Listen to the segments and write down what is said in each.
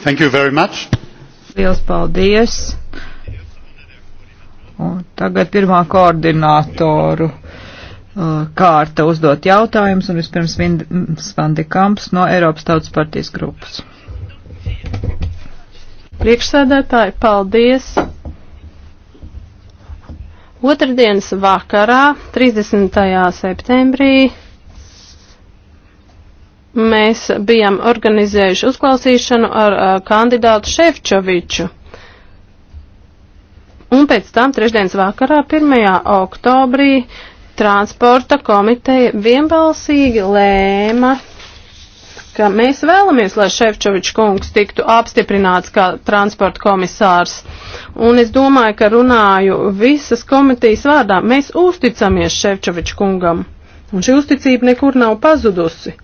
Thank you very much. Liels paldies. Un tagad pirmā koordinātoru uh, kārta uzdot jautājumus, un vispirms Svandi Kamps no Eiropas Tautas partijas grupas. Priekšsēdētāji, paldies! Otradienas vakarā, 30. septembrī, Mēs bijām organizējuši uzklausīšanu ar uh, kandidātu Šefčoviču. Un pēc tam trešdienas vakarā, 1. oktobrī, transporta komiteja vienbalsīgi lēma, ka mēs vēlamies, lai Šefčovičs kungs tiktu apstiprināts kā transporta komisārs. Un es domāju, ka runāju visas komitejas vārdā. Mēs uzticamies Šefčovičs kungam. Un šī uzticība nekur nav pazudusi.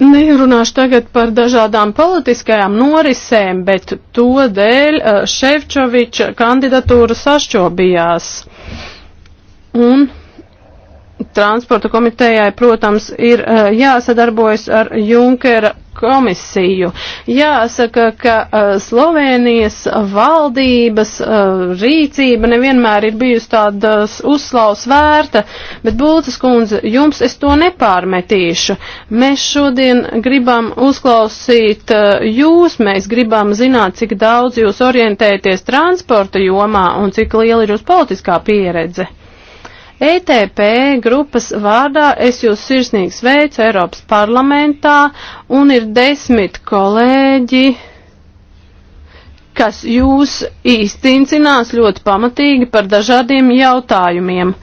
Nerunāšu tagad par dažādām politiskajām norisēm, bet to dēļ eh, Ševčoviča kandidatūra sašķobījās. Un transporta komitejai, protams, ir eh, jāsadarbojas ar Junkera komisiju. Jāsaka, ka uh, Slovenijas valdības uh, rīcība nevienmēr ir bijusi tāda uh, uzslaus vērta, bet Bultas kundze, jums es to nepārmetīšu. Mēs šodien gribam uzklausīt uh, jūs, mēs gribam zināt, cik daudz jūs orientēties transporta jomā un cik liela ir jūsu politiskā pieredze. ETP grupas vārdā es jūs sirsnīgi sveicu Eiropas parlamentā un ir desmit kolēģi kas jūs īstincinās ļoti pamatīgi par dažādiem jautājumiem.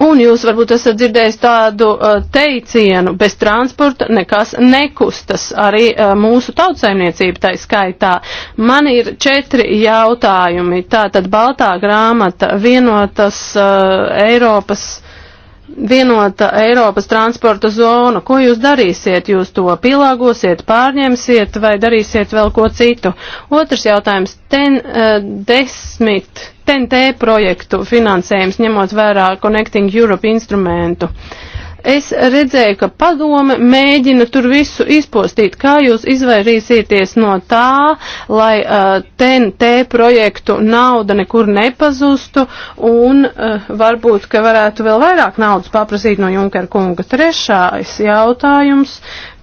Un jūs varbūt esat dzirdējis tādu uh, teicienu, bez transporta nekas nekustas, arī uh, mūsu tautsaimniecība tai skaitā. Man ir četri jautājumi. Tātad Baltā grāmata vienotas uh, Eiropas vienota Eiropas transporta zona. Ko jūs darīsiet? Jūs to pielāgosiet, pārņemsiet vai darīsiet vēl ko citu? Otrs jautājums. Ten uh, desmit TNT projektu finansējums, ņemot vērā Connecting Europe instrumentu. Es redzēju, ka padome mēģina tur visu izpostīt. Kā jūs izvairīsieties no tā, lai uh, TNT projektu nauda nekur nepazustu un uh, varbūt, ka varētu vēl vairāk naudas paprasīt no Junkera kunga? Trešais jautājums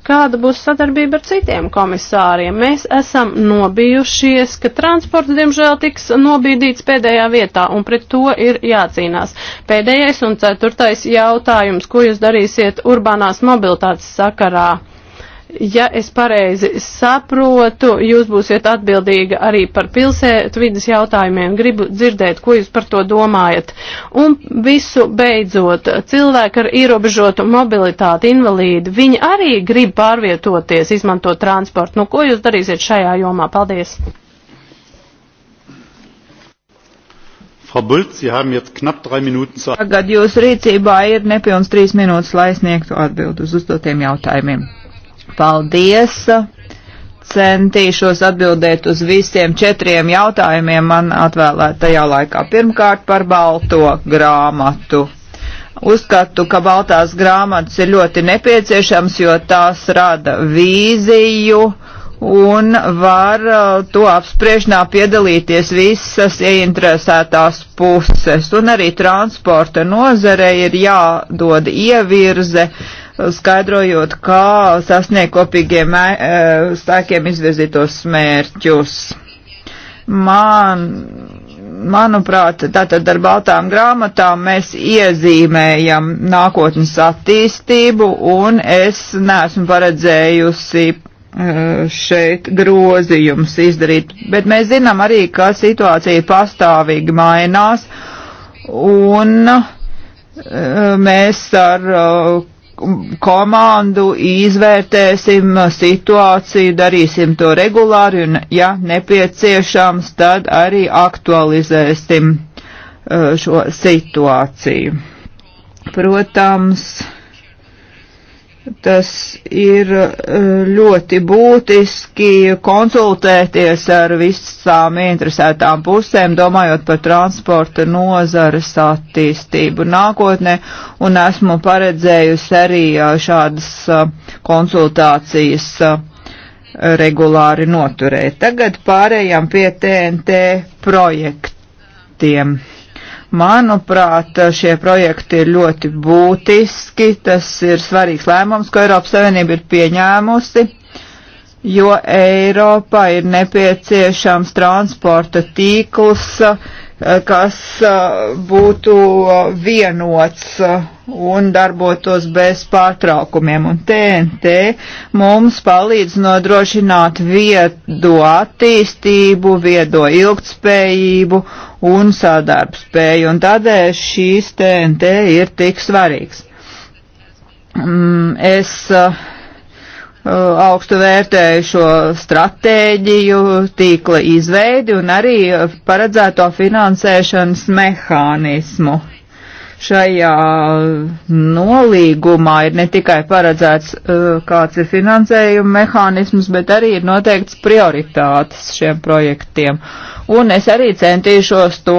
kāda būs sadarbība ar citiem komisāriem. Mēs esam nobijušies, ka transports, diemžēl, tiks nobīdīts pēdējā vietā, un pret to ir jācīnās. Pēdējais un ceturtais jautājums, ko jūs darīsiet urbānās mobilitātes sakarā? ja es pareizi saprotu, jūs būsiet atbildīga arī par pilsētu vidas jautājumiem. Gribu dzirdēt, ko jūs par to domājat. Un visu beidzot, cilvēki ar ierobežotu mobilitāti, invalīdi, viņi arī grib pārvietoties, izmantot transportu. Nu, ko jūs darīsiet šajā jomā? Paldies! Frau Bult, Sie haben jetzt knapp drei Minuten Zeit. Tagad jūsu rīcībā ir nepilns trīs minūtes, lai sniegtu atbildus uz uzdotiem jautājumiem paldies. Centīšos atbildēt uz visiem četriem jautājumiem man atvēlētajā laikā. Pirmkārt par balto grāmatu. Uzskatu, ka baltās grāmatas ir ļoti nepieciešams, jo tās rada vīziju un var uh, to apspriešanā piedalīties visas ieinteresētās puses. Un arī transporta nozarei ir jādod ievirze skaidrojot, kā sasniegt kopīgiem eh, spēkiem izvirzītos mērķus. Man, manuprāt, tātad ar baltām grāmatām mēs iezīmējam nākotnes attīstību, un es neesmu paredzējusi eh, šeit grozījums izdarīt, bet mēs zinām arī, ka situācija pastāvīgi mainās, un eh, mēs ar komandu, izvērtēsim situāciju, darīsim to regulāri un, ja nepieciešams, tad arī aktualizēsim uh, šo situāciju. Protams, Tas ir eh, ļoti būtiski konsultēties ar visām interesētām pusēm, domājot par transporta nozares attīstību nākotnē, un esmu paredzējusi arī eh, šādas eh, konsultācijas regulāri noturēt. Tagad pārējām pie TNT projektiem. Manuprāt, šie projekti ir ļoti būtiski, tas ir svarīgs lēmums, ko Eiropas Savienība ir pieņēmusi, jo Eiropā ir nepieciešams transporta tīkls, Eh, kas eh, būtu vienots eh, un darbotos bez pārtraukumiem. Un TNT mums palīdz nodrošināt viedo attīstību, viedo ilgtspējību un sadarbspēju. Un tādēļ šīs TNT ir tik svarīgs. Mm, es uh, Uh, augstu vērtēju šo stratēģiju, tīkla izveidi un arī uh, paredzēto finansēšanas mehānismu. Šajā nolīgumā ir ne tikai paredzēts, uh, kāds ir finansējuma mehānisms, bet arī ir noteikts prioritātes šiem projektiem. Uh, un es arī centīšos to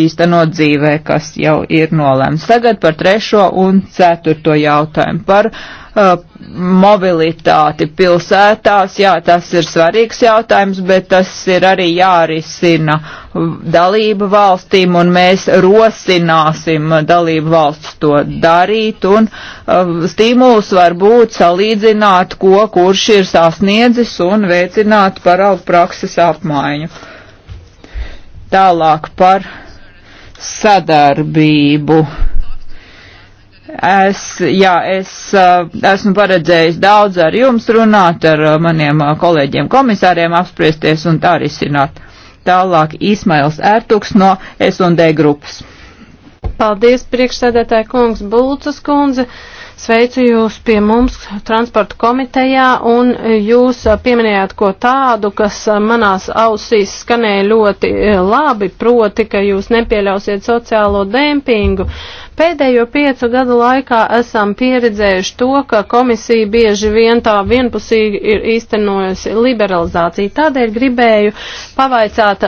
īstenot dzīvē, kas jau ir nolēmts. Tagad par trešo un ceturto jautājumu par uh, mobilitāti pilsētās. Jā, tas ir svarīgs jautājums, bet tas ir arī jārisina dalību valstīm, un mēs rosināsim dalību valsts to darīt, un uh, stimuls var būt salīdzināt, ko kurš ir sasniedzis, un veicināt paraugu prakses apmaiņu. Tālāk par sadarbību. Es, jā, es eh, esmu paredzējis daudz ar jums runāt, ar eh, maniem eh, kolēģiem komisāriem apspriesties un tā risināt. Tālāk Īsmails Ērtuks no S&D grupas. Paldies, priekšsēdētāja kungs Bulcas kundze. Sveicu jūs pie mums transporta komitejā un jūs pieminējāt ko tādu, kas manās ausīs skanēja ļoti eh, labi, proti, ka jūs nepieļausiet sociālo dempingu. Pēdējo piecu gadu laikā esam pieredzējuši to, ka komisija bieži vien tā vienpusīgi ir īstenojusi liberalizāciju. Tādēļ gribēju pavaicāt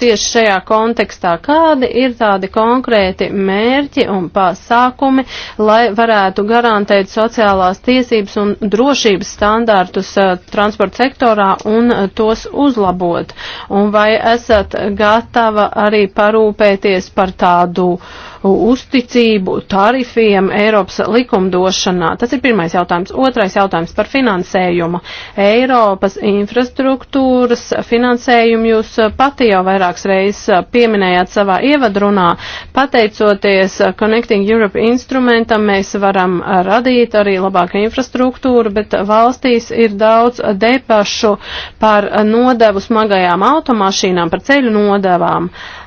tieši šajā kontekstā, kādi ir tādi konkrēti mērķi un pasākumi, lai varētu garantēt sociālās tiesības un drošības standārtus uh, transporta sektorā un uh, tos uzlabot. Un vai esat gatava arī parūpēties par tādu uh, uzticību tarifiem Eiropas likumdošanā. Tas ir pirmais jautājums. Otrais jautājums par finansējumu. Eiropas infrastruktūras finansējumu jūs pati jau vairākas reizes pieminējāt savā ievadrunā. Pateicoties Connecting Europe instrumentam, mēs varam radīt arī labāku infrastruktūru, bet valstīs ir daudz depašu par nodevu smagajām automašīnām, par ceļu nodevām. Uh,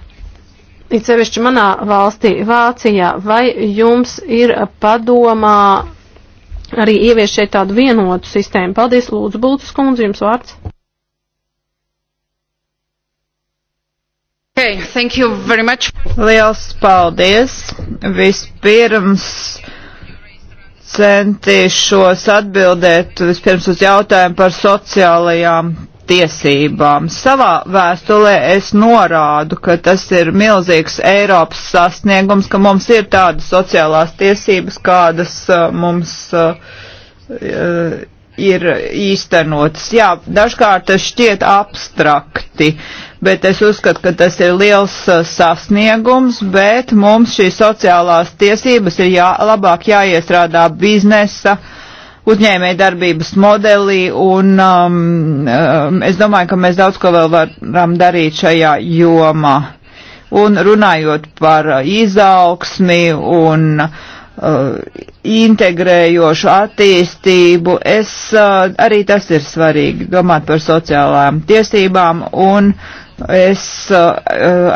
it sevišķi manā valstī, Vācijā, vai jums ir padomā arī ievies šeit tādu vienotu sistēmu? Paldies, Lūdzu, Bultas kundze, jums vārds. Okay, thank you very much. Liels paldies. Vispirms centīšos atbildēt vispirms uz jautājumu par sociālajām tiesībām. Savā vēstulē es norādu, ka tas ir milzīgs Eiropas sasniegums, ka mums ir tādas sociālās tiesības, kādas uh, mums uh, ir īstenotas. Jā, dažkārt tas šķiet abstrakti, bet es uzskatu, ka tas ir liels uh, sasniegums, bet mums šīs sociālās tiesības ir jā, labāk jāiestrādā biznesa, uh, uzņēmē darbības modelī, un um, um, es domāju, ka mēs daudz ko vēl varam darīt šajā jomā. Un runājot par uh, izaugsmi un uh, integrējošu attīstību, es, uh, arī tas ir svarīgi domāt par sociālām tiesībām, un es uh,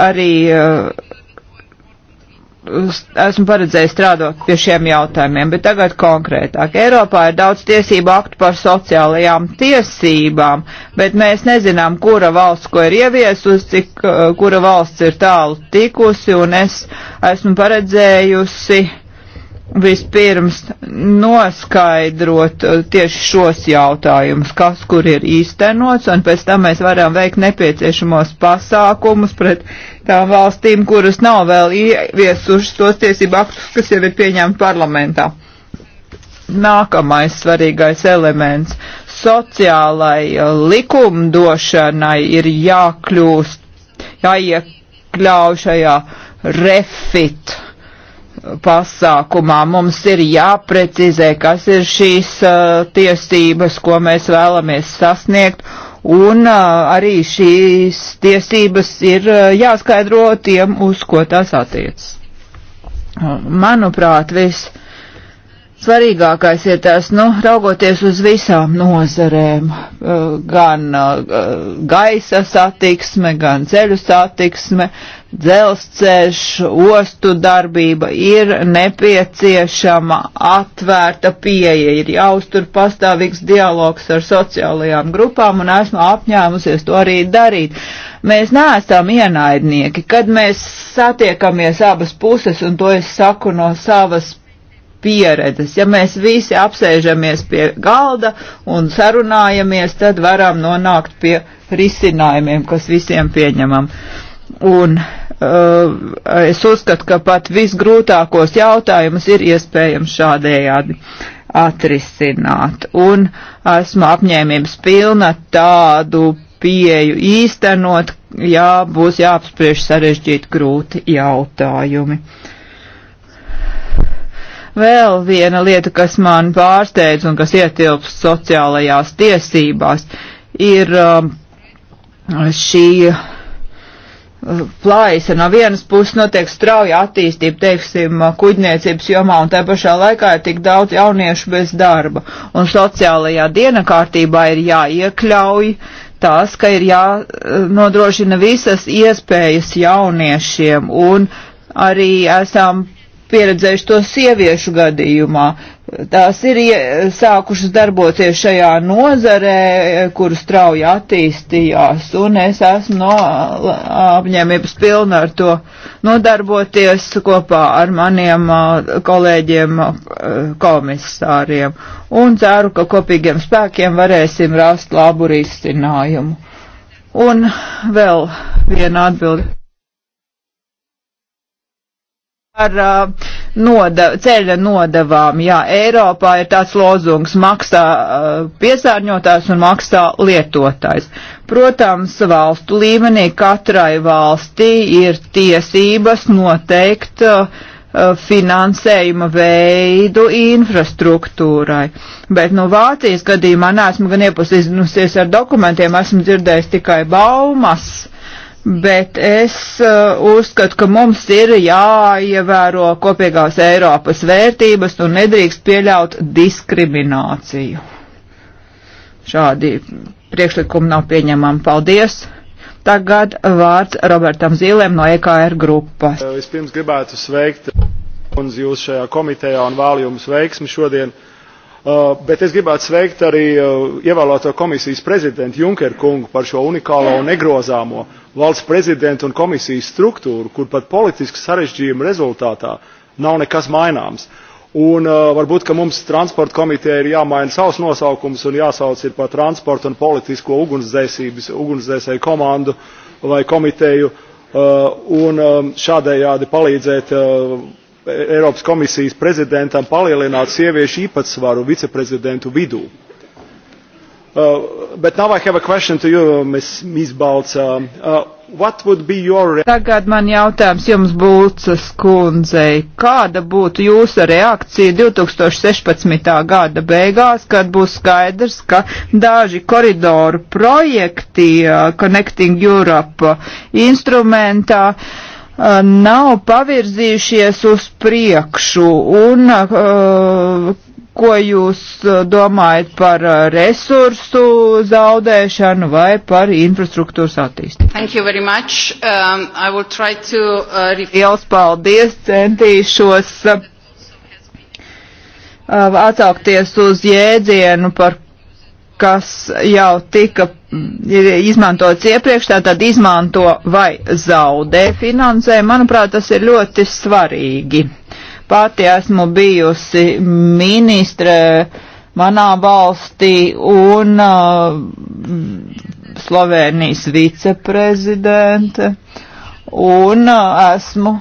arī uh, esmu paredzējis strādāt pie šiem jautājumiem, bet tagad konkrētāk. Eiropā ir daudz tiesību aktu par sociālajām tiesībām, bet mēs nezinām, kura valsts ko ir ieviesusi, cik, eh, kura valsts ir tālu tikusi, un es esmu paredzējusi uh, vispirms noskaidrot uh, tieši šos jautājumus, kas kur ir īstenots, un pēc tam mēs varam veikt nepieciešamos pasākumus pret tām valstīm, kuras nav vēl ieviesušas tos tiesību aktus, kas jau ir pieņemti parlamentā. Nākamais svarīgais elements - sociālai uh, likumdošanai ir jākļūst, jāiekļauj šajā refit pasākumā. Mums ir jāprecizē, kas ir šīs uh, tiesības, ko mēs vēlamies sasniegt, un uh, arī šīs tiesības ir uh, jāskaidro tiem, uz ko tas attiec. Uh, manuprāt, viss svarīgākais ir tas, nu, raugoties uz visām nozarēm, eh, gan eh, gaisa satiksme, gan ceļu satiksme, dzelzceļš, ostu darbība ir nepieciešama atvērta pieeja, ir jāuztur pastāvīgs dialogs ar sociālajām grupām, un esmu apņēmusies to arī darīt. Mēs neesam ienaidnieki, kad mēs satiekamies abas puses, un to es saku no savas puses pieredzes. Ja mēs visi apsēžamies pie galda un sarunājamies, tad varam nonākt pie risinājumiem, kas visiem pieņemam. Un uh, es uzskatu, ka pat visgrūtākos jautājumus ir iespējams šādējādi atrisināt. Un esmu apņēmības pilna tādu pieju īstenot, jā, būs jāapspriež sarežģīti grūti jautājumi. Uh, Vēl viena lieta, kas man pārsteidz un kas ietilps sociālajās tiesībās, ir um, šī uh, plājas, no vienas puses notiek strauja attīstība, teiksim, kuģniecības jomā, un tā pašā laikā ir tik daudz jauniešu bez darba. Un sociālajā dienakārtībā ir jāiekļauj tas, ka ir jānodrošina uh, visas iespējas jauniešiem, un arī esam pieredzējuši to sieviešu gadījumā. Tās ir sākušas darboties šajā nozarē, kuru strauji attīstījās, un es esmu no apņēmības pilna ar to nodarboties kopā ar maniem kolēģiem komisāriem, un ceru, ka kopīgiem spēkiem varēsim rast labu risinājumu. Un vēl viena atbilde par uh, noda, ceļa nodavām. Jā, Eiropā ir tāds lozungs maksā uh, piesārņotājs un maksā lietotājs. Protams, valstu līmenī katrai valstī ir tiesības noteikt uh, uh finansējuma veidu infrastruktūrai. Bet, nu, Vācijas gadījumā neesmu gan iepazinusies ar dokumentiem, esmu dzirdējis tikai baumas. Uh, bet es uh, uzskatu, ka mums ir jāievēro kopīgās Eiropas vērtības un nedrīkst pieļaut diskrimināciju. Šādi priekšlikumi nav pieņemami. Paldies! Tagad vārds Robertam Zīlēm no EKR grupas. Vispirms gribētu sveikt un jūs šajā komitejā un vēl jums veiksmi šodien. Uh, bet es gribētu sveikt arī uh, ievēlēto komisijas prezidentu Junkeru kungu par šo unikālo un negrozāmo valsts prezidentu un komisijas struktūru, kur pat politiski sarežģījuma rezultātā nav nekas maināms. Un uh, varbūt, ka mums transporta komiteja ir jāmaina savs nosaukums un jāsauc ir par transporta un politisko ugunsdzēsības, ugunsdzēsēju komandu vai komiteju, uh, un um, šādējādi palīdzēt uh, Eiropas komisijas prezidentam palielināt sieviešu īpatsvaru viceprezidentu vidū. Uh, but now I have a question to you, Ms. Ms. Balts. Uh, uh, what would be your... Tagad man jautājums jums, Bulcas kundzei. Kāda būtu jūsu reakcija 2016. gada beigās, kad būs skaidrs, ka daži koridoru projekti uh, Connecting Europe instrumentā uh, Uh, nav pavirzījušies uz priekšu un uh, ko jūs uh, domājat par resursu zaudēšanu vai par infrastruktūras attīstību? Thank you very much. Um, I will try to... Uh, Liels paldies, centīšos uh, atsaukties uz jēdzienu, par kas jau tika mm, izmantots iepriekš, tātad izmanto vai zaudē finansē, manuprāt, tas ir ļoti svarīgi. Pati esmu bijusi ministre manā valstī un uh, Slovenijas viceprezidente un uh, esmu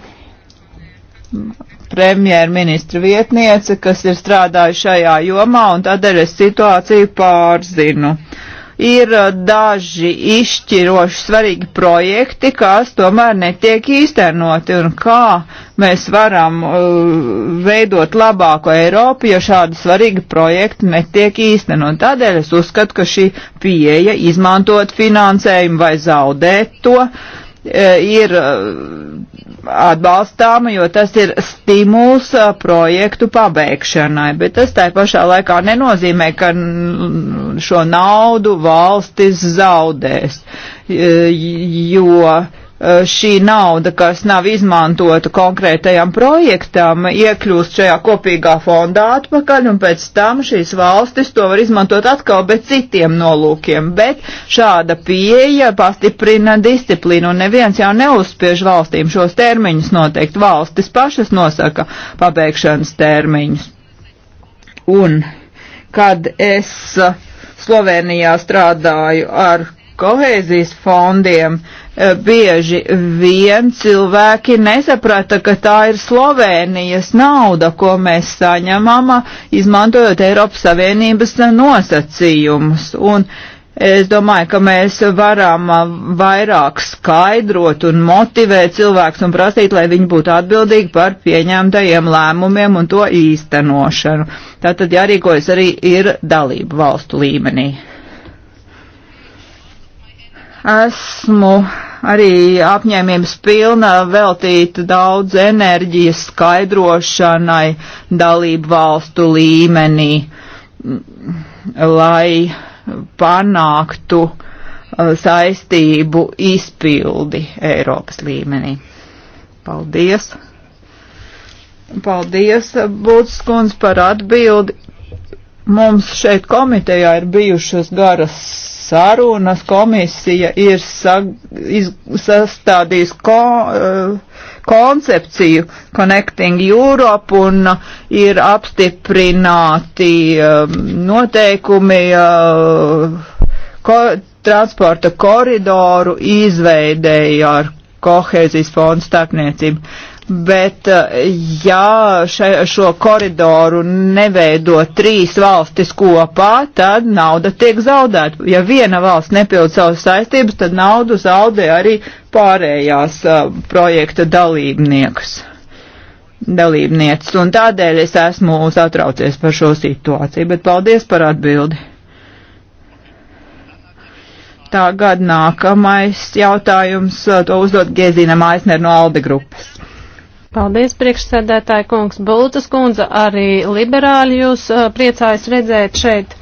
premjerministra vietniece, kas ir strādājusi šajā jomā, un tādēļ es situāciju pārzinu. Ir uh, daži izšķiroši svarīgi projekti, kas tomēr netiek īstenoti, un kā mēs varam uh, veidot labāko Eiropu, ja šādi svarīgi projekti netiek īstenot. Tādēļ es uzskatu, ka šī pieeja izmantot finansējumu vai zaudēt to uh, Eh, ir eh, atbalstāma, jo tas ir stimuls eh, projektu pabeigšanai, bet tas tā pašā laikā nenozīmē, ka šo naudu valstis zaudēs, jo Eh, šī nauda, kas nav izmantota konkrētajam projektam, iekļūst šajā kopīgā fondā atpakaļ, un pēc tam šīs valstis to var izmantot atkal, bet citiem nolūkiem. Bet šāda pieeja pastiprina disciplīnu, un neviens jau neuzspiež valstīm šos termiņus noteikt. Valstis pašas nosaka pabeigšanas termiņus. Un kad es Slovenijā strādāju ar kohēzijas fondiem eh, bieži vien cilvēki nesaprata, ka tā ir Slovēnijas nauda, ko mēs saņemam, izmantojot Eiropas Savienības nosacījumus. Un es domāju, ka mēs varam vairāk skaidrot un motivēt cilvēkus un prasīt, lai viņi būtu atbildīgi par pieņemtajiem lēmumiem un to īstenošanu. Tātad jārīkojas arī ir dalību valstu līmenī esmu arī apņēmības pilna veltīt daudz enerģijas skaidrošanai dalību valstu līmenī, lai panāktu uh, saistību izpildi Eiropas līmenī. Paldies! Paldies, Būtskundz, par atbildi. Mums šeit komitejā ir bijušas garas sarunas komisija ir sag, iz, sastādījis ko, uh, koncepciju Connecting Europe un uh, ir apstiprināti uh, noteikumi eh, ko, transporta koridoru izveidēja ar kohēzijas fondu starpniecību bet eh, ja še, šo koridoru neveido trīs valstis kopā, tad nauda tiek zaudēta. Ja viena valsts nepild savas saistības, tad naudu zaudē arī pārējās uh, projekta dalībnieks. Dalībnieces, un tādēļ es esmu satraucies par šo situāciju, bet paldies par atbildi. Tagad nākamais jautājums, eh, to uzdot Gezīna Maisner no Alde grupas. Paldies, priekšsēdētāji kungs Bultas kundze, arī liberāļi jūs priecājas redzēt šeit.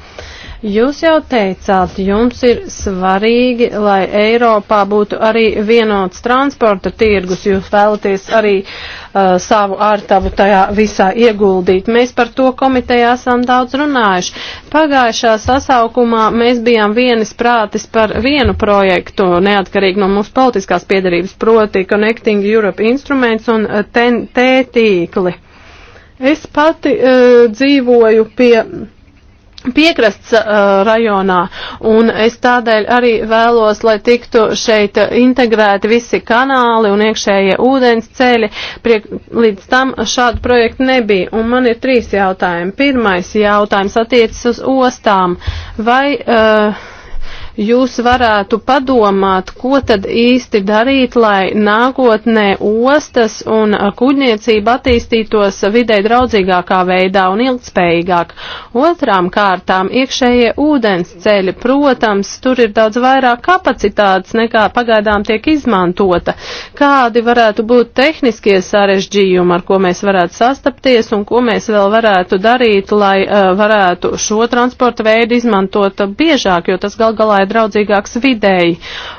Jūs jau teicāt, jums ir svarīgi, lai Eiropā būtu arī vienots transporta tirgus. Jūs vēlaties arī uh, savu ārtavu tajā visā ieguldīt. Mēs par to komitejā esam daudz runājuši. Pagājušā sasaukumā mēs bijām vienis prātis par vienu projektu, neatkarīgi no mūsu politiskās piedarības, proti Connecting Europe instruments un TNT uh, tīkli. Es pati uh, dzīvoju pie piekrasts uh, rajonā, un es tādēļ arī vēlos, lai tiktu šeit integrēti visi kanāli un iekšējie ūdens ceļi. Priek, līdz tam šādu projektu nebija, un man ir trīs jautājumi. Pirmais jautājums attiecas uz ostām. Vai uh, jūs varētu padomāt, ko tad īsti darīt, lai nākotnē ostas un kuģniecība attīstītos vidē draudzīgākā veidā un ilgspējīgāk. Otrām kārtām iekšējie ūdens ceļi, protams, tur ir daudz vairāk kapacitātes nekā pagaidām tiek izmantota. Kādi varētu būt tehniskie sarežģījumi, ar ko mēs varētu sastapties un ko mēs vēl varētu darīt, lai uh, varētu šo transporta veidu izmantot biežāk, jo tas gal galā lai draudzīgāks videi.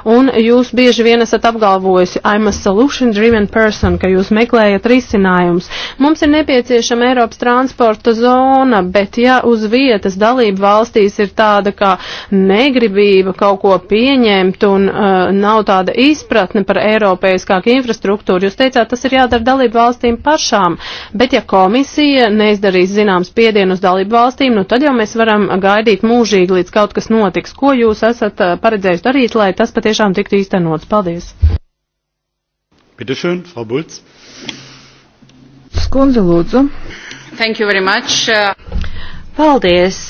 Un jūs bieži vien esat apgalvojusi, I'm a solution driven person, ka jūs meklējat risinājums. Mums ir nepieciešama Eiropas transporta zona, bet ja uz vietas dalība valstīs ir tāda kā negribība kaut ko pieņemt un uh, nav tāda izpratne par eiropeiskāku infrastruktūru, jūs teicāt, tas ir jādara dalību valstīm pašām. Bet ja komisija neizdarīs zināms piedienu uz dalību valstīm, nu tad jau mēs varam gaidīt mūžīgi, līdz kaut kas notiks. Ko jūs esat? esat paredzējis darīt, lai tas patiešām tiktu īstenots? Paldies! Bitteschön, Frau Bulc. Skundze, lūdzu. Thank you very much. Paldies!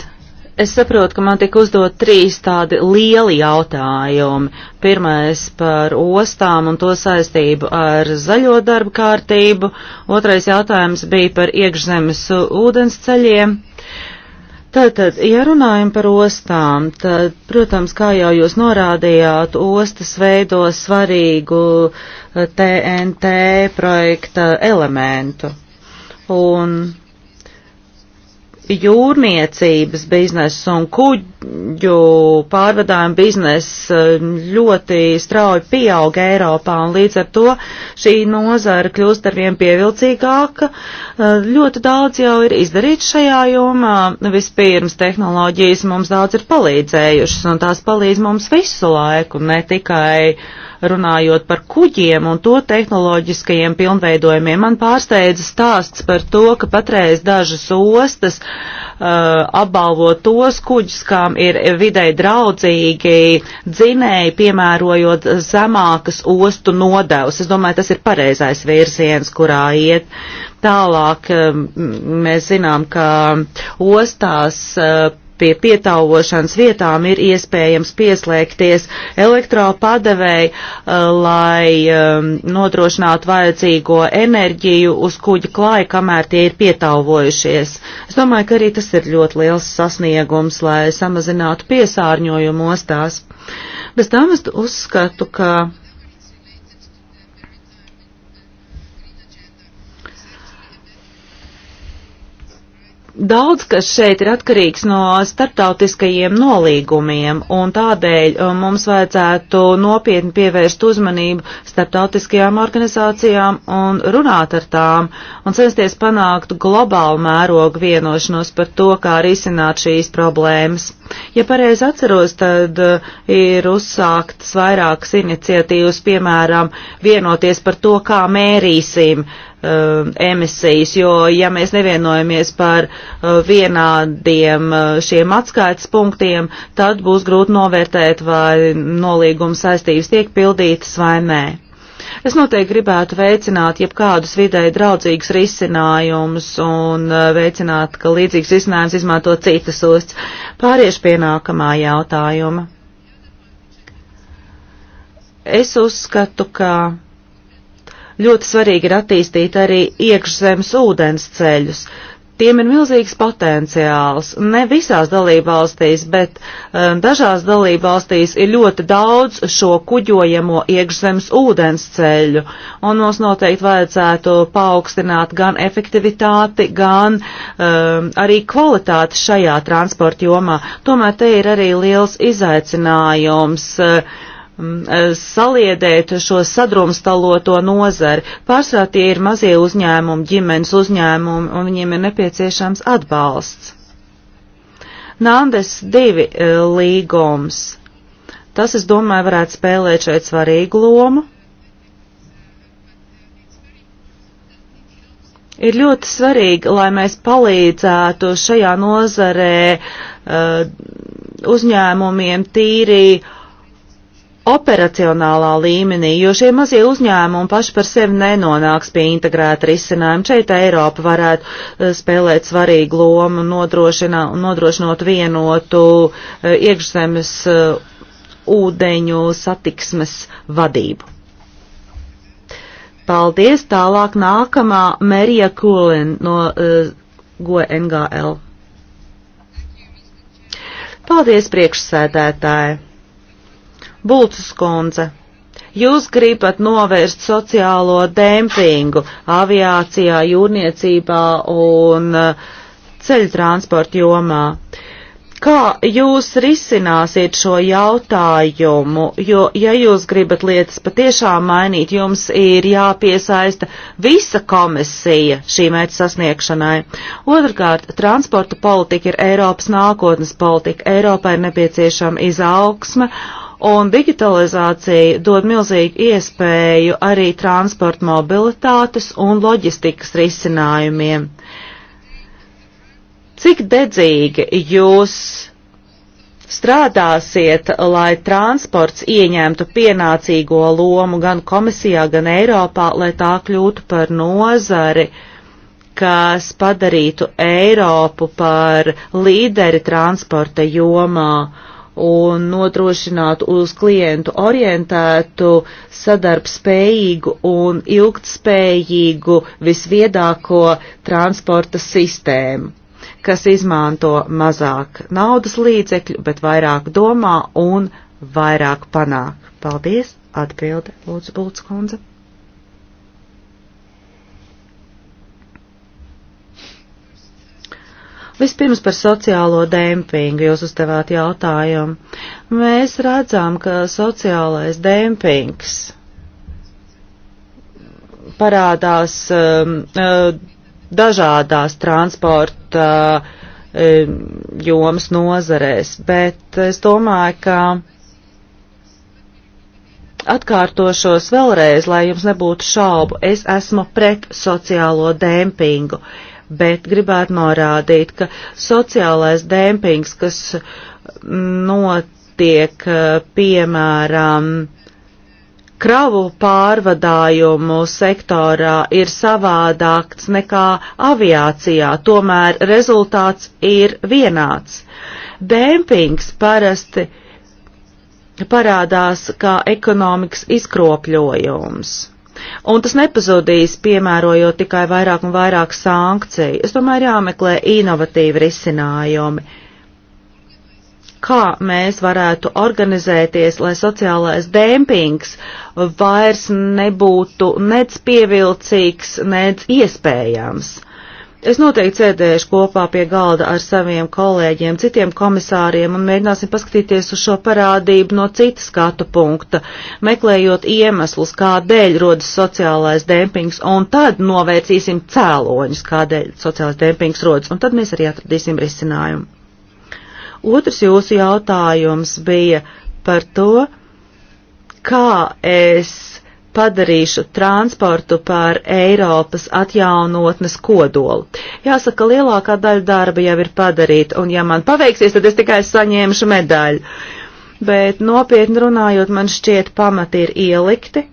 Es saprotu, ka man tika uzdot trīs tādi lieli jautājumi. Pirmais par ostām un to saistību ar zaļo darba kārtību. Otrais jautājums bija par iekšzemes ūdens ceļiem. Tātad, ja runājam par ostām, tad, protams, kā jau jūs norādījāt, ostas veido svarīgu TNT eh, projekta elementu. Un jūrniecības bizness un kuģu pārvadājuma bizness eh, ļoti strauji pieauga Eiropā, un līdz ar to šī nozara kļūst ar vien pievilcīgāka. Eh, ļoti daudz jau ir izdarīts šajā jomā. Vispirms tehnoloģijas mums daudz ir palīdzējušas, un tās palīdz mums visu laiku, ne tikai uh, runājot par kuģiem un to tehnoloģiskajiem pilnveidojumiem. Man pārsteidza stāsts par to, ka patreiz dažas ostas uh, apbalvo tos kuģus, kām ir videi draudzīgi dzinēji, piemērojot zemākas ostu nodevas. Es domāju, tas ir pareizais virziens, kurā iet. Tālāk um, mēs zinām, ka ostās uh, pie pietāvošanas vietām ir iespējams pieslēgties elektropadevēji, eh, lai ehm, nodrošinātu vajadzīgo enerģiju uz kuģa klāja, kamēr tie ir pietāvojušies. Es domāju, ka arī tas ir ļoti liels sasniegums, lai samazinātu piesārņojumu ostās. Bez tam es uzskatu, ka Daudz kas šeit ir atkarīgs no starptautiskajiem nolīgumiem, un tādēļ um, mums vajadzētu nopietni pievērst uzmanību starptautiskajām organizācijām un runāt ar tām, un censties panākt globālu mērogu vienošanos par to, kā risināt šīs problēmas. Ja pareizi atceros, tad uh, ir uzsāktas vairākas iniciatīvas, piemēram, vienoties par to, kā mērīsim uh, Um, emisijas, jo ja mēs nevienojamies par uh, vienādiem uh, šiem atskaites punktiem, tad būs grūti novērtēt, vai nolīguma saistības tiek pildītas vai nē. Es noteikti gribētu veicināt jebkādus videi draudzīgus risinājumus un uh, veicināt, ka līdzīgs risinājums izmanto citas osts. Pāriešu pie nākamā jautājuma. Es uzskatu, ka Ļoti svarīgi ir attīstīt arī iekšzemes ūdens ceļus. Tiem ir milzīgs potenciāls. Ne visās dalībvalstīs, bet um, dažās dalībvalstīs ir ļoti daudz šo kuģojamo iekšzemes ūdens ceļu, un mums noteikti vajadzētu paaugstināt gan efektivitāti, gan um, arī kvalitāti šajā transporta jomā. Tomēr te ir arī liels izaicinājums. Uh, Mm, eh, saliedēt šo sadrumstaloto nozari. Pārsvarā tie ir mazie uzņēmumi, ģimenes uzņēmumi, un viņiem ir nepieciešams atbalsts. Nandes divi eh, līgums. Tas, es domāju, varētu spēlēt šeit svarīgu lomu. Ir ļoti svarīgi, lai mēs palīdzētu šajā nozarē uh, uzņēmumiem tīrī uh, operacionālā līmenī, jo šie mazie uzņēmumi paši par sevi nenonāks pie integrēta risinājuma. Šeit Eiropa varētu eh, spēlēt svarīgu lomu, nodrošinot vienotu eh, iekšzemes eh, ūdeņu satiksmes vadību. Paldies! Tālāk nākamā Merija Kulin no uh, GoNGL. Paldies, priekšsēdētāji! Bulcis kundze, jūs gribat novērst sociālo dempingu aviācijā, jūrniecībā un eh, ceļtransporta jomā. Kā jūs risināsiet šo jautājumu, jo, ja jūs gribat lietas patiešām mainīt, jums ir jāpiesaista visa komisija šī mērķa sasniegšanai. Otrkārt, transporta politika ir Eiropas nākotnes politika. Eiropai ir nepieciešama izaugsme un digitalizācija dod milzīgu iespēju arī transporta mobilitātes un loģistikas risinājumiem. Cik dedzīgi jūs strādāsiet, lai transports ieņemtu pienācīgo lomu gan komisijā, gan Eiropā, lai tā kļūtu par nozari, kas padarītu Eiropu par līderi transporta jomā un nodrošināt uz klientu orientētu, sadarbspējīgu un ilgtspējīgu visviedāko transporta sistēmu, kas izmanto mazāk naudas līdzekļu, bet vairāk domā un vairāk panāk. Paldies! Atbilde, Lūdzu, Bulc kundze. Vispirms par sociālo dempingu jūs uzdevāt jautājumu. Mēs redzam, ka sociālais dempings parādās um, uh, dažādās transporta um, jomas nozarēs, bet es domāju, ka atkārtošos vēlreiz, lai jums nebūtu šaubu, es esmu pret sociālo dempingu. Uh, bet gribētu norādīt, ka sociālais dempings, kas notiek, piemēram, kravu pārvadājumu sektorā ir savādāks nekā aviācijā, tomēr rezultāts ir vienāds. Dempings parasti parādās kā ekonomikas izkropļojums. Un tas nepazudīs, piemērojot tikai vairāk un vairāk sankciju. Es domāju, ir jāmeklē inovatīvi risinājumi. Kā mēs varētu organizēties, lai sociālais dempings vairs nebūtu nec pievilcīgs, nec iespējams? Uh, Es noteikti sēdēšu kopā pie galda ar saviem kolēģiem, citiem komisāriem un mēģināsim paskatīties uz šo parādību no citas skatu punkta, meklējot iemeslus, kādēļ rodas sociālais dempings, un tad novērsīsim cēloņus, kādēļ sociālais dempings rodas, un tad mēs arī atradīsim risinājumu. Otrs jūsu jautājums bija par to, kā es padarīšu transportu par Eiropas atjaunotnes kodolu. Jāsaka, lielākā daļa darba jau ir padarīta, un ja man paveiksies, tad es tikai saņēmušu medaļu. Bet nopietni runājot, man šķiet pamati ir ielikti.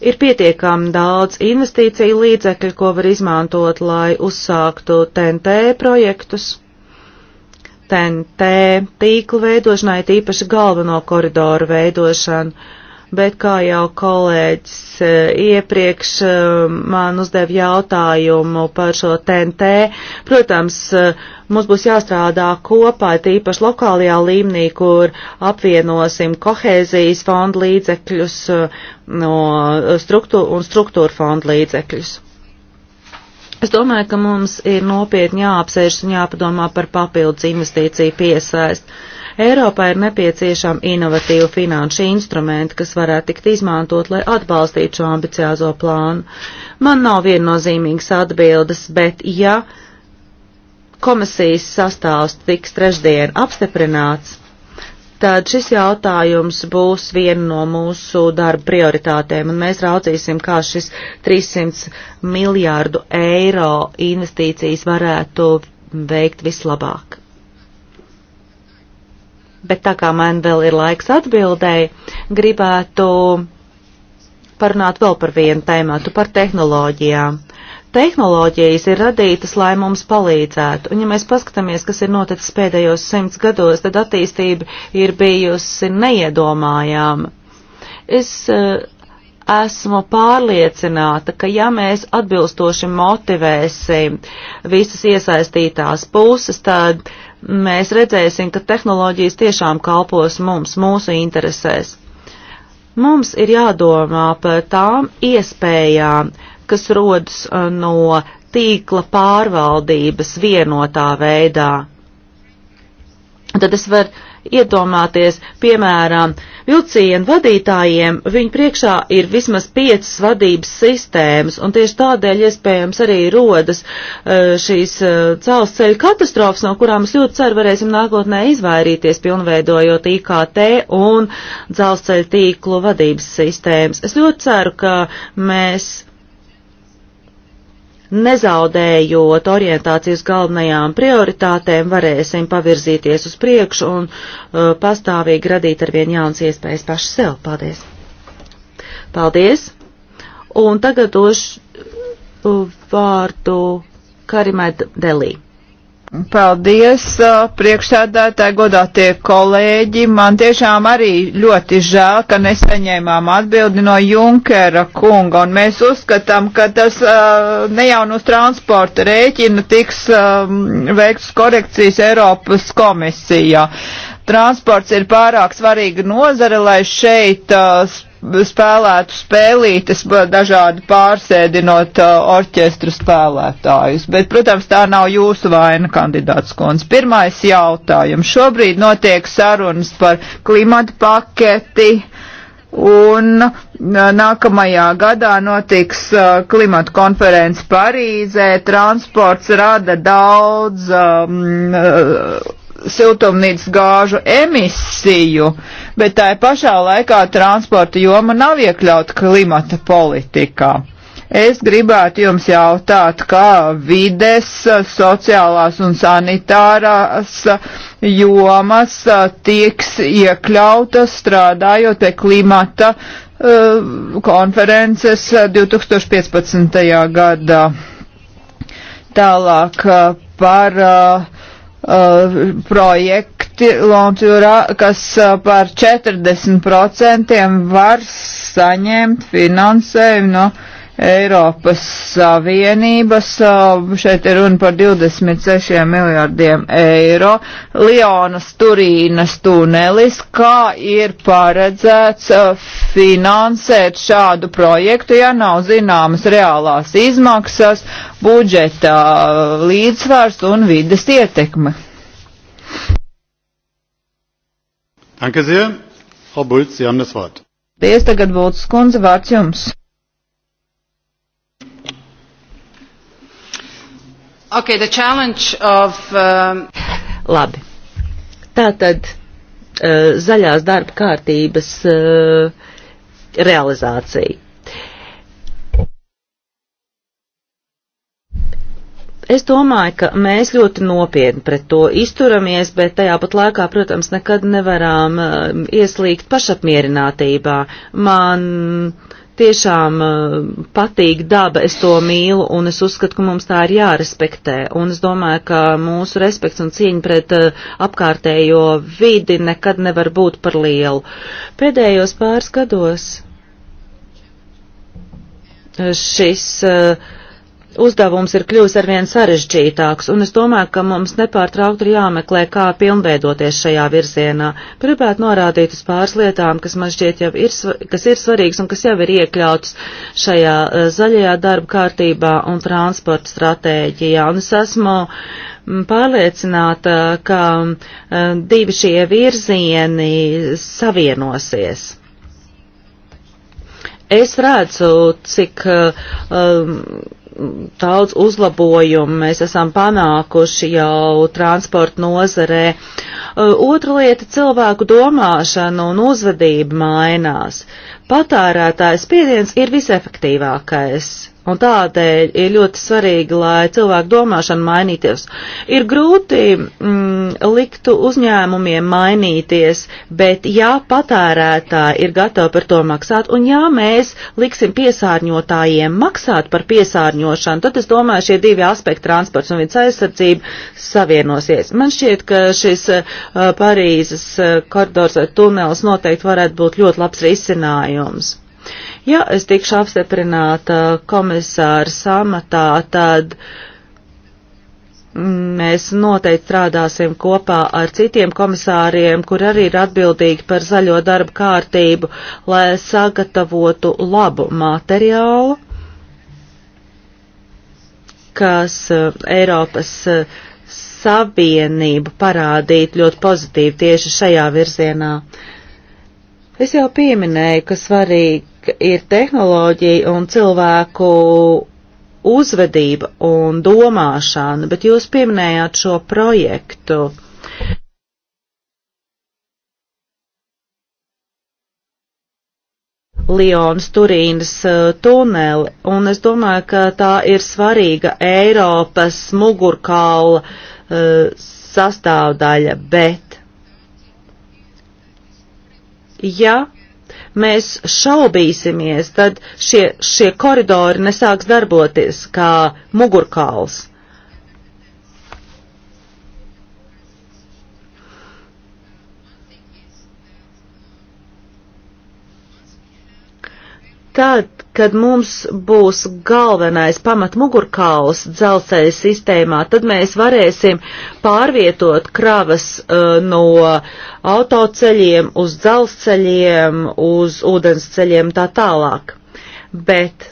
Ir pietiekami daudz investīciju līdzekļu, ko var izmantot, lai uzsāktu TNT projektus. TNT tīklu veidošanai, tīpaši galveno koridoru veidošanu bet kā jau kolēģis eh, iepriekš eh, man uzdev jautājumu par šo TNT, protams, eh, mums būs jāstrādā kopā, tīpaši lokālajā līmenī, kur apvienosim kohēzijas fondu līdzekļus no struktūra un struktūra fondu līdzekļus. Es domāju, ka mums ir nopietni jāapsēžas un jāpadomā par papildus investīciju piesaist. Uh, Eiropā ir nepieciešama inovatīva finanšu instrumenta, kas varētu tikt izmantot, lai atbalstītu šo ambiciozo plānu. Man nav viennozīmīgas atbildes, bet ja komisijas sastāvs tiks trešdien apstiprināts, tad šis jautājums būs viena no mūsu darba prioritātēm, un mēs raucīsim, kā šis 300 miljārdu eiro investīcijas varētu veikt vislabāk bet tā kā man vēl ir laiks atbildēji, gribētu parunāt vēl par vienu tēmātu, par tehnoloģijām. Tehnoloģijas ir radītas, lai mums palīdzētu, un ja mēs paskatāmies, kas ir noticis pēdējos simts gados, tad attīstība ir bijusi neiedomājama. Es eh, esmu pārliecināta, ka ja mēs atbilstoši motivēsim visas iesaistītās puses, tad uh, mēs redzēsim, ka tehnoloģijas tiešām kalpos mums, mūsu interesēs. Mums ir jādomā par tām iespējām, kas rodas uh, no tīkla pārvaldības vienotā veidā. Tad es varu iedomāties, piemēram, vilcienu vadītājiem, viņu priekšā ir vismaz piecas vadības sistēmas, un tieši tādēļ iespējams arī rodas e, šīs e, celsceļu katastrofas, no kurām es ļoti ceru varēsim nākotnē izvairīties, pilnveidojot IKT un celsceļu tīklu vadības sistēmas. Es ļoti ceru, ka mēs nezaudējot orientācijas galvenajām prioritātēm, varēsim pavirzīties uz priekšu un uh, pastāvīgi radīt arvien jaunas iespējas paši sev. Paldies! Paldies! Un tagad došu uh, vārdu Karimai Delī. Paldies, priekšsēdētāji, godātie kolēģi. Man tiešām arī ļoti žēl, ka nesaņēmām atbildi no Junkera kunga, un mēs uzskatām, ka tas ne jau no transporta rēķina tiks veikts korekcijas Eiropas komisijā. Transports ir pārāk svarīga nozare, lai šeit uh, spēlētu spēlītes, dažādi pārsēdinot uh, orķestru spēlētājus. Bet, protams, tā nav jūsu vaina, kandidāts Kons. Pirmais jautājums. Šobrīd notiek sarunas par klimatu paketi. Un uh, nākamajā gadā notiks uh, klimata konferences Parīzē. Transports rada daudz um, siltumnīcas gāžu emisiju, bet tā pašā laikā transporta joma nav iekļauta klimata politikā. Es gribētu jums jautāt, kā vides, sociālās un sanitārās jomas tiks iekļautas strādājot pie klimata uh, konferences 2015. gadā. Tālāk eh, par uh, Uh, projekti Lončūrā, kas uh, par 40% var saņemt finansējumu no Eiropas Savienības. Šeit ir runa par 26 miljārdiem eiro. Lionas Turīnas tunelis, kā ir paredzēts finansēt šādu projektu, ja nav zināmas reālās izmaksas, budžeta līdzsvars un vides ietekme. Danke sehr. Frau Bulc, Sie haben das Wort. Paldies, tagad būtu skundze vārds jums. Okay, the challenge of... Um... Labi. Tātad uh, zaļās darba kārtības uh, realizācija. Es domāju, ka mēs ļoti nopietni pret to izturamies, bet tajā pat laikā, protams, nekad nevaram uh, ieslīgt pašapmierinātībā. Man uh, tiešām eh, patīk daba, es to mīlu un es uzskatu, ka mums tā ir jārespektē. Un es domāju, ka mūsu respekts un cieņa pret eh, apkārtējo vidi nekad nevar būt par lielu. Pēdējos pāris gados eh, šis uh, uzdevums ir kļuvis arvien sarežģītāks, un es domāju, ka mums nepārtraukt ir jāmeklē, kā pilnveidoties šajā virzienā. Gribētu norādīt uz pāris lietām, kas man šķiet jau ir, kas ir svarīgas un kas jau ir iekļauts šajā eh, zaļajā darba kārtībā un transporta stratēģijā. Un es esmu mm, pārliecināta, ka eh, divi šie virzieni savienosies. Es redzu, cik um, daudz uzlabojumu mēs esam panākuši jau transporta nozarē. Uh, otra lieta - cilvēku domāšana un uzvedība mainās. Patērētājs spiediens ir visefektīvākais Un tādēļ ir ļoti svarīgi, lai cilvēku domāšana mainīties. Ir grūti mm, likt uzņēmumiem mainīties, bet ja patērētāji ir gatavi par to maksāt, un ja mēs liksim piesārņotājiem maksāt par piesārņošanu, tad es domāju, šie divi aspekti, transports un vidas aizsardzība, savienosies. Man šķiet, ka šis uh, Parīzes uh, koridors vai tunelis noteikti varētu būt ļoti labs risinājums. Ja es tikšu apstiprināta komisāra samatā, tad mēs noteikti strādāsim kopā ar citiem komisāriem, kur arī ir atbildīgi par zaļo darbu kārtību, lai sagatavotu labu materiālu, kas eh, Eiropas eh, Savienību parādītu ļoti pozitīvi tieši šajā virzienā. Es jau pieminēju, ka svarīgi ir tehnoloģija un cilvēku uzvedība un domāšana, bet jūs pieminējāt šo projektu. Lionas Turīnas eh, tuneli, un es domāju, ka tā ir svarīga Eiropas mugurkaula uh, sastāvdaļa, bet ja mēs šaubīsimies, tad šie, šie koridori nesāks darboties kā mugurkauls. Tad, kad mums būs galvenais pamat mugurkauls dzelzceļa sistēmā, tad mēs varēsim pārvietot kravas uh, no autoceļiem uz dzelzceļiem, uz ūdensceļiem tā tālāk. Bet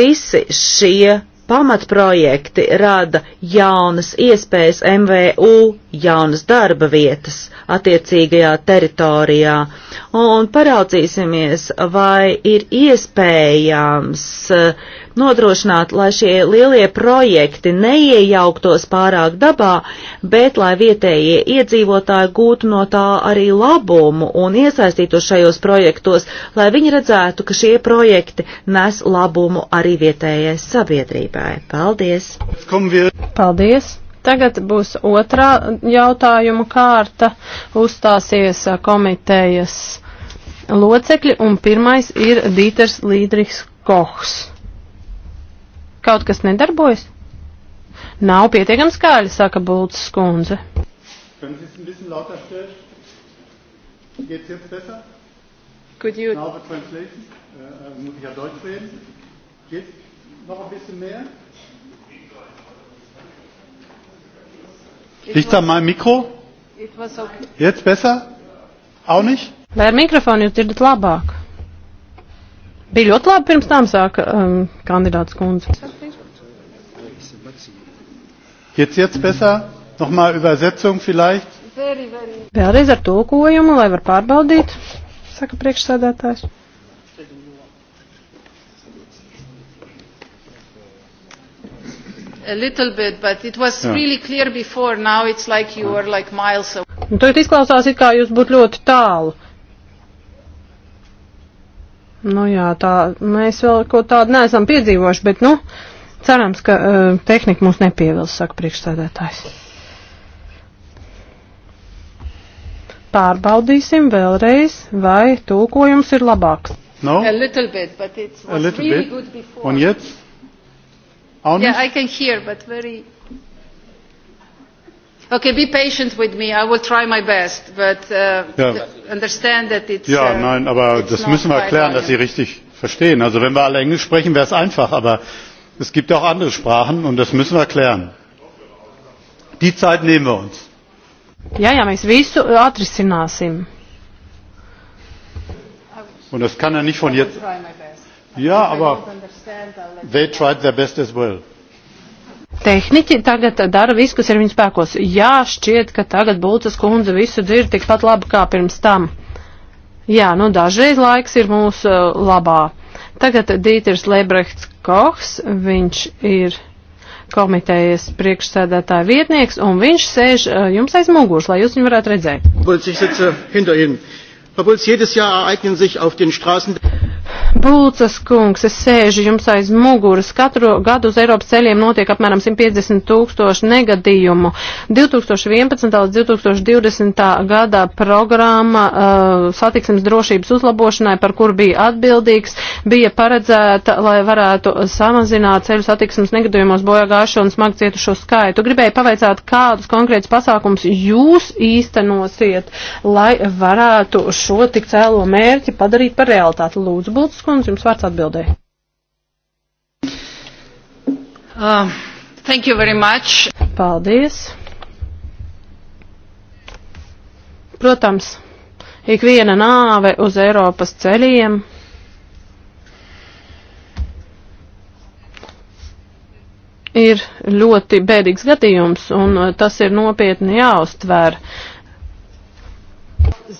visi šie pamatprojekti rada jaunas iespējas MVU, jaunas darba vietas attiecīgajā teritorijā. Un paraudzīsimies, vai ir iespējams eh, nodrošināt, lai šie lielie projekti neiejauktos pārāk dabā, bet lai vietējie iedzīvotāji gūtu no tā arī labumu un iesaistītu šajos projektos, lai viņi redzētu, ka šie projekti nes labumu arī vietējai sabiedrībai. Sakorai. Paldies! Paldies! Tagad būs otrā jautājuma kārta. Uzstāsies uh, komitejas locekļi un pirmais ir Dīters Līdriks Kohs. Kaut kas nedarbojas? Nav pietiekami skaļi, saka Bultas skundze. Could you... Now the translation. Uh, muss ich ja Deutsch reden? Jetzt? Noch ein bisschen mehr? Liegt da mein Mikro? Okay. Jetzt besser? Auch nicht? Vai ar mikrofonu jūs dzirdat labāk? Bija ļoti labi pirms tam sāka um, kandidāts kundze. Jetzt, jetzt besser? Nochmal Übersetzung vielleicht? Very, very. Vēlreiz ar tulkojumu, lai var pārbaudīt, saka priekšsēdētājs. A little bit, but it was Jā. really clear before. Now it's like you are like miles away. Un nu, tagad izklausās, it kā jūs būtu ļoti tālu. Nu jā, tā, mēs vēl ko tādu neesam piedzīvojuši, bet, nu, cerams, ka uh, tehnika mūs nepievils, saka priekšstādētājs. Pārbaudīsim vēlreiz, vai tūkojums ir labāks. No? A little bit, but it was really bit. good before. Un jetzt? honest? Yeah, I can hear, but very. Okay, be patient with me. I will try my best, but uh, ja. understand that it's. Ja, uh, nein, aber das müssen wir klären, dass Sie richtig verstehen. Also wenn wir alle Englisch sprechen, wäre es einfach, aber es gibt auch andere Sprachen und das müssen wir klären. Die Zeit nehmen wir uns. Ja, ja, mēs visu atrisināsim. Un tas kann ja er nicht von jetzt. Jā, aber they tried their best as well. Tehniķi tagad dara visu, kas ir viņu spēkos. Jā, šķiet, ka tagad Bulcas kundze visu dzird tikpat labi kā pirms tam. Jā, nu dažreiz laiks ir mūsu uh, labā. Tagad Dīters Lebrechts Kochs, viņš ir komitejas priekšsēdētāja vietnieks, un viņš sēž uh, jums aiz muguras, lai jūs viņu varētu redzēt. Herr Bulls, jedes Jahr ereignen sich auf den Straßen. Bulcas kungs, es sēžu jums aiz muguras. Katru gadu uz Eiropas ceļiem notiek apmēram 150 tūkstoši negadījumu. 2011. līdz 2020. gadā programma uh, satiksmes drošības uzlabošanai, par kur bija atbildīgs, bija paredzēta, lai varētu samazināt ceļu satiksmes negadījumos bojā gājušo un smagi cietušo skaitu. Gribēju pavaicāt, kādus konkrētus pasākums jūs īstenosiet, lai varētu šo tik cēlo mērķi padarīt par realitāti. Lūdzu, Bultas kundze, jums vārds atbildē. Uh, thank you very much. Paldies. Protams, ikviena nāve uz Eiropas ceļiem. ir ļoti bēdīgs gadījums, un tas ir nopietni jāuztver.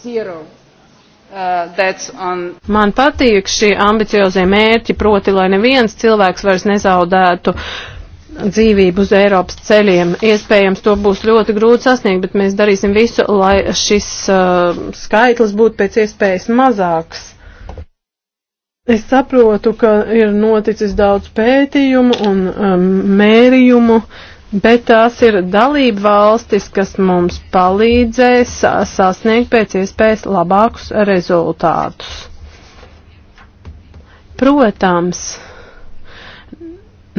Zero. Uh, on... Man patīk šie ambiciozie mērķi, proti, lai neviens cilvēks vairs nezaudētu dzīvību uz Eiropas ceļiem. Iespējams, to būs ļoti grūti sasniegt, bet mēs darīsim visu, lai šis uh, skaitlis būtu pēc iespējas mazāks. Es saprotu, ka ir noticis daudz pētījumu un um, mērījumu, uh, Bet tās ir dalība valstis, kas mums palīdzēs sasniegt pēc iespējas labākus rezultātus. Protams,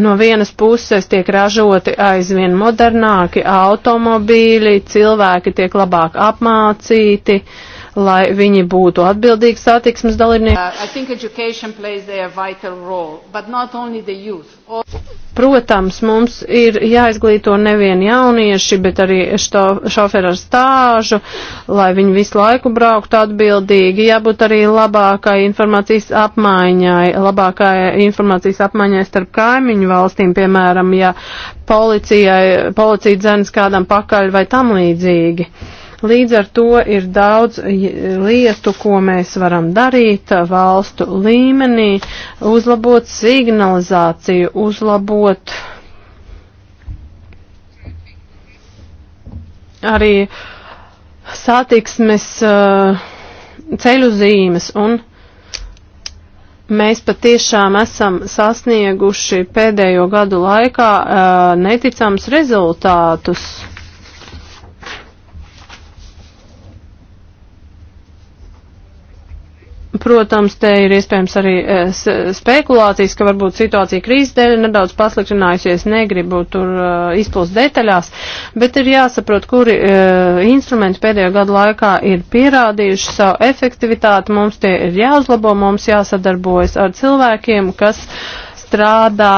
no vienas puses tiek ražoti aizvien modernāki automobīļi, cilvēki tiek labāk apmācīti, uh, lai viņi būtu atbildīgi satiksmes dalībnieki. Uh, Protams, mums ir jāizglīto nevien jaunieši, bet arī šoferi ar stāžu, lai viņi visu laiku brauktu atbildīgi, jābūt arī labākai informācijas apmaiņai, labākai informācijas apmaiņai starp kaimiņu valstīm, piemēram, ja policijai, policija dzenas kādam pakaļ vai tam līdzīgi. Līdz ar to ir daudz lietu, ko mēs varam darīt valstu līmenī, uzlabot signalizāciju, uzlabot arī satiksmes eh, ceļu zīmes un mēs patiešām esam sasnieguši pēdējo gadu laikā eh, neticams rezultātus. Protams, te ir iespējams arī e, spekulācijas, ka varbūt situācija krīzes dēļ nedaudz pasliktinājusies, negribu tur uh, izplūst detaļās, bet ir jāsaprot, kuri uh, instrumenti pēdējo gadu laikā ir pierādījuši savu efektivitāti, mums tie ir jāuzlabo, mums jāsadarbojas ar cilvēkiem, kas strādā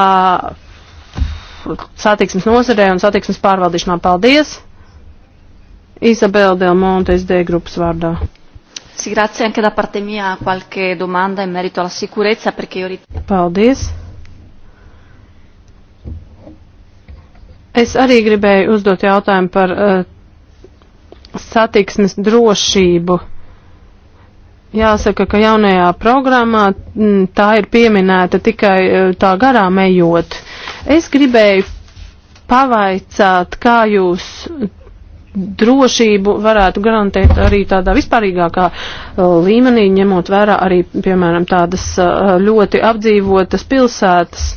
satiksmes nozarē un satiksmes pārvaldīšanā. Paldies! Izabela Delmonte SD grupas vārdā. Sì, grazie anche da parte mia qualche domanda in merito alla sicurezza perché io ritengo. Paldies. Es arī gribēju uzdot jautājumu par uh, satiksmes drošību. Jāsaka, ka jaunajā programmā m, mm, tā ir pieminēta tikai uh, tā garām ejot. Es gribēju pavaicāt, kā jūs drošību varētu garantēt arī tādā vispārīgākā uh, līmenī, ņemot vērā arī, piemēram, tādas uh, ļoti apdzīvotas pilsētas.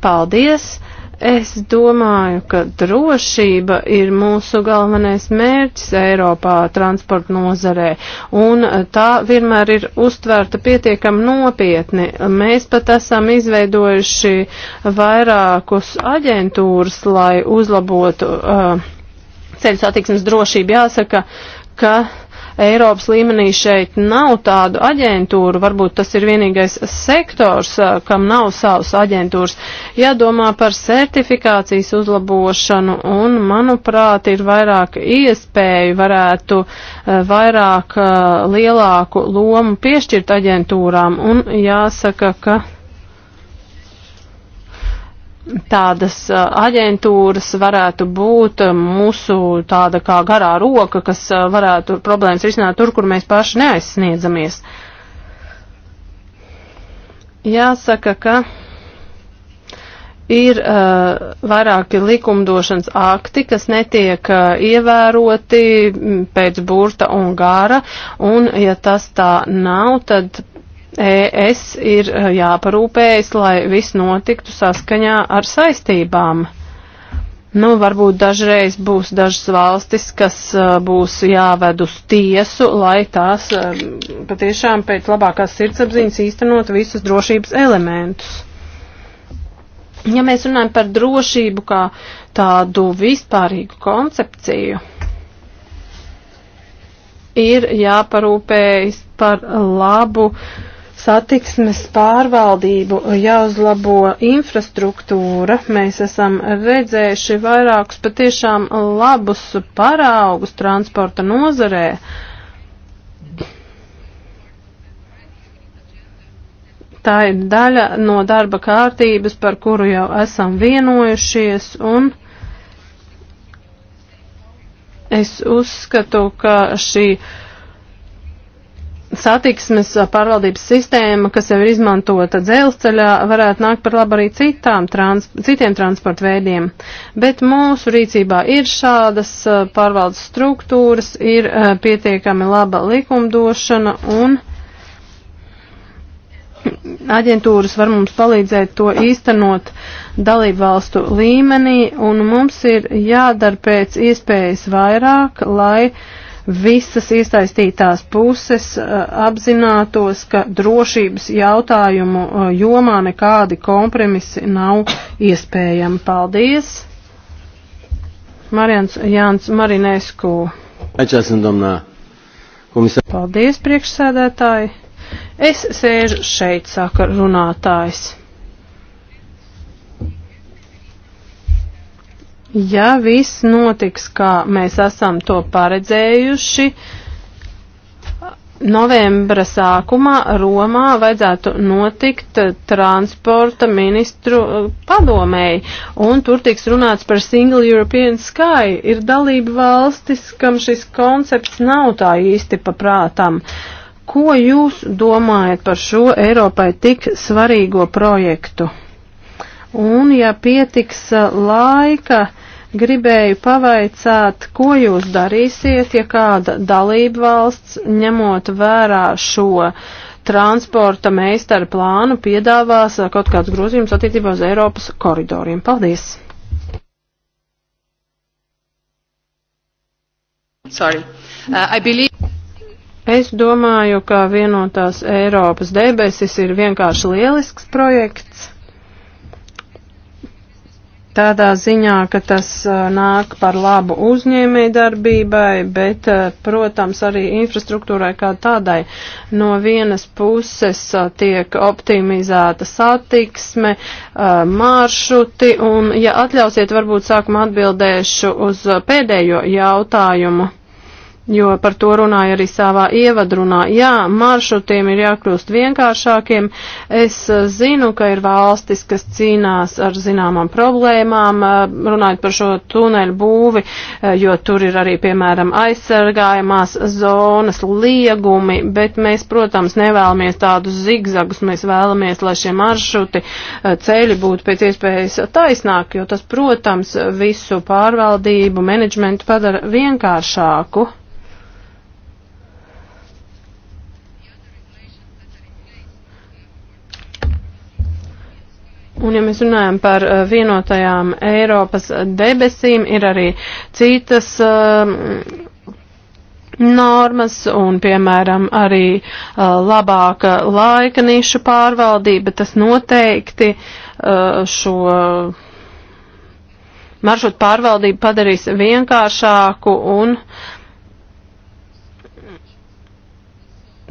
Paldies! Es domāju, ka drošība ir mūsu galvenais mērķis Eiropā transporta nozarē, un tā vienmēr ir uztvērta pietiekam nopietni. Mēs pat esam izveidojuši vairākus aģentūras, lai uzlabotu uh, ceļu satiksmes drošību. Jāsaka, ka Eiropas līmenī šeit nav tādu aģentūru, varbūt tas ir vienīgais sektors, kam nav savas aģentūras. Jādomā par certifikācijas uzlabošanu un, manuprāt, ir vairāk iespēju, varētu vairāk lielāku lomu piešķirt aģentūrām un jāsaka, ka tādas uh, aģentūras varētu būt um, mūsu tāda kā garā roka, kas uh, varētu problēmas risināt tur, kur mēs paši neaizsniedzamies. Jāsaka, ka ir uh, vairāki likumdošanas akti, kas netiek uh, ievēroti pēc burta un gara, un ja tas tā nav, tad ES ir e, jāparūpējas, lai viss notiktu saskaņā ar saistībām. Nu, varbūt dažreiz būs dažas valstis, kas e, būs jāved uz tiesu, lai tās e, patiešām pēc labākās sirdsapziņas īstenot visus drošības elementus. Ja mēs runājam par drošību kā tādu vispārīgu koncepciju, ir jāparūpējas par labu uh, satiksmes pārvaldību, jāuzlabo infrastruktūra. Mēs esam redzējuši vairākus patiešām labus paraugus transporta nozarē. Tā ir daļa no darba kārtības, par kuru jau esam vienojušies un. Es uzskatu, ka šī uh, satiksmes pārvaldības sistēma, kas jau ir izmantota dzelzceļā, varētu nākt par labu arī citām, trans, citiem transporta veidiem. Bet mūsu rīcībā ir šādas pārvaldes struktūras, ir pietiekami laba likumdošana un aģentūras var mums palīdzēt to īstenot dalību valstu līmenī un mums ir jādara pēc iespējas vairāk, lai uh, visas iesaistītās puses uh, apzinātos, ka drošības jautājumu uh, jomā nekādi kompromisi nav iespējami. Paldies! Marians Jānis Marinēsku. Paldies, priekšsēdētāji! Es sēžu šeit, saka runātājs. Ja viss notiks, kā mēs esam to paredzējuši, novembra sākumā Romā vajadzētu notikt transporta ministru uh, padomēji, un tur tiks runāts par Single European Sky. Ir dalība valstis, kam šis koncepts nav tā īsti paprātam. Ko jūs domājat par šo Eiropai tik svarīgo projektu? Un ja pietiks uh, laika, Gribēju pavaicāt, ko jūs darīsiet, ja kāda dalība valsts, ņemot vērā šo transporta meistara plānu, piedāvās kaut kāds grozījums attiecībā uz Eiropas koridoriem. Paldies! Sorry. Uh, I believe... Es domāju, ka vienotās Eiropas debesis ir vienkārši lielisks projekts tādā ziņā, ka tas nāk par labu uzņēmēju darbībai, bet, protams, arī infrastruktūrai kā tādai. No vienas puses tiek optimizēta satiksme, maršruti, un, ja atļausiet, varbūt sākumā atbildēšu uz pēdējo jautājumu jo par to runāja arī savā ievadrunā. Jā, maršrutiem ir jākļūst vienkāršākiem. Es eh, zinu, ka ir valstis, kas cīnās ar zināmām problēmām, eh, runājot par šo tuneļu būvi, eh, jo tur ir arī, piemēram, aizsargājumās zonas liegumi, bet mēs, protams, nevēlamies tādus zigzagus, mēs vēlamies, lai šie maršruti ceļi būtu pēc iespējas taisnāki, jo tas, protams, visu pārvaldību, menedžmentu padara vienkāršāku. Un ja mēs runājam par eh, vienotajām Eiropas debesīm, ir arī citas uh, normas un, piemēram, arī uh, labāka laika nišu pārvaldība, tas noteikti uh, šo maršrutu pārvaldību padarīs vienkāršāku un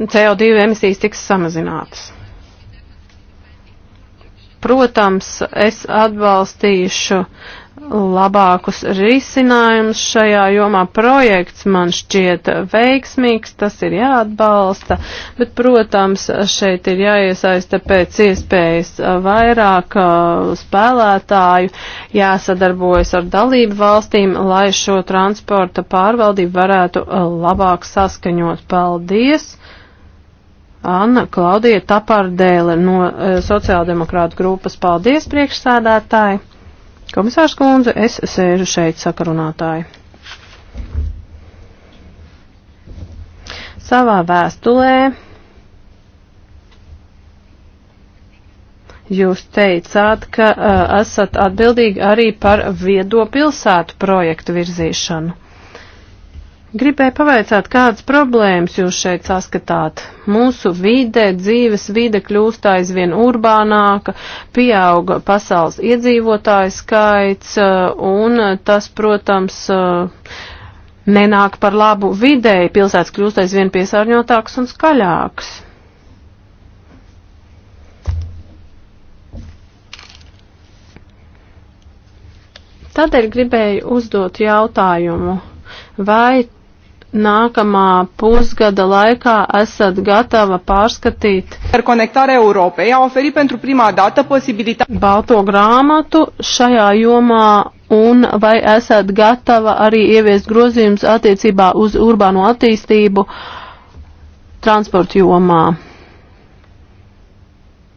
CO2 emisijas tiks samazinātas. Protams, es atbalstīšu labākus risinājumus šajā jomā. Projekts man šķiet veiksmīgs, tas ir jāatbalsta, bet, protams, šeit ir jāiesaista pēc iespējas vairāk uh, spēlētāju, jāsadarbojas ar dalību valstīm, lai šo transporta pārvaldību varētu uh, labāk saskaņot. Paldies! Anna Klaudija Tapardēle no eh, sociāldemokrāta grupas. Paldies, priekšsādātāji! Komisārs Kundze, es sēžu šeit sakarunātāji. Savā vēstulē jūs teicāt, ka uh, esat atbildīgi arī par viedo pilsētu projektu virzīšanu. Gribēju pavaicāt, kādas problēmas jūs šeit saskatāt. Mūsu vide, dzīves vide kļūst aizvien urbānāka, pieauga pasaules iedzīvotāju skaits, eh, un tas, protams, eh, nenāk par labu videi. Pilsētas kļūst aizvien piesārņotāks un skaļāks. Tādēļ gribēju uzdot jautājumu, vai nākamā pusgada laikā esat gatava pārskatīt Interconectarea Europei a oferit pentru prima dată posibilitatea balto grāmatu šajā jomā un vai esat gatava arī ieviest grozījums attiecībā uz urbāno attīstību transporta jomā.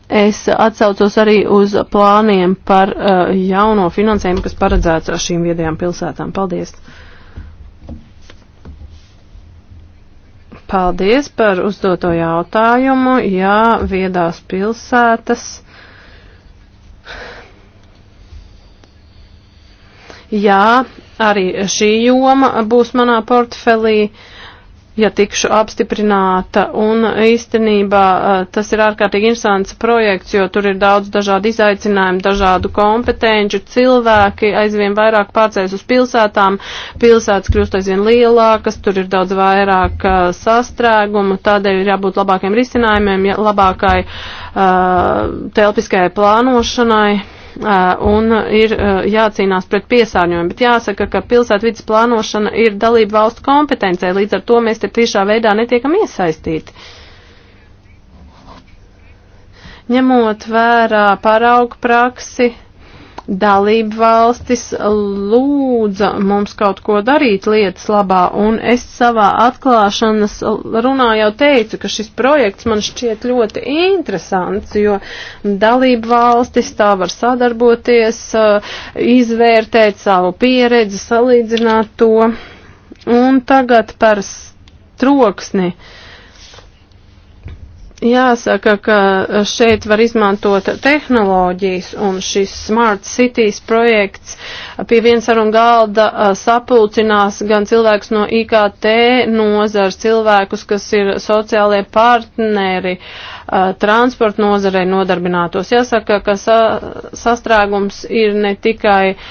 Es atsaucos arī uz plāniem par uh, jauno finansējumu, kas paredzēts šīm viedajām pilsētām. Paldies! Paldies par uzdoto jautājumu. Jā, viedās pilsētas. Jā, arī šī joma būs manā portfelī. Uh, ja tikšu apstiprināta. Un īstenībā eh, tas ir ārkārtīgi interesants projekts, jo tur ir daudz dažādu izaicinājumu, dažādu kompetenci. Cilvēki aizvien vairāk pārcēs uz pilsētām, pilsētas kļūst aizvien lielākas, tur ir daudz vairāk eh, sastrēgumu, tādēļ ir jābūt labākiem risinājumiem, labākai uh, eh, telpiskajai plānošanai Uh, un uh, ir uh, jācīnās pret piesārņojumu. Bet jāsaka, ka pilsētvidas plānošana ir dalība valstu kompetencē, līdz ar to mēs te tiešā veidā netiekam iesaistīti ņemot vērā paraugu praksi, dalību valstis lūdza mums kaut ko darīt lietas labā, un es savā atklāšanas runā jau teicu, ka šis projekts man šķiet ļoti interesants, jo dalību valstis tā var sadarboties, izvērtēt savu pieredzi, salīdzināt to, un tagad par troksni. Uh, Jāsaka, ka šeit var izmantot tehnoloģijas, un šis Smart Cities projekts pie viens ar un galda sapulcinās gan cilvēkus no IKT nozars, cilvēkus, kas ir sociālie partneri, transporta nozarei nodarbinātos. Jāsaka, ka sa sastrēgums ir ne tikai uh,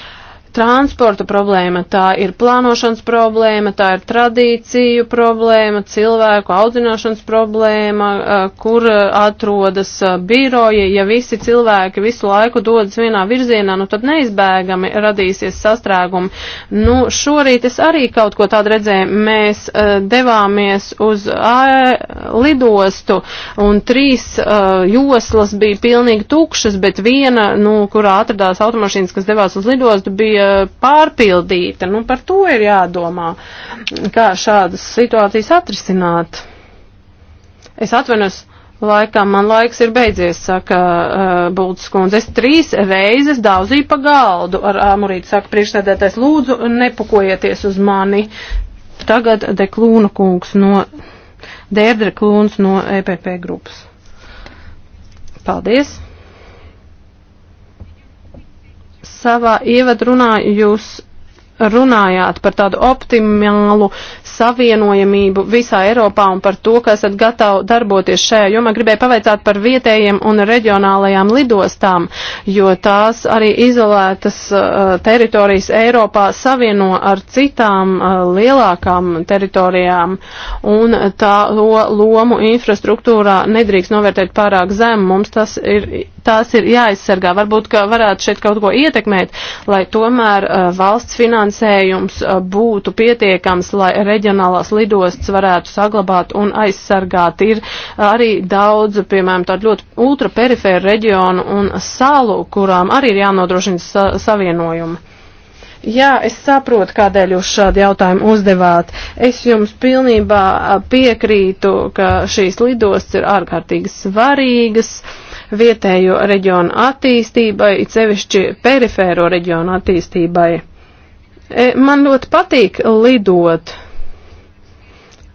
transporta problēma, tā ir plānošanas problēma, tā ir tradīciju problēma, cilvēku audzināšanas problēma, kur atrodas biroji. Ja visi cilvēki visu laiku dodas vienā virzienā, nu tad neizbēgami radīsies sastrēgumi. Nu, šorīt es arī kaut ko tādu redzēju. Mēs uh, devāmies uz uh, lidostu un trīs uh, joslas bija pilnīgi tukšas, bet viena, nu, kurā atradās automašīnas, kas devās uz lidostu, bija bija pārpildīta. Nu, par to ir jādomā, kā šādas situācijas atrisināt. Es atvainojos, laikam man laiks ir beidzies, saka uh, eh, Bultas kundze. Es trīs reizes dauzīju pa galdu ar āmurīti, saka priekšsēdētais, lūdzu, nepakojieties uz mani. Tagad Deklūna kungs no, Dērdre Klūns no EPP grupas. Paldies! savā ievadrunā jūs runājāt par tādu optimālu savienojamību visā Eiropā un par to, ka esat gatavi darboties šajā jomā. Gribēju pavaicāt par vietējiem un reģionālajām lidostām, jo tās arī izolētas uh, teritorijas Eiropā savieno ar citām uh, lielākām teritorijām, un tā lo, lomu infrastruktūrā nedrīkst novērtēt pārāk zem. Mums tas ir, tās ir jāaizsargā. Varbūt, ka varētu šeit kaut ko ietekmēt, lai tomēr uh, valsts finansējums uh, būtu pietiekams, lai reģionālajā reģionālās lidostas varētu saglabāt un aizsargāt. Ir arī daudz, piemēram, tādu ļoti ultraperifēru reģionu un salu, kurām arī ir jānodrošina sa savienojumi. Jā, es saprotu, kādēļ jūs šādu jautājumu uzdevāt. Es jums pilnībā piekrītu, ka šīs lidostas ir ārkārtīgi svarīgas vietējo reģionu attīstībai, it sevišķi perifēro reģionu attīstībai. E, man ļoti patīk lidot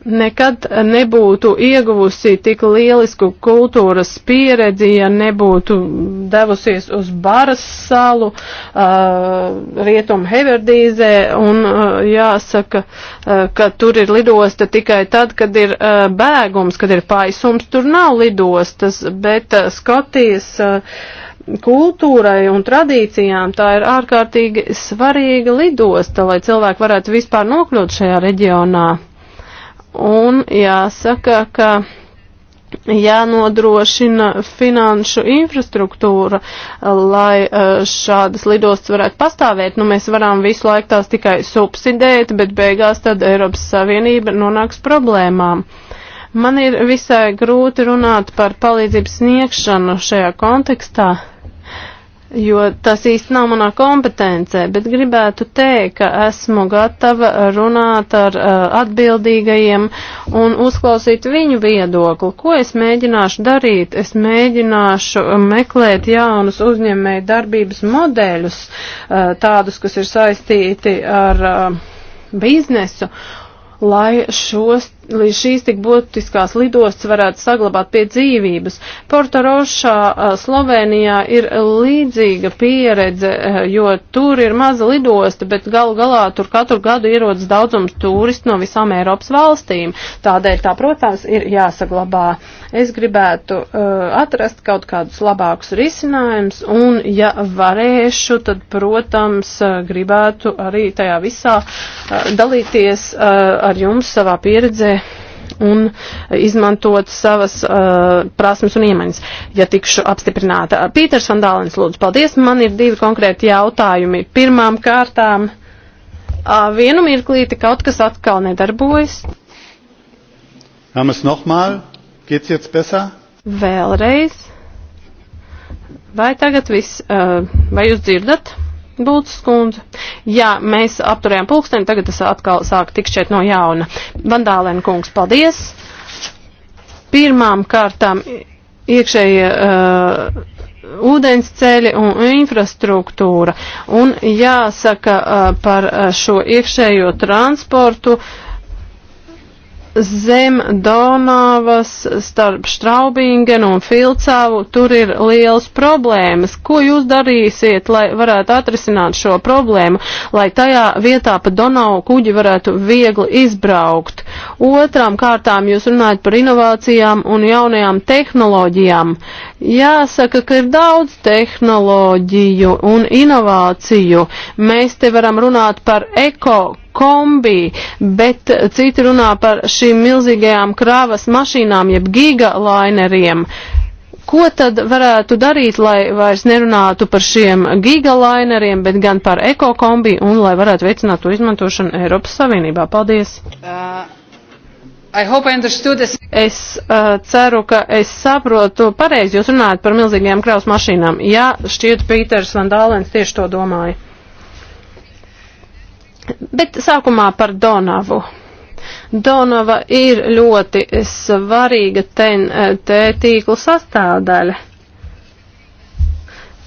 nekad nebūtu ieguvusi tik lielisku kultūras pieredzi, ja nebūtu devusies uz Baras salu, uh, Rietumu Heverdīzē, un uh, jāsaka, uh, ka tur ir lidosta tikai tad, kad ir uh, bēgums, kad ir paisums, tur nav lidostas, bet uh, Skotijas. Uh, kultūrai un tradīcijām tā ir ārkārtīgi svarīga lidosta, lai cilvēki varētu vispār nokļūt šajā reģionā. Un jāsaka, ka jānodrošina finanšu infrastruktūra, lai e, šādas lidostas varētu pastāvēt. Nu, mēs varam visu laiku tās tikai subsidēt, bet beigās tad Eiropas Savienība nonāks problēmām. Man ir visai grūti runāt par palīdzības sniegšanu šajā kontekstā jo tas īsti nav manā kompetencē, bet gribētu teikt, ka esmu gatava runāt ar uh, atbildīgajiem un uzklausīt viņu viedokli. Ko es mēģināšu darīt? Es mēģināšu um, meklēt jaunus uzņēmēju darbības modeļus, uh, tādus, kas ir saistīti ar uh, biznesu lai šos lai šīs tik būtiskās lidostas varētu saglabāt pie dzīvības. Porto Rošā Slovenijā ir līdzīga pieredze, jo tur ir maza lidosta, bet galu galā tur katru gadu ierodas daudzums turistu no visām Eiropas valstīm. Tādēļ tā, protams, ir jāsaglabā. Es gribētu uh, atrast kaut kādus labākus risinājumus, un, ja varēšu, tad, protams, gribētu arī tajā visā uh, dalīties uh, ar jums savā pieredzē un izmantot savas uh, prasmes un iemaņas, ja tikšu apstiprināta. Pīters Vandālins, lūdzu, paldies. Man ir divi konkrēti jautājumi. Pirmām kārtām, uh, vienu mirklīti kaut kas atkal nedarbojas. Namas nochmal, geht's jetzt besser? Vēlreiz. Vai tagad viss, uh, vai jūs dzirdat? Bultas kundze. Jā, mēs apturējām pulksteni, tagad tas atkal sāk tikšķēt no jauna. Vandālēna kungs, paldies. Pirmām kārtām iekšēja. Uh, ūdensceļi un infrastruktūra. Un jāsaka uh, par uh, šo iekšējo transportu, zem Donavas starp Straubingenu un Filcavu tur ir liels problēmas. Ko jūs darīsiet, lai varētu atrisināt šo problēmu, lai tajā vietā pa Donavu kuģi varētu viegli izbraukt? Otram kārtām jūs runājat par inovācijām un jaunajām tehnoloģijām. Jāsaka, ka ir daudz tehnoloģiju un inovāciju. Mēs te varam runāt par eko kombi, bet citi runā par šīm milzīgajām krāvas mašīnām, jeb gigalaineriem. Ko tad varētu darīt, lai vairs nerunātu par šiem gigalaineriem, bet gan par ekokombi un lai varētu veicināt to izmantošanu Eiropas Savienībā? Paldies! Uh. I I es uh, ceru, ka es saprotu pareizi, jūs runājat par milzīgajām kraus mašīnām. Jā, šķiet, Pīters Vandālens tieši to domāja. Bet sākumā par Donavu. Donava ir ļoti svarīga TNT tīkla sastāvdaļa.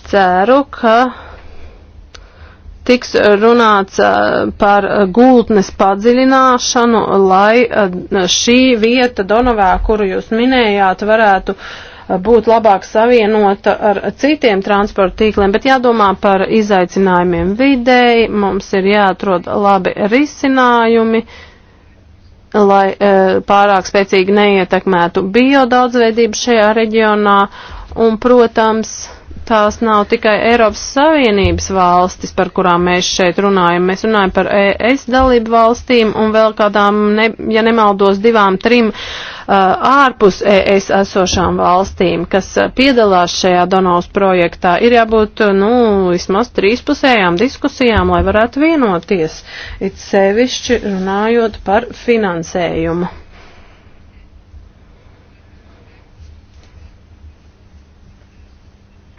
Ceru, ka tiks runāts par gultnes padziļināšanu, lai šī vieta Donavā, kuru jūs minējāt, varētu uh, būt labāk savienota ar citiem transporta tīkliem, bet jādomā par izaicinājumiem videi, mums ir jāatrod labi risinājumi lai e, pārāk spēcīgi neietekmētu biodaudzveidību šajā reģionā, un, protams, tās nav tikai Eiropas Savienības valstis, par kurām mēs šeit runājam. Mēs runājam par ES dalību valstīm un vēl kādām, ne, ja nemaldos, divām, trim uh, Uh, ārpus ES esošām valstīm, kas uh, piedalās šajā Donavas projektā, ir jābūt, uh, nu, vismaz trīspusējām diskusijām, lai varētu vienoties, it sevišķi runājot par finansējumu.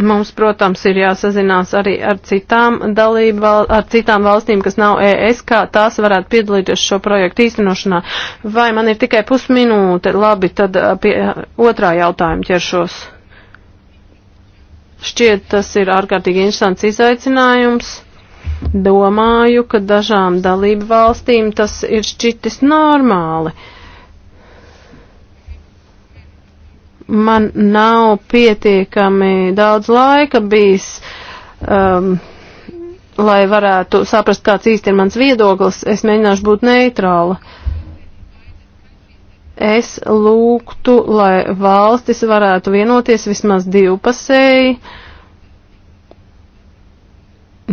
Mums, protams, ir jāsazinās arī ar citām, dalību, ar citām valstīm, kas nav ES, kā tās varētu piedalīties šo projektu īstenošanā. Vai man ir tikai pusminūte? Labi, tad pie otrā jautājuma ķeršos. Šķiet, tas ir ārkārtīgi interesants izaicinājums. Domāju, ka dažām dalību valstīm tas ir šķitis normāli. Uh, man nav pietiekami daudz laika bijis, um, lai varētu saprast, kāds īsti ir mans viedoklis. Es mēģināšu būt neitrāla. Es lūgtu, lai valstis varētu vienoties vismaz divpasēji,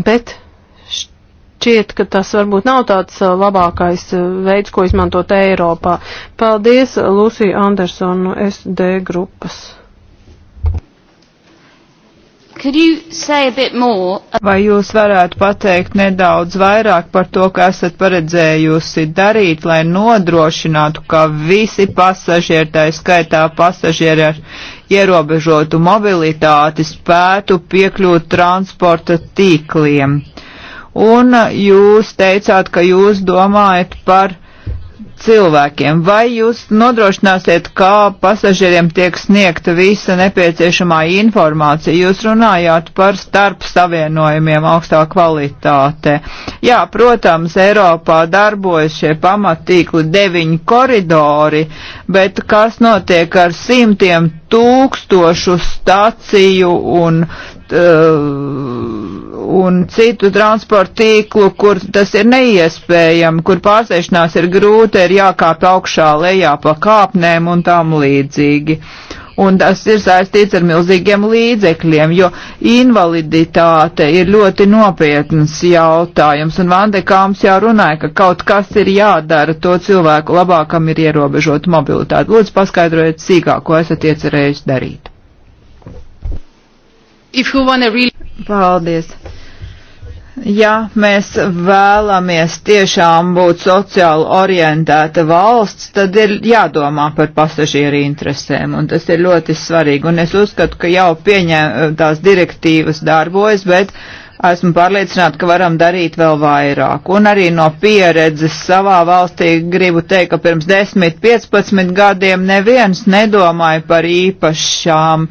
bet šķiet, ka tas varbūt nav tāds uh, labākais uh, veids, ko izmantot Eiropā. Paldies, Lūsija Andersona, SD grupas. Vai jūs varētu pateikt nedaudz vairāk par to, ka esat paredzējusi darīt, lai nodrošinātu, ka visi pasažieri, tā skaitā pasažieri ar ierobežotu mobilitāti, spētu piekļūt transporta tīkliem? Uh, un jūs teicāt, ka jūs domājat par cilvēkiem. Vai jūs nodrošināsiet, kā pasažieriem tiek sniegta visa nepieciešamā informācija? Jūs runājāt par starp savienojumiem augstā kvalitāte. Jā, protams, Eiropā darbojas šie pamatīkli deviņi koridori, bet kas notiek ar simtiem tūkstošu staciju un uh, un citu transportu tīklu, kur tas ir neiespējami, kur pārsēšanās ir grūti, ir jākāp augšā, lejā pa kāpnēm un tam līdzīgi. Un tas ir saistīts ar milzīgiem līdzekļiem, jo invaliditāte ir ļoti nopietnas jautājums, un Vandekāms jau runāja, ka kaut kas ir jādara to cilvēku labākam ir ierobežot mobilitāti. Lūdzu, paskaidrojiet sīkāk, ko esat iecerējis darīt. Really... Paldies. Ja mēs vēlamies tiešām būt sociāli orientēta valsts, tad ir jādomā par pasažieru interesēm, un tas ir ļoti svarīgi. Un es uzskatu, ka jau pieņemtās direktīvas darbojas, bet esmu pārliecināta, ka varam darīt vēl vairāk. Un arī no pieredzes savā valstī gribu teikt, ka pirms 10-15 gadiem neviens nedomāja par īpašām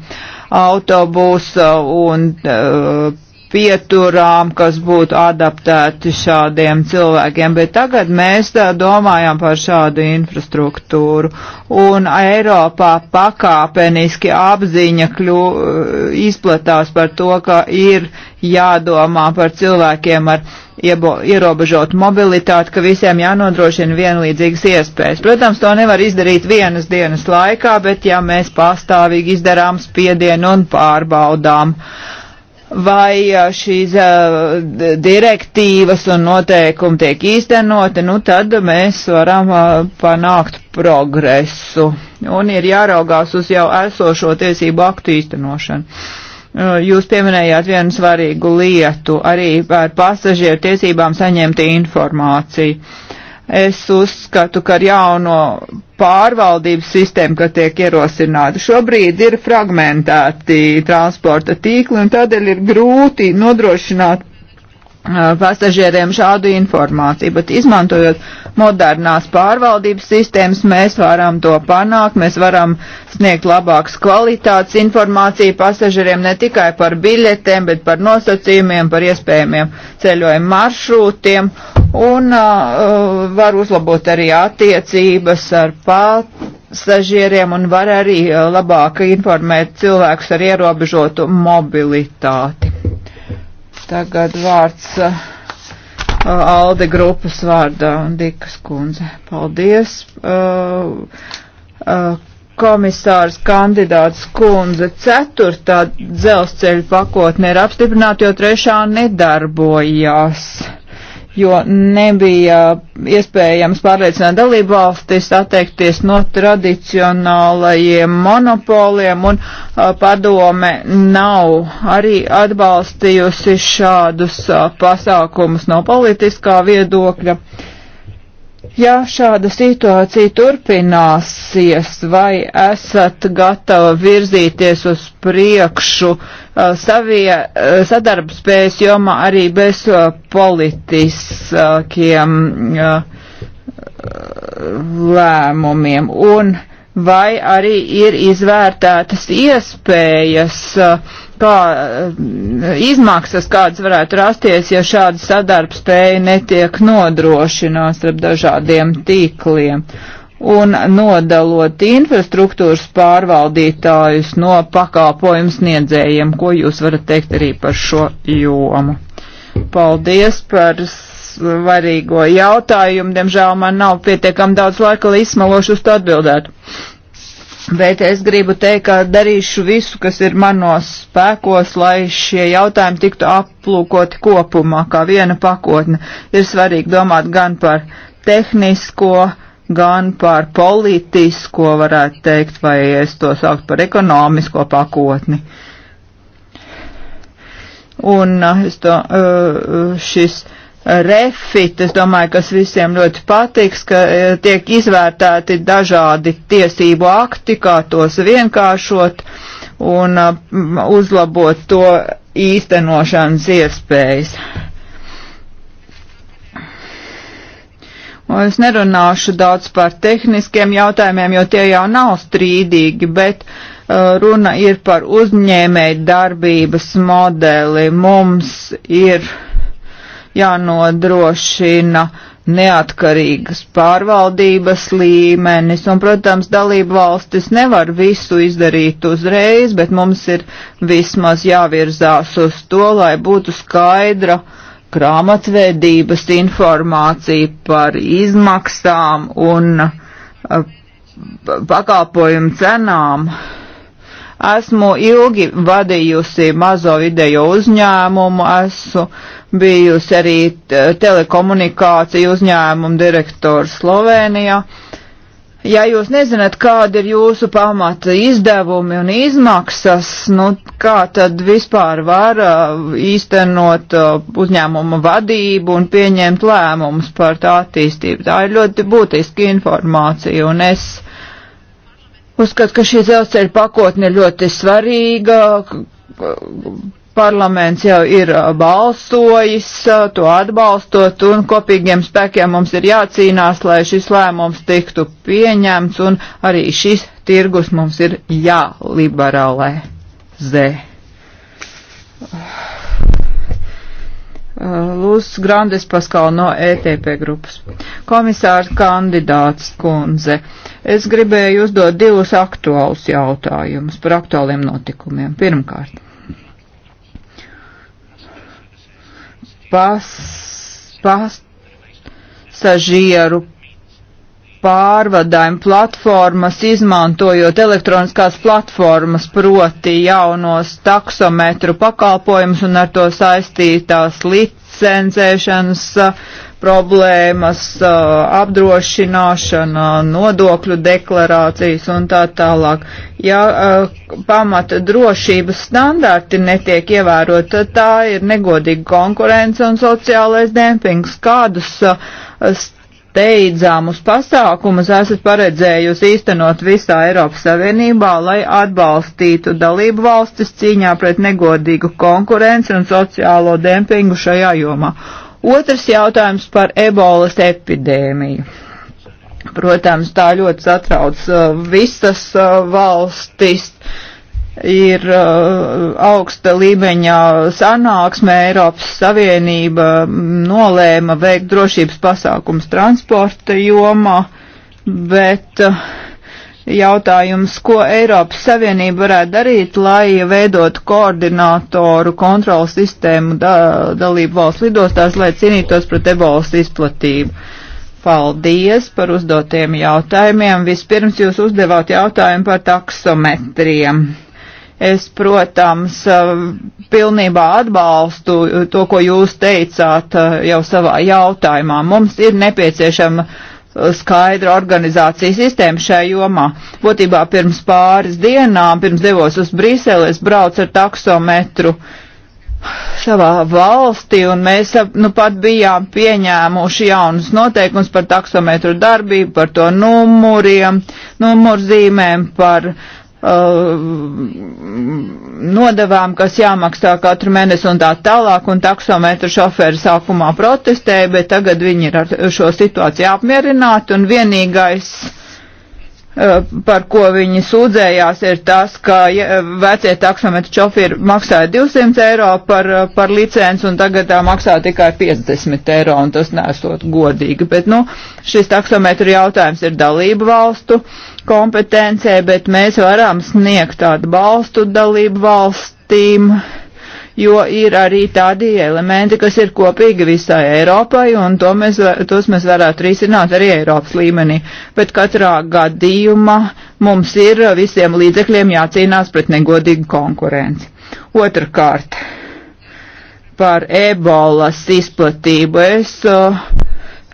autobusu un. Uh, pieturām, kas būtu adaptēti šādiem cilvēkiem, bet tagad mēs domājam par šādu infrastruktūru. Un Eiropā pakāpeniski apziņa kļu, izplatās par to, ka ir jādomā par cilvēkiem ar iebo, ierobežotu mobilitāti, ka visiem jānodrošina vienlīdzīgas iespējas. Protams, to nevar izdarīt vienas dienas laikā, bet ja mēs pastāvīgi izdarām spiedienu un pārbaudām, uh, vai šīs direktīvas un noteikumi tiek īstenoti, nu tad mēs varam panākt progresu. Un ir jāraugās uz jau esošo tiesību aktu īstenošanu. Jūs pieminējāt vienu svarīgu lietu arī par pasažieru tiesībām saņemt informāciju Es uzskatu, ka ar jauno pārvaldības sistēmu, kas tiek ierosināta, šobrīd ir fragmentēti transporta tīkli un tādēļ ir grūti nodrošināt pasažieriem šādu informāciju, bet izmantojot modernās pārvaldības sistēmas, mēs varam to panākt, mēs varam sniegt labākas kvalitātes informāciju pasažieriem ne tikai par biļetēm, bet par nosacījumiem, par iespējamiem ceļojumu maršrūtiem un uh, var uzlabot arī attiecības ar pasažieriem un var arī labāk informēt cilvēkus ar ierobežotu mobilitāti. Tagad vārds uh, Alde grupas vārdā un Dikas kundze. Paldies. Uh, uh, komisārs kandidāts kundze ceturtā dzelzceļa pakotne ir apstiprināta, jo trešā nedarbojās jo nebija iespējams pārliecināt dalību valstis atteikties no tradicionālajiem monopoliem, un padome nav arī atbalstījusi šādus pasākumus no politiskā viedokļa. Uh, Ja šāda situācija turpināsies, vai esat gatavi virzīties uz priekšu uh, savie uh, sadarbspējas jomā arī bez uh, politiskiem lēmumiem? Un, uh, vai arī ir izvērtētas iespējas, uh, kā uh, izmaksas, kādas varētu rasties, ja šāda sadarbspēja netiek nodrošināts starp dažādiem tīkliem un nodalot infrastruktūras pārvaldītājus no pakalpojumu sniedzējiem, ko jūs varat teikt arī par šo jomu. Paldies par svarīgo jautājumu. Diemžēl man nav pietiekami daudz laika, lai izsmalošu uz to atbildētu. Bet es gribu teikt, ka darīšu visu, kas ir manos spēkos, lai šie jautājumi tiktu aplūkoti kopumā, kā viena pakotne. Ir svarīgi domāt gan par tehnisko, gan par politisko, varētu teikt, vai es to sauktu par ekonomisko pakotni. Un uh, es to, uh, uh, šis refit, es domāju, kas visiem ļoti patiks, ka e, tiek izvērtēti dažādi tiesību akti, kā tos vienkāršot un uzlabot to īstenošanas iespējas. Un es nerunāšu daudz par tehniskiem jautājumiem, jo tie jau nav strīdīgi, bet uh, runa ir par uzņēmēju darbības modeli. Mums ir uh, jānodrošina neatkarīgas pārvaldības līmenis, un, protams, dalību valstis nevar visu izdarīt uzreiz, bet mums ir vismaz jāvirzās uz to, lai būtu skaidra krāmatvedības informācija par izmaksām un eh, pakalpojumu cenām. Uh, Esmu ilgi vadījusi mazo vidējo uzņēmumu, esmu bijusi arī e, telekomunikāciju uzņēmumu direktors Slovenijā. Ja jūs nezināt, kāda ir jūsu pamata izdevumi un izmaksas, nu, kā tad vispār var e, īstenot e, uzņēmuma vadību un pieņemt lēmumus par tā attīstību? Tā ir ļoti būtiska informācija, un es Uzskat, ka šī dzelzceļa pakotne ir ļoti svarīga. Parlaments jau ir uh, balsojis, uh, to atbalstot, un kopīgiem spēkiem mums ir jācīnās, lai šis lēmums tiktu pieņemts, un arī šis tirgus mums ir jāliberalizē. Uh. Eh, Lūs Grandes Paskal no ETP grupas. Komisārs kandidāts kundze, es gribēju uzdot divus aktuālus jautājumus par aktuāliem notikumiem. Pirmkārt, pas, pasažieru pārvadājumu platformas, izmantojot elektroniskās platformas, proti jaunos taksometru pakalpojumus un ar to saistītās licencēšanas problēmas, apdrošināšana, nodokļu deklarācijas un tā tālāk. Ja pamata drošības standarti netiek ievērot, tad tā ir negodīga konkurence un sociālais dempings. Kādus steidzamus pasākumus esat paredzējusi īstenot visā Eiropas Savienībā, lai atbalstītu dalību valstis cīņā pret negodīgu konkurenci un sociālo dempingu šajā jomā. Otrs jautājums par ebolas epidēmiju. Protams, tā ļoti satrauc uh, visas uh, valstis. Uh, ir uh, augsta līmeņa sanāksme Eiropas Savienība nolēma veikt drošības pasākums transporta jomā, bet uh, jautājums, ko Eiropas Savienība varētu darīt, lai veidotu koordinātoru kontrolas sistēmu da dalību valsts lidostās, lai cīnītos pret ebolas izplatību. Paldies par uzdotiem jautājumiem. Vispirms jūs uzdevāt jautājumu par taksometriem. Es, protams, pilnībā atbalstu to, ko jūs teicāt jau savā jautājumā. Mums ir nepieciešama skaidra organizācijas sistēma šajā jomā. Būtībā pirms pāris dienām, pirms devos uz Briseli, es braucu ar taksometru savā valstī, un mēs nu pat bijām pieņēmuši jaunus noteikumus par taksometru darbību, par to numuriem, numurzīmēm, par uh, Uh, nodevām, kas jāmaksā katru mēnesi un tā tālāk, un taksometru šoferi sākumā protestēja, bet tagad viņi ir ar šo situāciju apmierināti, un vienīgais uh, par ko viņi sūdzējās, ir tas, ka vecie taksometru šoferi maksāja 200 eiro par, par licenci un tagad tā maksā tikai 50 eiro, un tas nesot godīgi. Bet, nu, šis taksometru jautājums ir dalību valstu kompetencē, bet mēs varam sniegt tādu balstu dalību valstīm. Uh, jo ir arī tādi elementi, kas ir kopīgi visai Eiropai, un to mēs, tos mēs varētu risināt arī Eiropas līmenī. Bet katrā gadījumā mums ir visiem līdzekļiem jācīnās pret negodīgu konkurenci. Otrakārt, par ebolas izplatību es. Uh,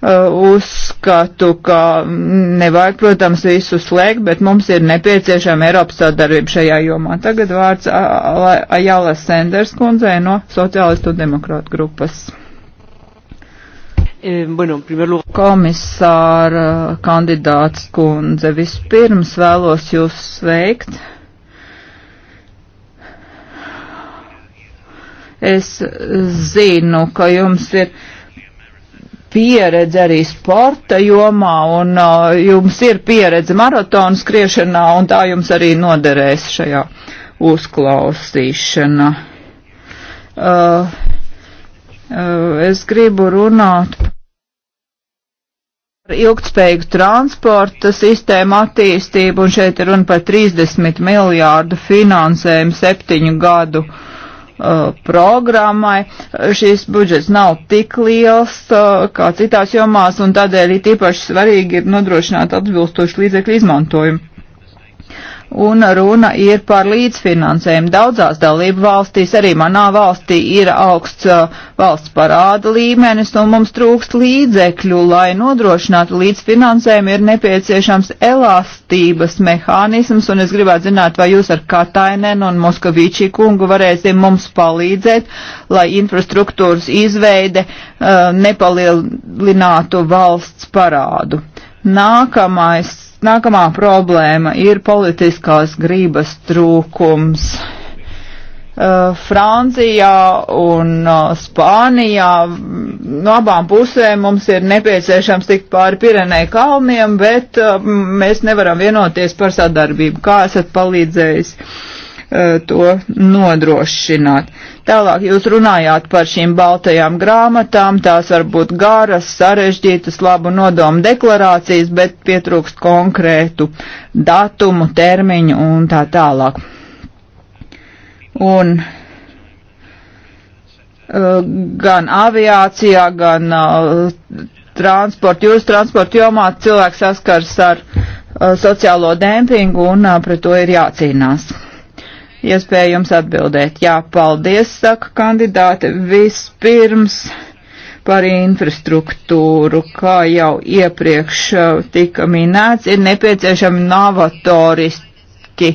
Uh, uzskatu, ka nevajag, protams, visu slēgt, bet mums ir nepieciešama Eiropas sadarbība šajā jomā. Tagad vārds Ajala Senders kundzei no Sociālistu demokrātu grupas. Eh, bueno, Komisāra kandidāts kundze, vispirms vēlos jūs sveikt. Es zinu, ka jums ir pieredze arī sporta jomā, un uh, jums ir pieredze maratonu skriešanā, un tā jums arī noderēs šajā uzklausīšanā. Uh, uh, es gribu runāt par ilgtspējīgu transporta sistēmu attīstību, un šeit ir runa par 30 miljārdu finansējumu septiņu gadu uh, Uh, programmai. Šis budžets nav tik liels uh, kā citās jomās, un tādēļ ir tīpaši svarīgi ir nodrošināt atbilstošu līdzekļu izmantojumu un runa ir par līdzfinansējumu. Daudzās dalību valstīs, arī manā valstī, ir augsts uh, valsts parāda līmenis, un mums trūkst līdzekļu, lai nodrošinātu līdzfinansējumu, ir nepieciešams elastības mehānisms, un es gribētu zināt, vai jūs ar Katainen un Moskavīčī kungu varēsiet mums palīdzēt, lai infrastruktūras izveide uh, nepalielinātu valsts parādu. Nākamais Nākamā problēma ir politiskās grības trūkums. Uh, Francijā un uh, Spānijā mm, no abām pusēm mums ir nepieciešams tikt pāri Pirenei kalniem, bet uh, mēs nevaram vienoties par sadarbību. Kā esat palīdzējis Eh, to nodrošināt. Tālāk jūs runājāt par šīm baltajām grāmatām, tās var būt garas, sarežģītas, labu nodomu deklarācijas, bet pietrūkst konkrētu datumu, termiņu un tā tālāk. Un eh, gan aviācijā, gan uh, eh, transporta, jūras transporta jomā cilvēks saskars ar uh, sociālo dempingu un uh, pret to ir jācīnās iespēja jums atbildēt. Jā, paldies, saka kandidāte. Vispirms par infrastruktūru, kā jau iepriekš eh, tika minēts, ir nepieciešami novatoriski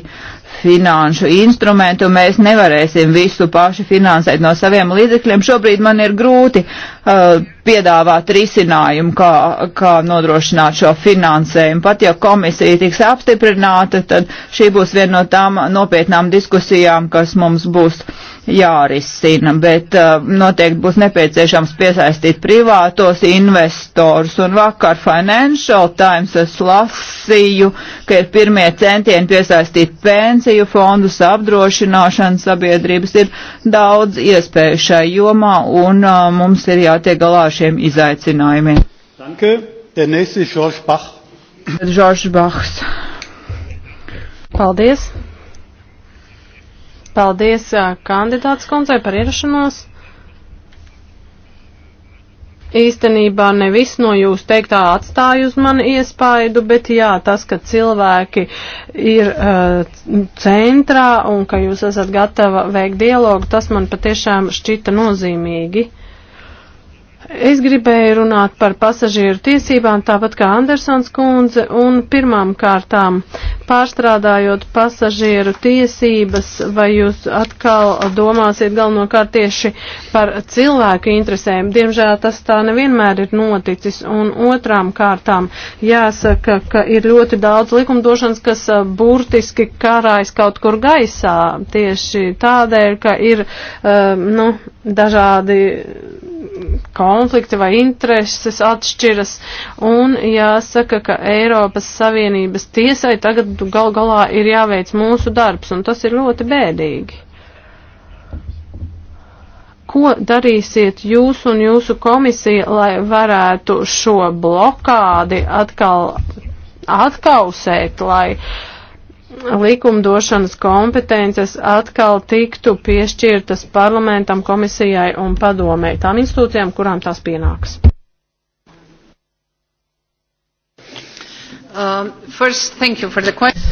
finanšu instrumentu, un mēs nevarēsim visu paši finansēt no saviem līdzekļiem. Šobrīd man ir grūti uh, piedāvāt risinājumu, kā, kā nodrošināt šo finansējumu. Pat ja komisija tiks apstiprināta, tad šī būs viena no tām nopietnām diskusijām, kas mums būs jārisina, bet uh, noteikti būs nepieciešams piesaistīt privātos investors. Un vakar Financial Times es lasīju, ka ir pirmie centieni piesaistīt pensiju fondus, apdrošināšanas sabiedrības. Ir daudz iespēju šai jomā un uh, mums ir jātiek galā ar šiem izaicinājumiem. Danke. Der nächste ist Georges Bach. Georges Bachs. Paldies. Paldies kandidāts kundzei par ierašanos. Īstenībā ne viss no jūs teiktā atstāja uz mani iespaidu, bet jā, tas, ka cilvēki ir uh, centrā un ka jūs esat gatava veikt dialogu, tas man patiešām šķita nozīmīgi. Es gribēju runāt par pasažieru tiesībām, tāpat kā Andersons kundze, un pirmām kārtām pārstrādājot pasažieru tiesības, vai jūs atkal domāsiet galvenokārt tieši par cilvēku interesēm. Diemžēl tas tā nevienmēr ir noticis, un otrām kārtām jāsaka, ka ir ļoti daudz likumdošanas, kas uh, burtiski karājas kaut kur gaisā, tieši tādēļ, ka ir, uh, nu, dažādi konflikti vai intereses atšķiras, un jāsaka, ka Eiropas Savienības tiesai tagad gal galā ir jāveic mūsu darbs, un tas ir ļoti bēdīgi ko darīsiet jūs un jūsu komisija, lai varētu šo blokādi atkal atkausēt, lai uh, likumdošanas kompetences atkal tiktu piešķirtas parlamentam, komisijai un padomē, tām institūcijām, kurām tās pienāks? Um, first, thank you for the question.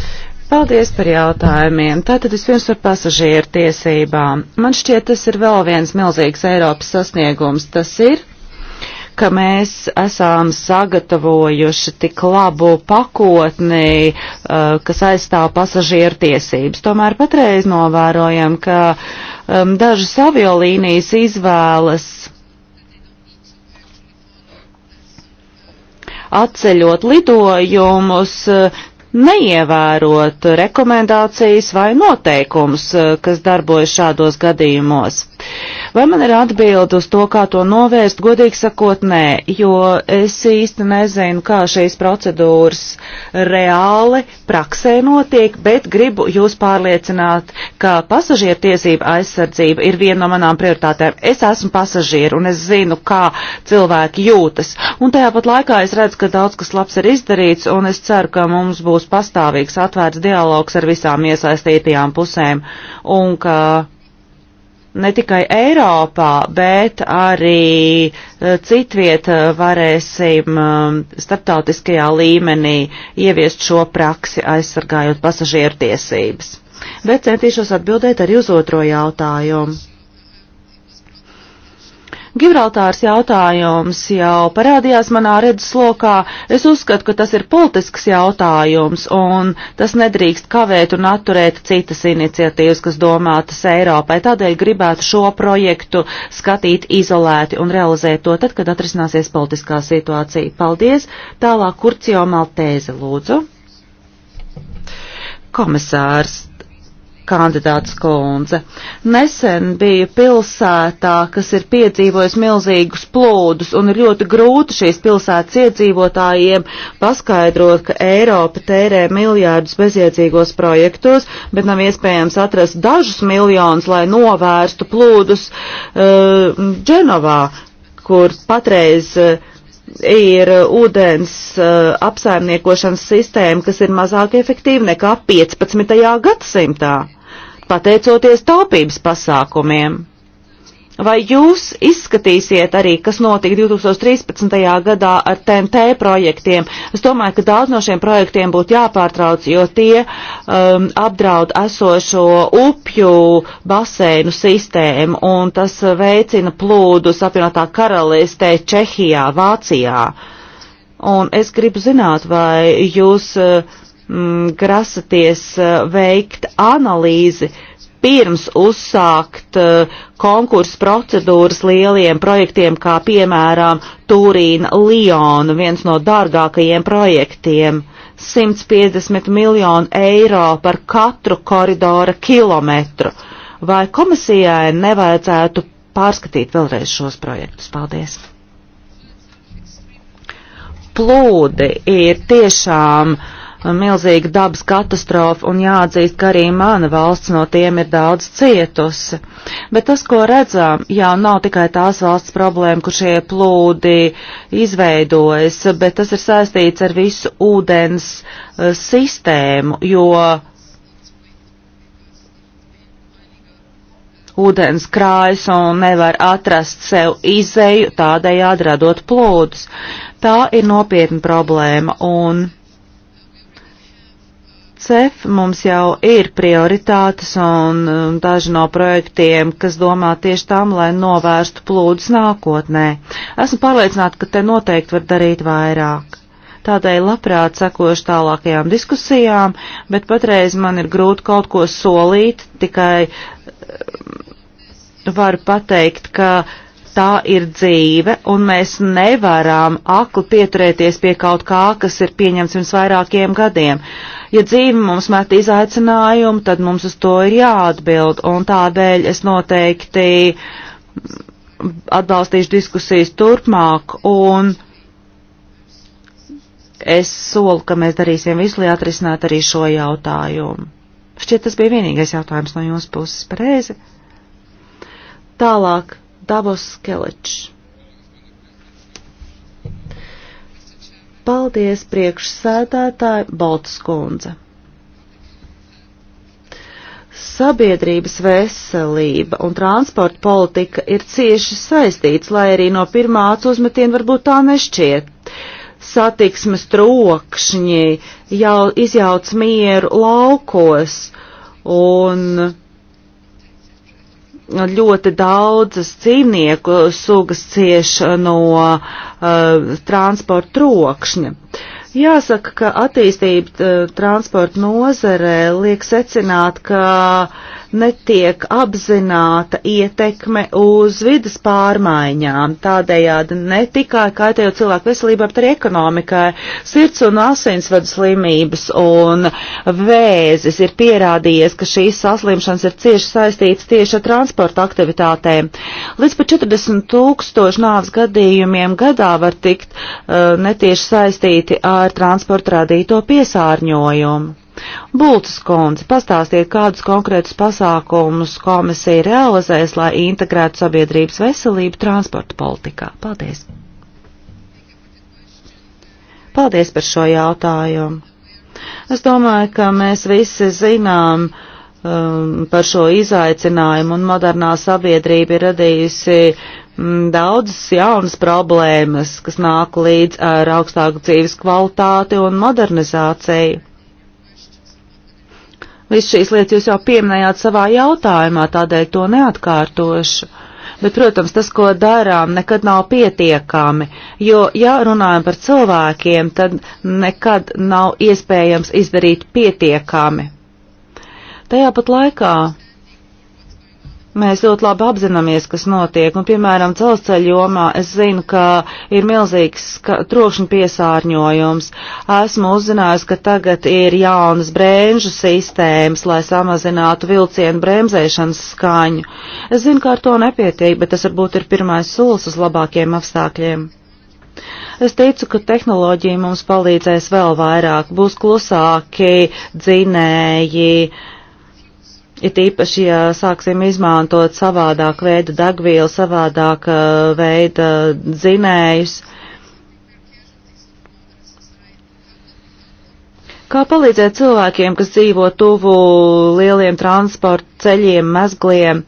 Paldies par jautājumiem. Tātad vispirms par pasažieru tiesībām. Man šķiet, tas ir vēl viens milzīgs Eiropas sasniegums. Tas ir ka mēs esam sagatavojuši tik labu pakotni, eh, kas aizstāv pasažieru tiesības. Tomēr patreiz novērojam, ka um, dažas aviolīnijas izvēlas atceļot lidojumus, neievērot rekomendācijas vai noteikumus, eh, kas darbojas šādos gadījumos. Vai man ir atbildi uz to, kā to novērst? Godīgi sakot, nē, jo es īsti nezinu, kā šīs procedūras reāli praksē notiek, bet gribu jūs pārliecināt, ka pasažieru tiesība aizsardzība ir viena no manām prioritātēm. Es esmu pasažieru un es zinu, kā cilvēki jūtas. Un tajāpat laikā es redzu, ka daudz kas labs ir izdarīts un es ceru, ka mums būs pastāvīgs atvērts dialogs ar visām iesaistītajām pusēm un ka ne tikai Eiropā, bet arī eh, citviet eh, varēsim eh, starptautiskajā līmenī ieviest šo praksi, aizsargājot pasažieru tiesības. Bet centīšos atbildēt arī uz otro jautājumu. Gibraltārs jautājums jau parādījās manā redzeslokā. Es uzskatu, ka tas ir politisks jautājums, un tas nedrīkst kavēt un atturēt citas iniciatīvas, kas domātas Eiropai. Tādēļ gribētu šo projektu skatīt izolēti un realizēt to tad, kad atrisināsies politiskā situācija. Paldies! Tālāk Kurcio Maltēze, lūdzu. Komisārs kandidāts kundze. Nesen bija pilsētā, kas ir piedzīvojis milzīgus plūdus, un ir ļoti grūti šīs pilsētas iedzīvotājiem paskaidrot, ka Eiropa tērē miljārdus bezjēdzīgos projektos, bet nav iespējams atrast dažus miljonus, lai novērstu plūdus uh, Dženovā, kur patreiz uh, ir ūdens uh, apsaimniekošanas sistēma, kas ir mazāk efektīva nekā 15. gadsimtā pateicoties taupības pasākumiem. Vai jūs izskatīsiet arī, kas notika 2013. gadā ar TNT projektiem? Es domāju, ka daudz no šiem projektiem būtu jāpārtrauc, jo tie um, apdraud esošo upju baseinu sistēmu, un tas veicina plūdus apvienotā karalistē, Čehijā, Vācijā. Un es gribu zināt, vai jūs. Uh, mm, grasaties uh, veikt analīzi pirms uzsākt uh, konkursu procedūras lieliem projektiem, kā piemēram Turīna Lionu, viens no dārgākajiem projektiem. 150 miljonu eiro par katru koridora kilometru. Vai komisijai nevajadzētu pārskatīt vēlreiz šos projektus? Paldies! Plūdi ir tiešām uh, milzīga dabas katastrofa, un jāatzīst, ka arī mana valsts no tiem ir daudz cietusi. Bet tas, ko redzam, jau nav tikai tās valsts problēma, kur šie plūdi izveidojas, bet tas ir saistīts ar visu ūdens uh, sistēmu, jo ūdens krājas un nevar atrast sev izēju, tādējādi radot plūdus. Tā ir nopietna problēma, un CEF mums jau ir prioritātes un daži no projektiem, kas domā tieši tam, lai novērstu plūdus nākotnē. Esmu pārliecināta, ka te noteikti var darīt vairāk. Tādēļ labprāt sekošu tālākajām diskusijām, bet patreiz man ir grūti kaut ko solīt, tikai eh, varu pateikt, ka uh, tā ir dzīve, un mēs nevaram akli pieturēties pie kaut kā, kas ir pieņemts pirms vairākiem gadiem. Ja dzīve mums met izaicinājumu, tad mums uz to ir jāatbild, un tādēļ es noteikti atbalstīšu diskusijas turpmāk, un es solu, ka mēs darīsim visu, lai atrisinātu arī šo jautājumu. Šķiet, tas bija vienīgais jautājums no jūsu puses, pareizi? Tālāk Davos Kelečs. Paldies priekšsēdētāji Baltskundze. Sabiedrības veselība un transporta politika ir cieši saistīts, lai arī no pirmā acu uzmetiena varbūt tā nešķiet. Satiksmes trokšņi jau izjauc mieru laukos un ļoti daudzas dzīvnieku sugas cieš no uh, transporta trokšņa. Jāsaka, ka attīstība uh, transporta nozarē liek secināt, ka netiek apzināta ietekme uz vidas pārmaiņām, tādējādi ne tikai kaitējot cilvēku veselībai, bet arī ekonomikai. Sirds un asinsvadu slimības un vēzis ir pierādījies, ka šīs saslimšanas ir cieši saistītas tieši ar transporta aktivitātēm. Līdz pat 40 tūkstoši nāves gadījumiem gadā var tikt uh, netieši saistīti ar transporta radīto piesārņojumu. Bultas kundze, pastāstiet, kādus konkrētus pasākumus komisija realizēs, lai integrētu sabiedrības veselību transporta politikā. Paldies! Paldies par šo jautājumu. Es domāju, ka mēs visi zinām um, par šo izaicinājumu, un modernā sabiedrība ir radījusi mm, daudzas jaunas problēmas, kas nāk līdz ar augstāku dzīves kvalitāti un modernizāciju. Viss šīs lietas jūs jau pieminējāt savā jautājumā, tādēļ to neatkārtošu. Bet, protams, tas, ko darām, nekad nav pietiekami, jo, ja runājam par cilvēkiem, tad nekad nav iespējams izdarīt pietiekami. Tajā pat laikā Mēs ļoti labi apzināmies, kas notiek, un, piemēram, dzelzceļa jomā es zinu, ka ir milzīgs trokšņa piesārņojums. Esmu uzzinājusi, ka tagad ir jaunas brēnžu sistēmas, lai samazinātu vilcienu bremzēšanas skaņu. Es zinu, ka ar to nepietiek, bet tas varbūt ir pirmais solis uz labākiem apstākļiem. Es ticu, ka tehnoloģija mums palīdzēs vēl vairāk, būs klusāki dzinēji, uh, It īpaši, ja sāksim izmantot savādāk veidu degvielu, savādāk uh, veida dzinējus. Kā palīdzēt cilvēkiem, kas dzīvo tuvu lieliem transporta ceļiem, mezgliem?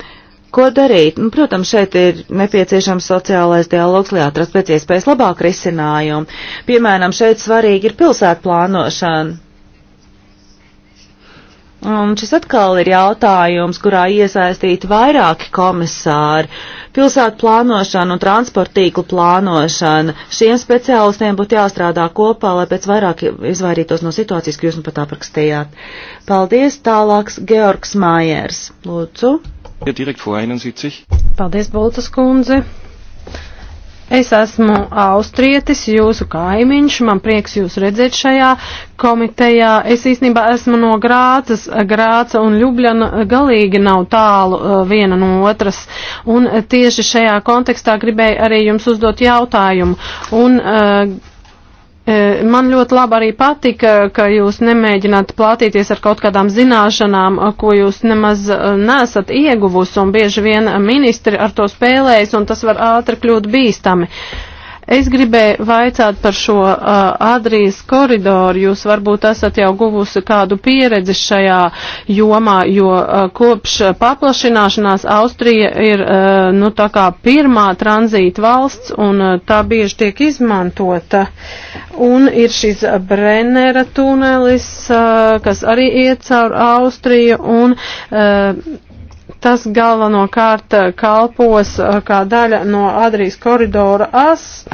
Ko darīt? Nu, protams, šeit ir nepieciešams sociālais dialogs, lai atrastu pēc iespējas labāku risinājumu. Piemēram, šeit svarīgi ir pilsētu plānošana Un šis atkal ir jautājums, kurā iesaistīti vairāki komisāri. Pilsētu plānošana un transporta tīklu plānošana. Šiem speciālistiem būtu jāstrādā kopā, lai pēc vairāk izvairītos no situācijas, ko jūs nu pat aprakstījāt. Paldies, tālāks Georgs Mājers. Lūdzu. Paldies, Bultas kundze. Es esmu austrietis, jūsu kaimiņš, man prieks jūs redzēt šajā komitejā. Es īstenībā esmu no Grācas, Grāca un Ljubljana galīgi nav tālu uh, viena no otras. Un tieši šajā kontekstā gribēju arī jums uzdot jautājumu. Un, uh, E, man ļoti labi arī patika, ka jūs nemēģināt plātīties ar kaut kādām zināšanām, ko jūs nemaz nesat ieguvusi, un bieži vien ministri ar to spēlējas, un tas var ātri kļūt bīstami. Es gribēju vaicāt par šo uh, Adrijas koridoru. Jūs varbūt esat jau guvusi kādu pieredzi šajā jomā, jo uh, kopš paplašināšanās Austrija ir uh, nu, tā kā pirmā tranzīta valsts un uh, tā bieži tiek izmantota. Un ir šis Brennera tunelis, uh, kas arī iet caur Austriju un uh, Tas galvenokārt eh, kalpos eh, kā daļa no Adrijas koridora as,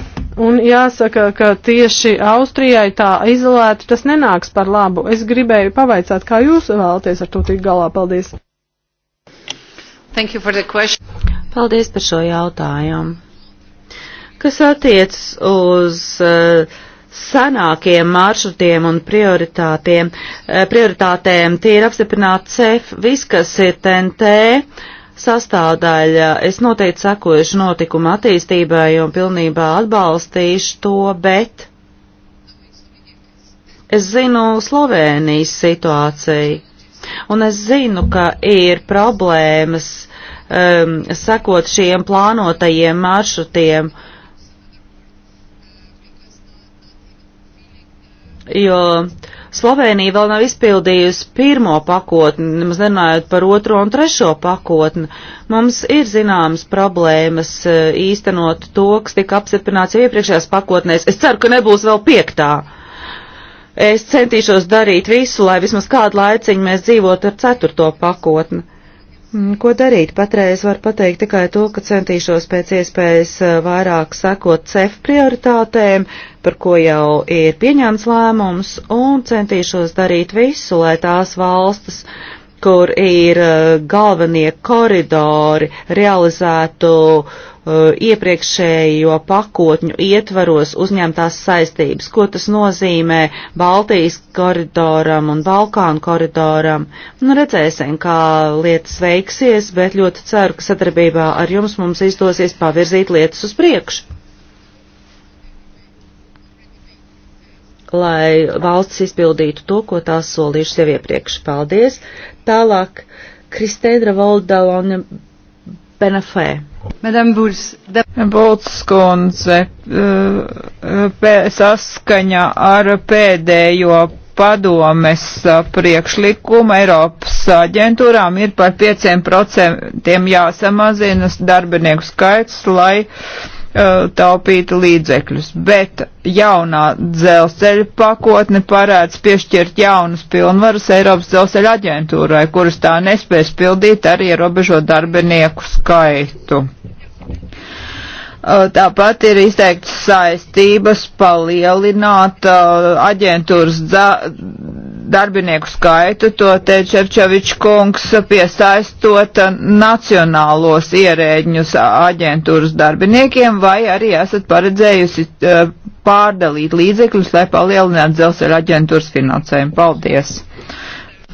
un jāsaka, ka tieši Austrijai tā izolēti tas nenāks par labu. Es gribēju pavaicāt, kā jūs vēlaties ar to tikt galā. Paldies! Thank you for the question. Paldies par šo jautājumu. Kas attiecas uz uh, senākiem maršrutiem un prioritātiem, eh, prioritātēm. Tie ir apstiprināti CEF, viss, kas ir TNT sastāvdaļa. Es noteikti sekojuši notikuma attīstībai un pilnībā atbalstīšu to, bet es zinu Slovēnijas situāciju. Un es zinu, ka ir problēmas um, sekot šiem plānotajiem maršrutiem. Uh, jo Slovenija vēl nav izpildījusi pirmo pakotni, nemaz nerunājot par otro un trešo pakotni. Mums ir zināmas problēmas e, īstenot to, kas tika apstiprināts jau iepriekšējās pakotnēs. Es ceru, ka nebūs vēl piektā. Es centīšos darīt visu, lai vismaz kādu laiciņu mēs dzīvotu ar ceturto pakotni. Mm, ko darīt? Patreiz var pateikt tikai to, ka centīšos pēc iespējas eh, vairāk sekot CEF prioritātēm, par ko jau ir pieņemts lēmums, un centīšos darīt visu, lai tās valstis, uh, kur ir uh, galvenie koridori realizētu uh, iepriekšējo pakotņu ietvaros uzņemtās saistības, ko tas nozīmē Baltijas koridoram un Balkānu koridoram. Nu, redzēsim, kā lietas veiksies, bet ļoti ceru, ka sadarbībā ar jums mums izdosies pavirzīt lietas uz priekšu. lai valsts izpildītu to, ko tās solījušas jau iepriekš. Paldies! Tālāk Kristēdra Voldala un Benafē. Madam Bulls. Bulskundze, eh, eh, saskaņa ar pēdējo padomes eh, priekšlikumu Eiropas aģentūrām ir par 5% jāsamazina darbinieku skaits, lai Uh, taupīt līdzekļus, bet jaunā dzelzceļa pakotne parāds piešķirt jaunus pilnvarus Eiropas dzelzceļa aģentūrai, kuras tā nespēs pildīt ar ierobežot darbinieku skaitu. Uh, tāpat ir izteikts saistības palielināt uh, aģentūras darbinieku skaitu, to teica Čevčevičs kungs, piesaistot nacionālos ierēģņus aģentūras darbiniekiem, vai arī esat paredzējusi pārdalīt līdzekļus, lai palielinātu dzelzceļa aģentūras finansējumu. Paldies!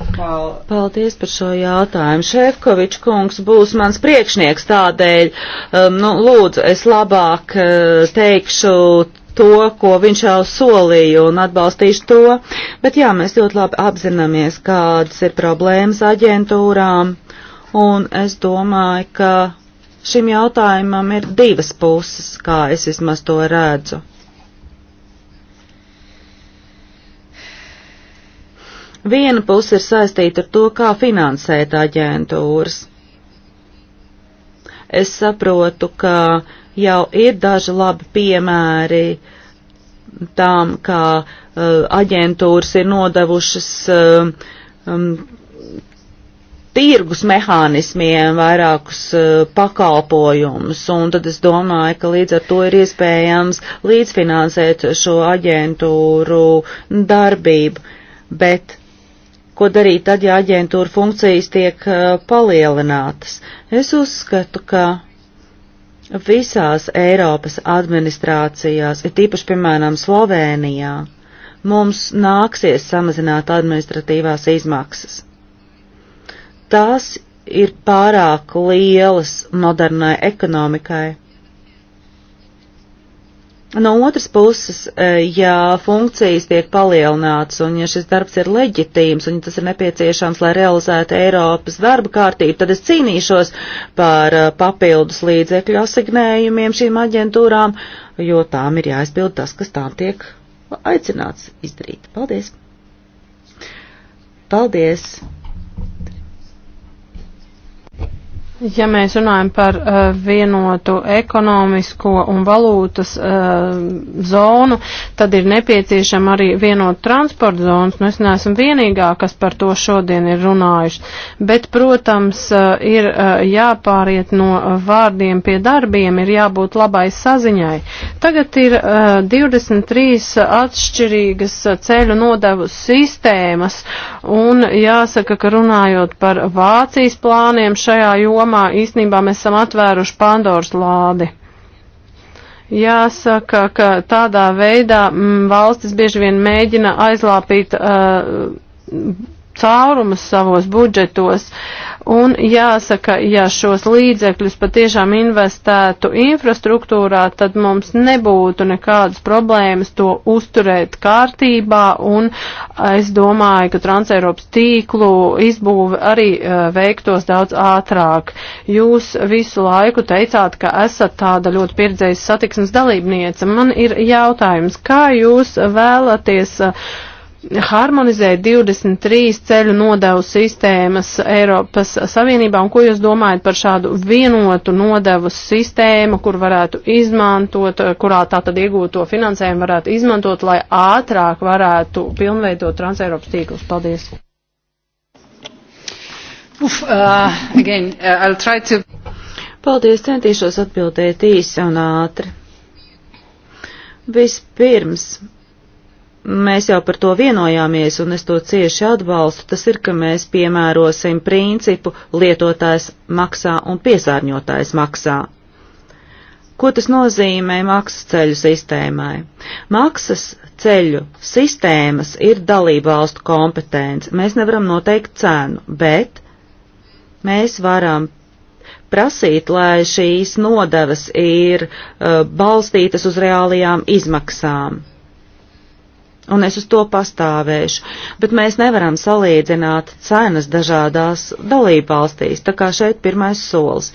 Paldies par šo jautājumu. Šefkovičs kungs būs mans priekšnieks tādēļ, um, nu, lūdzu, es labāk uh, teikšu to, ko viņš jau solīja un atbalstīšu to, bet jā, mēs ļoti labi apzināmies, kādas ir problēmas aģentūrām, un es domāju, ka šim jautājumam ir divas puses, kā es vismaz to redzu. Viena puse ir saistīta ar to, kā finansēt aģentūras. Es saprotu, ka uh, jau ir daži labi piemēri tām, kā uh, aģentūras ir nodevušas uh, um, tirgus mehānismiem vairākus uh, pakalpojumus, un tad es domāju, ka līdz ar to ir iespējams līdzfinansēt šo aģentūru darbību, bet ko darīt tad, ja aģentūra funkcijas tiek uh, palielinātas? Es uzskatu, ka visās Eiropas administrācijās, ir tīpaši, piemēram, Slovēnijā, mums nāksies samazināt administratīvās izmaksas. Tās ir pārāk lielas modernai ekonomikai. No otras puses, eh, ja funkcijas tiek palielināts un ja šis darbs ir leģitīms un ja tas ir nepieciešams, lai realizētu Eiropas darba kārtību, tad es cīnīšos par eh, papildus līdzekļu asignējumiem šīm aģentūrām, jo tām ir jāizpild tas, kas tām tiek aicināts izdarīt. Paldies! Paldies! Ja mēs runājam par uh, vienotu ekonomisko un valūtas uh, zonu, tad ir nepieciešama arī vienota transporta zonas. Nu, es neesmu vienīgā, kas par to šodien ir runājuši. Bet, protams, uh, ir uh, jāpāriet no uh, vārdiem pie darbiem, ir jābūt labai saziņai. Tagad ir uh, 23 atšķirīgas ceļu nodevu sistēmas, un jāsaka, ka runājot par Vācijas plāniem šajā jomā, jomā īstenībā mēs esam atvēruši Pandoras lādi. Jāsaka, ka tādā veidā m, mm, valstis bieži vien mēģina aizlāpīt uh, caurumus savos budžetos. Un jāsaka, ja šos līdzekļus patiešām investētu infrastruktūrā, tad mums nebūtu nekādas problēmas to uzturēt kārtībā. Un es domāju, ka Transeiropas tīklu izbūve arī uh, veiktos daudz ātrāk. Jūs visu laiku teicāt, ka esat tāda ļoti pieredzējusi satiksmes dalībniece. Man ir jautājums, kā jūs vēlaties. Uh, harmonizē 23 ceļu nodevu sistēmas Eiropas Savienībā, un ko jūs domājat par šādu vienotu nodevu sistēmu, kur varētu izmantot, kurā tātad iegūto finansējumu varētu izmantot, lai ātrāk varētu pilnveidot Transeiropas tīklus? Paldies! Uf, uh, again, uh, I'll try to... Paldies, centīšos atbildēt īsi un ātri. Vispirms mēs jau par to vienojāmies, un es to cieši atbalstu, tas ir, ka mēs piemērosim principu lietotājs maksā un piesārņotājs maksā. Ko tas nozīmē maksas ceļu sistēmai? Maksas ceļu sistēmas ir dalībvalstu kompetence. Mēs nevaram noteikt cenu, bet mēs varam prasīt, lai šīs nodevas ir uh, balstītas uz reālajām izmaksām un es uz to pastāvēšu, bet mēs nevaram salīdzināt cenas dažādās dalībvalstīs, tā kā šeit pirmais solis.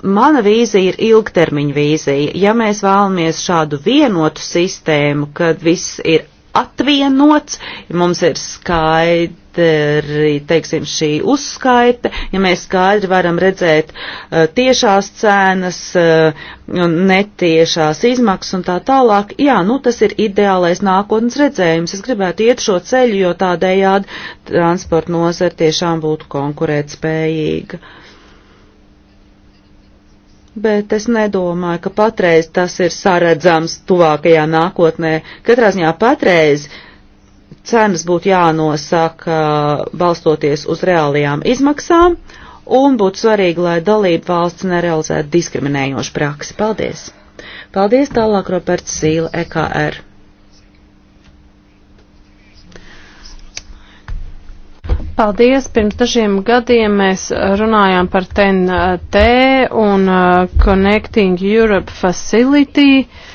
Mana vīzija ir ilgtermiņa vīzija. Ja mēs vēlamies šādu vienotu sistēmu, kad viss ir atvienots, ja mums ir skaidrs, Eh, arī, teiksim, šī uzskaite, ja mēs skaidri varam redzēt uh, tiešās cenas, uh, netiešās izmaksas un tā tālāk, jā, nu tas ir ideālais nākotnes redzējums. Es gribētu iet šo ceļu, jo tādējādi transporta nozara tiešām būtu konkurētspējīga. Bet es nedomāju, ka patreiz tas ir saredzams tuvākajā nākotnē. Katrā ziņā patreiz uh, cenas būtu jānosaka uh, balstoties uz reālajām izmaksām, un būtu svarīgi, lai dalība valsts nerealizētu diskriminējošu praksi. Paldies! Paldies tālāk, Roberts Zīle, EKR. Paldies! Pirms dažiem gadiem mēs runājām par TNT un uh, Connecting Europe Facility. Uh,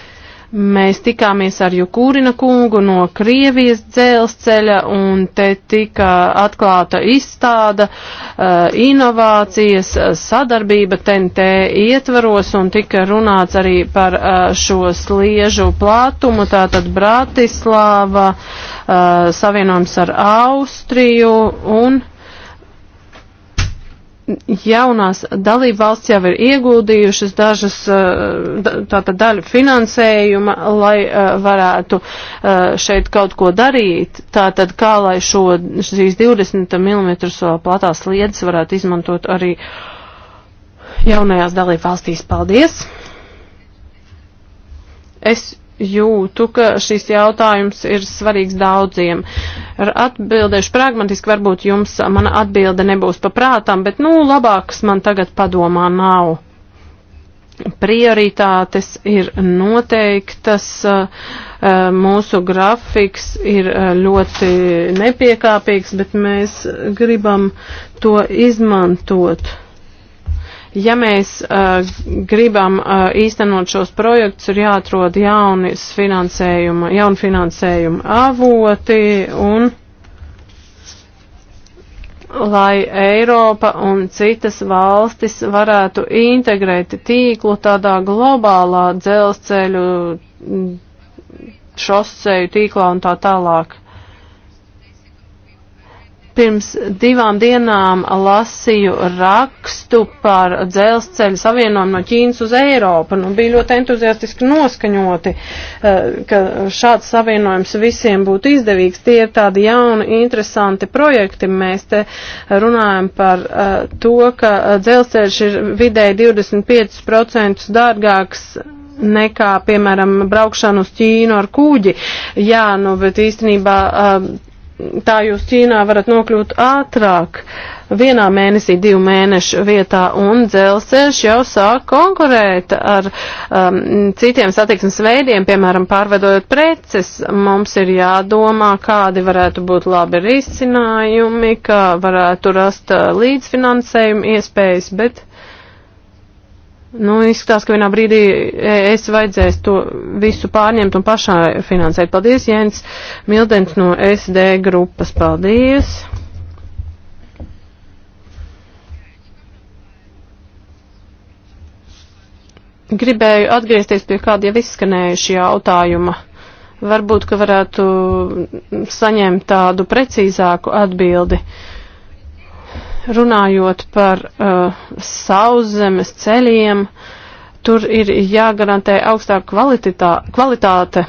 Mēs tikāmies ar Jukūrina kungu no Krievijas dzelzceļa un te tika atklāta izstāda, eh, inovācijas, eh, sadarbība TNT ietvaros un tika runāts arī par eh, šo sliežu plātumu, tātad Bratislava, savienojums ar Austriju un jaunās dalība valsts jau ir ieguldījušas dažas eh, tāda daļa finansējuma, lai eh, varētu eh, šeit kaut ko darīt. Tātad kā lai šo, šīs 20 mm platās sliedas varētu izmantot arī jaunajās dalība valstīs. Paldies! Es jūtu, ka šis jautājums ir svarīgs daudziem. Atbildēšu pragmatiski, varbūt jums mana atbilde nebūs paprātām, bet, nu, labāks man tagad padomā nav. Prioritātes ir noteiktas, eh, mūsu grafiks ir eh, ļoti nepiekāpīgs, bet mēs gribam to izmantot. Ja mēs uh, gribam uh, īstenot šos projektus, ir jāatrod jauni finansējuma, jauni finansējuma avoti un lai Eiropa un citas valstis varētu integrēt tīklu tādā globālā dzelzceļu šosceju tīklā un tā tālāk. Pirms divām dienām lasīju rakstu par dzelzceļa savienojumu no Ķīnas uz Eiropu. Nu, bija ļoti entuziastiski noskaņoti, eh, ka šāds savienojums visiem būtu izdevīgs. Tie ir tādi jauni, interesanti projekti. Mēs te runājam par eh, to, ka dzelzceļš ir vidēji 25% dārgāks nekā, piemēram, braukšanu uz Ķīnu ar kūģi. Jā, nu, bet īstenībā eh, tā jūs Ķīnā varat nokļūt ātrāk, vienā mēnesī, divu mēnešu vietā, un dzelzceļš jau sāk konkurēt ar um, citiem satiksmes veidiem, piemēram, pārvedojot preces. Mums ir jādomā, kādi varētu būt labi risinājumi, kā varētu rast uh, līdzfinansējumu iespējas, bet Nu, izskatās, ka vienā brīdī es vajadzēs to visu pārņemt un pašā finansēt. Paldies, Jens Mildens no SD grupas. Paldies! Gribēju atgriezties pie kāda jau izskanējuša jautājuma. Varbūt, ka varētu saņemt tādu precīzāku atbildi. Uh, runājot par uh, sauszemes ceļiem, tur ir jāgarantē augstāka kvalitāte.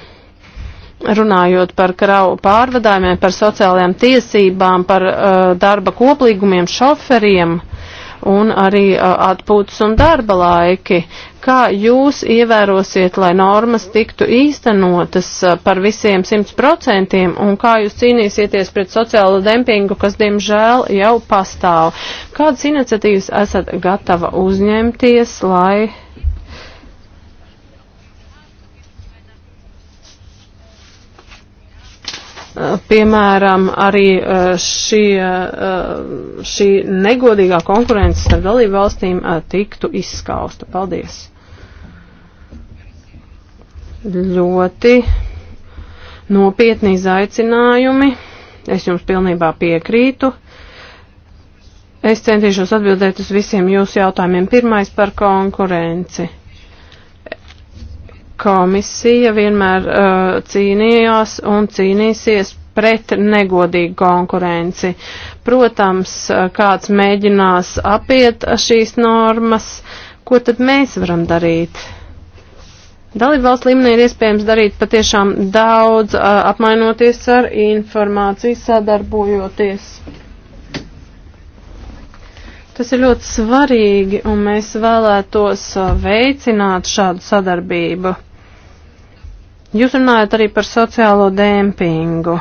Runājot par kravu pārvadājumiem, par sociālajām tiesībām, par uh, darba koplīgumiem šoferiem, uh, un arī atpūtas un darba laiki. Kā jūs ievērosiet, lai normas tiktu īstenotas par visiem 100% un kā jūs cīnīsieties pret sociālo dempingu, kas diemžēl jau pastāv? Kādas iniciatīvas esat gatava uzņemties, lai Piemēram, arī e, šī, e, šī negodīgā konkurence starp dalību valstīm e, tiktu izskausta. Paldies! Ļoti nopietni izaicinājumi. Es jums pilnībā piekrītu. Es centīšos atbildēt uz visiem jūsu jautājumiem. Pirmais par konkurenci. Komisija vienmēr uh, cīnījās un cīnīsies pret negodīgu konkurenci. Protams, uh, kāds mēģinās apiet šīs normas, ko tad mēs varam darīt? Dalībvalsts līmenī ir iespējams darīt patiešām daudz, uh, apmainoties ar informāciju, sadarbojoties. Tas ir ļoti svarīgi, un mēs vēlētos uh, veicināt šādu sadarbību. Jūs runājat arī par sociālo dēmpingu.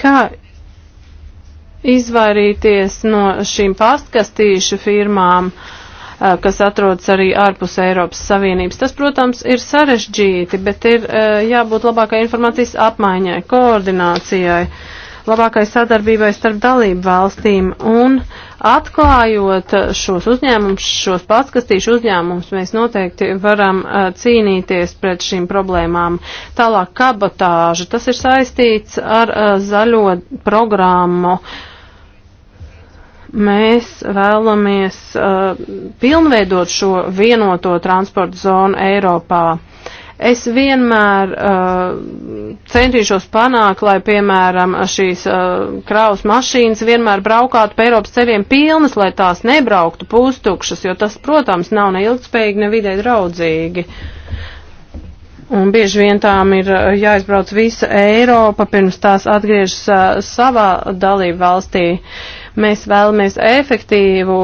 Kā izvairīties no šīm pastkastīšu firmām, eh, kas atrodas arī ārpus Eiropas Savienības. Tas, protams, ir sarežģīti, bet ir eh, jābūt labākai informācijas apmaiņai, koordinācijai, labākai sadarbībai starp dalību valstīm un uh, Atklājot šos uzņēmumus, šos paskatīšu uzņēmumus, mēs noteikti varam cīnīties pret šīm problēmām. Tālāk kabotāža, tas ir saistīts ar zaļo programmu mēs vēlamies uh, pilnveidot šo vienoto transporta zonu Eiropā. Es vienmēr uh, centīšos panākt, lai, piemēram, šīs uh, kraus mašīnas vienmēr braukātu pa Eiropas ceļiem pilnas, lai tās nebrauktu pustukšas, jo tas, protams, nav ne ilgspējīgi, ne vidē draudzīgi. Un bieži vien tām ir uh, jāizbrauc visa Eiropa, pirms tās atgriežas uh, savā dalību valstī. Mēs vēlamies efektīvu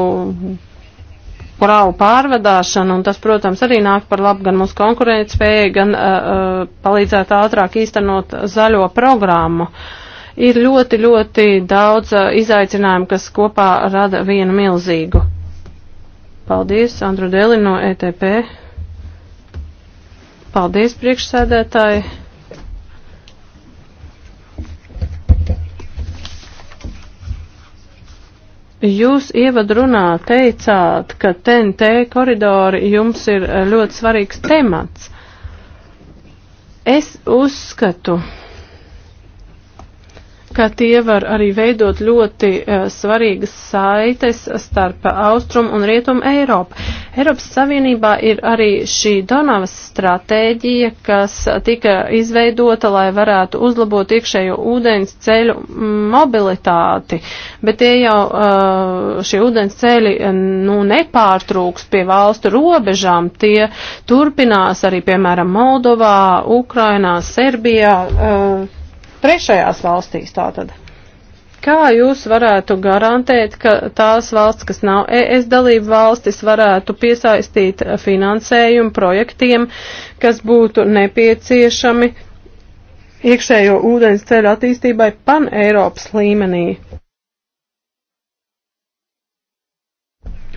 kravu pārvadāšanu, un tas, protams, arī nāk par labu gan mūsu konkurētspējai, gan uh, uh, palīdzētu ātrāk īstenot zaļo programmu. Ir ļoti, ļoti daudz uh, izaicinājumu, kas kopā rada vienu milzīgu. Paldies, Andru Deli no ETP. Paldies, priekšsēdētāji. Jūs ievadrunā teicāt, ka TNT koridori jums ir eh, ļoti svarīgs temats. Es uzskatu, ka tie var arī veidot ļoti uh, svarīgas saites starp Austrum un Rietumu Eiropu. Eiropas Savienībā ir arī šī Donavas stratēģija, kas tika izveidota, lai varētu uzlabot iekšējo ūdens ceļu mobilitāti, bet tie jau uh, šie ūdens ceļi e, nu, nepārtrūks pie valstu robežām, tie turpinās arī, piemēram, Moldovā, Ukrainā, Serbijā. Uh, trešajās valstīs tātad. Kā jūs varētu garantēt, ka tās valsts, kas nav ES dalība valstis, varētu piesaistīt finansējumu projektiem, kas būtu nepieciešami iekšējo ūdens ceļu attīstībai pan Eiropas līmenī?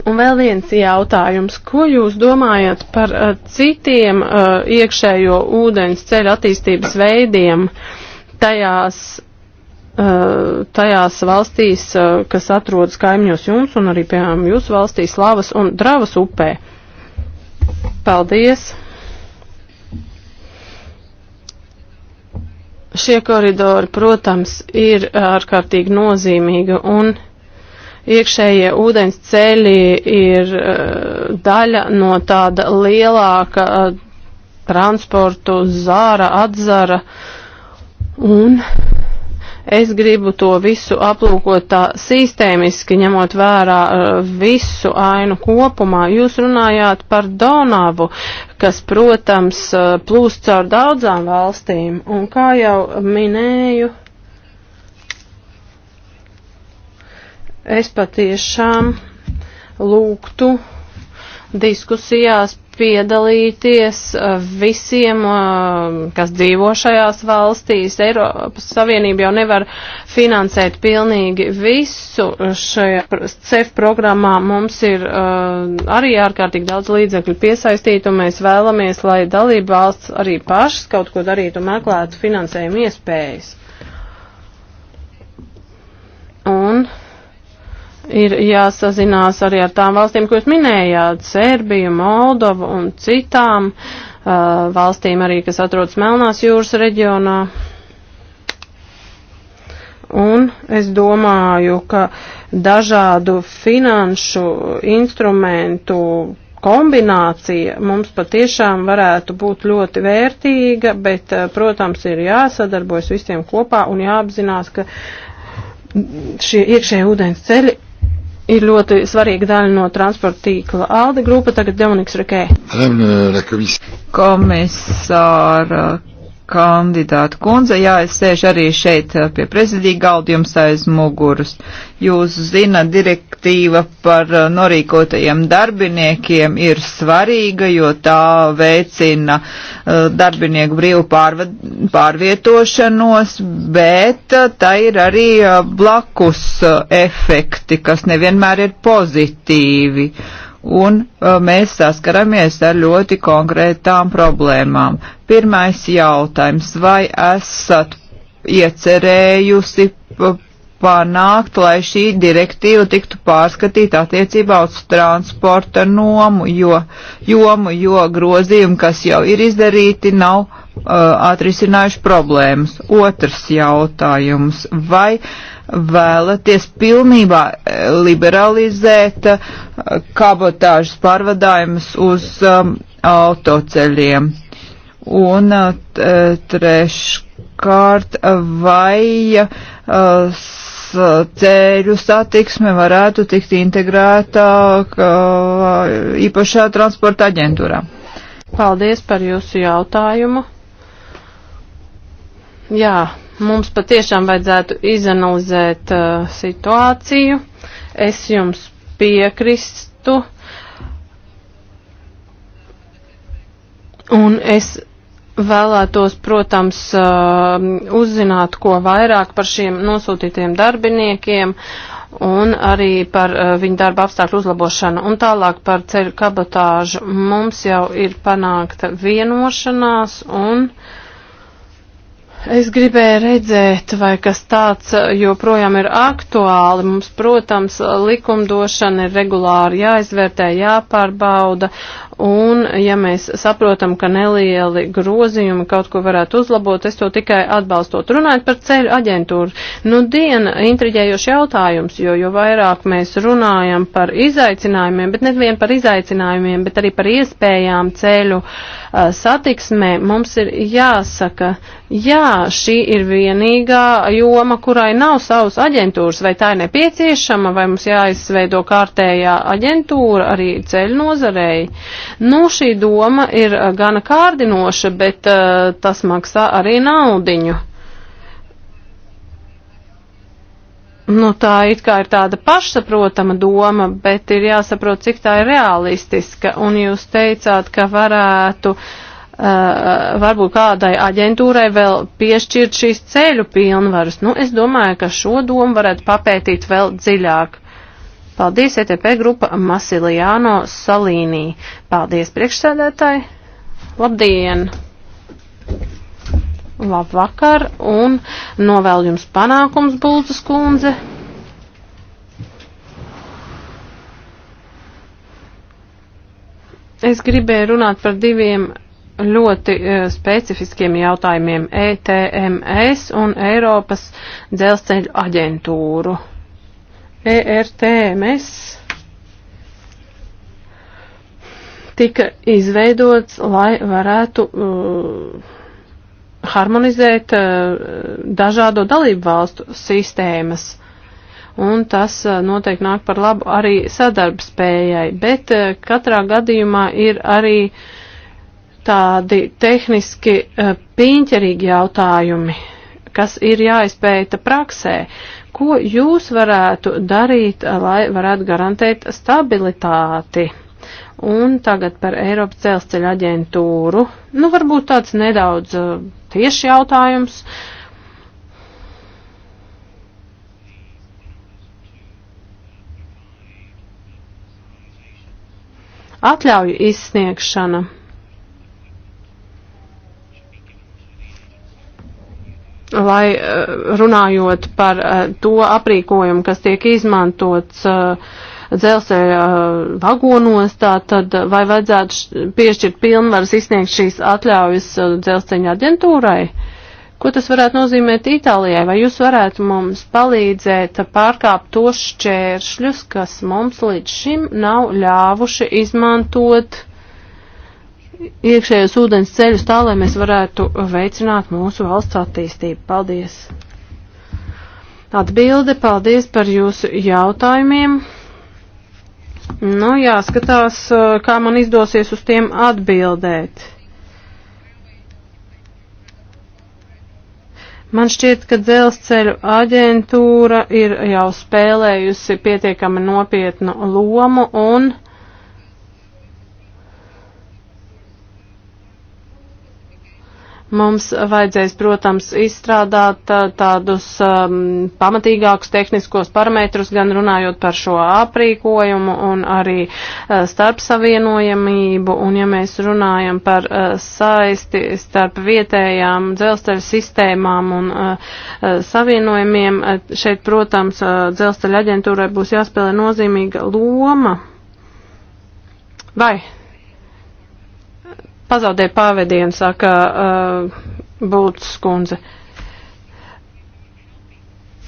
Un vēl viens jautājums, ko jūs domājat par eh, citiem uh, iekšējo ūdens ceļu attīstības veidiem? Uh, tajās, eh, tajās valstīs, eh, kas atrodas kaimiņos jums un arī, piemēram, jūsu valstī Slavas un Dravas upē. Paldies! Šie koridori, protams, ir ārkārtīgi nozīmīgi un iekšējie ūdens ceļi ir eh, daļa no tāda lielāka transportu zāra, atzara. Uh, Un es gribu to visu aplūkot tā sistēmiski, ņemot vērā uh, visu ainu kopumā. Jūs runājāt par Donavu, kas, protams, uh, plūst caur daudzām valstīm. Un kā jau minēju, es patiešām lūgtu diskusijās piedalīties eh, visiem, eh, kas dzīvo šajās valstīs. Eiropas Savienība jau nevar finansēt pilnīgi visu šajā CEF programmā. Mums ir eh, arī ārkārtīgi daudz līdzekļu piesaistīt, un mēs vēlamies, lai dalība valsts arī pašas kaut ko darītu un meklētu finansējumu iespējas. Un ir jāsazinās arī ar tām valstīm, ko jūs minējāt, Serbiju, Moldovu un citām uh, valstīm arī, kas atrodas Melnās jūras reģionā. Un es domāju, ka dažādu finanšu instrumentu kombinācija mums patiešām varētu būt ļoti vērtīga, bet, uh, protams, ir jāsadarbojas visiem kopā un jāapzinās, ka šie iekšējie ūdens ceļi ir ļoti svarīga daļa no transporta tīkla. Alde grupa tagad Dominiks Rekē. Euh, Komisāra kandidāta kundze, jā, es sēžu arī šeit uh, pie prezidija galda jums aiz muguras. Jūs zina, direktīva par uh, norīkotajiem darbiniekiem ir svarīga, jo tā veicina uh, darbinieku brīvu pārvietošanos, bet tā ir arī blakus efekti, kas nevienmēr ir pozitīvi un uh, mēs saskaramies ar ļoti konkrētām problēmām. Pirmais jautājums, vai esat iecerējusi uh, panākt, lai šī direktīva tiktu pārskatīta attiecībā uz transporta nomu, jo, jomu, jo grozījumi, kas jau ir izdarīti, nav uh, atrisinājuši problēmas. Otrs jautājums. Vai vēlaties pilnībā uh, liberalizēt uh, kabotāžas pārvadājumus uz um, autoceļiem? Un uh, treškārt, vai uh, Uh, ceļu satiksme varētu tikt integrēta uh, īpašā transporta aģentūrā. Paldies par jūsu jautājumu. Jā, mums patiešām vajadzētu izanalizēt uh, situāciju. Es jums piekristu. Un es Vēlētos, protams, um, uzzināt, ko vairāk par šiem nosūtītiem darbiniekiem un arī par uh, viņu darba apstākļu uzlabošanu. Un tālāk par ceļu kabotāžu mums jau ir panākta vienošanās un. Es gribēju redzēt, vai kas tāds joprojām ir aktuāli. Mums, protams, likumdošana ir regulāri jāizvērtē, jāpārbauda, Un, ja mēs saprotam, ka nelieli grozījumi kaut ko varētu uzlabot, es to tikai atbalstot. Runājot par ceļu aģentūru, nu diena intriģējoši jautājums, jo, jo vairāk mēs runājam par izaicinājumiem, bet ne vien par izaicinājumiem, bet arī par iespējām ceļu uh, satiksmē, mums ir jāsaka, jā, šī ir vienīgā joma, kurai nav savas aģentūras, vai tā ir nepieciešama, vai mums jāizveido kārtējā aģentūra arī ceļu nozarei. Nu, šī doma ir eh, gana kārdinoša, bet uh, tas maksā arī naudiņu. Nu, tā it kā ir tāda pašsaprotama doma, bet ir jāsaprot, cik tā ir realistiska. Un jūs teicāt, ka varētu uh, varbūt kādai aģentūrai vēl piešķirt šīs ceļu pilnvarus. Nu, es domāju, ka šo domu varētu papētīt vēl dziļāk. Paldies, ETP grupa Masiliāno Salīnī. Paldies, priekšsēdētāji. Labdien! Labvakar un novēl jums panākums, Bultas kundze. Es gribēju runāt par diviem ļoti uh, specifiskiem jautājumiem e - ETMS un Eiropas dzelzceļu aģentūru. ERTMS tika izveidots, lai varētu uh, harmonizēt uh, dažādo dalību valstu sistēmas. Un tas uh, noteikti nāk par labu arī sadarbspējai, bet uh, katrā gadījumā ir arī tādi tehniski uh, piņķerīgi jautājumi, kas ir jāizpēta praksē. Uh, Ko jūs varētu darīt, lai varētu garantēt stabilitāti? Un tagad par Eiropas dzelzceļa aģentūru. Nu, varbūt tāds nedaudz uh, tieši jautājums. Atļauju izsniegšana. lai eh, runājot par eh, to aprīkojumu, kas tiek izmantots eh, dzelzceļa vagonos, tā tad vai vajadzētu piešķirt pilnvaras izsniegt šīs atļaujas dzelzceļa aģentūrai? Ko tas varētu nozīmēt Itālijai? Vai jūs varētu mums palīdzēt pārkāpt tos šķēršļus, kas mums līdz šim nav ļāvuši izmantot iekšējos ūdens ceļus tā, lai mēs varētu veicināt mūsu valsts attīstību. Paldies! Atbilde, paldies par jūsu jautājumiem. Nu, jāskatās, kā man izdosies uz tiem atbildēt. Man šķiet, ka dzelzceļu aģentūra ir jau spēlējusi pietiekami nopietnu lomu un uh, Mums vajadzēs, protams, izstrādāt uh, tādus um, pamatīgākus tehniskos parametrus, gan runājot par šo aprīkojumu un arī uh, starpsavienojamību. Un ja mēs runājam par uh, saisti starp vietējām dzelzceļa sistēmām un uh, uh savienojumiem, uh, šeit, protams, uh, dzelzceļa aģentūrai būs jāspēlē nozīmīga loma. Vai pazaudēja pavadienu, saka uh, Būtas kundze.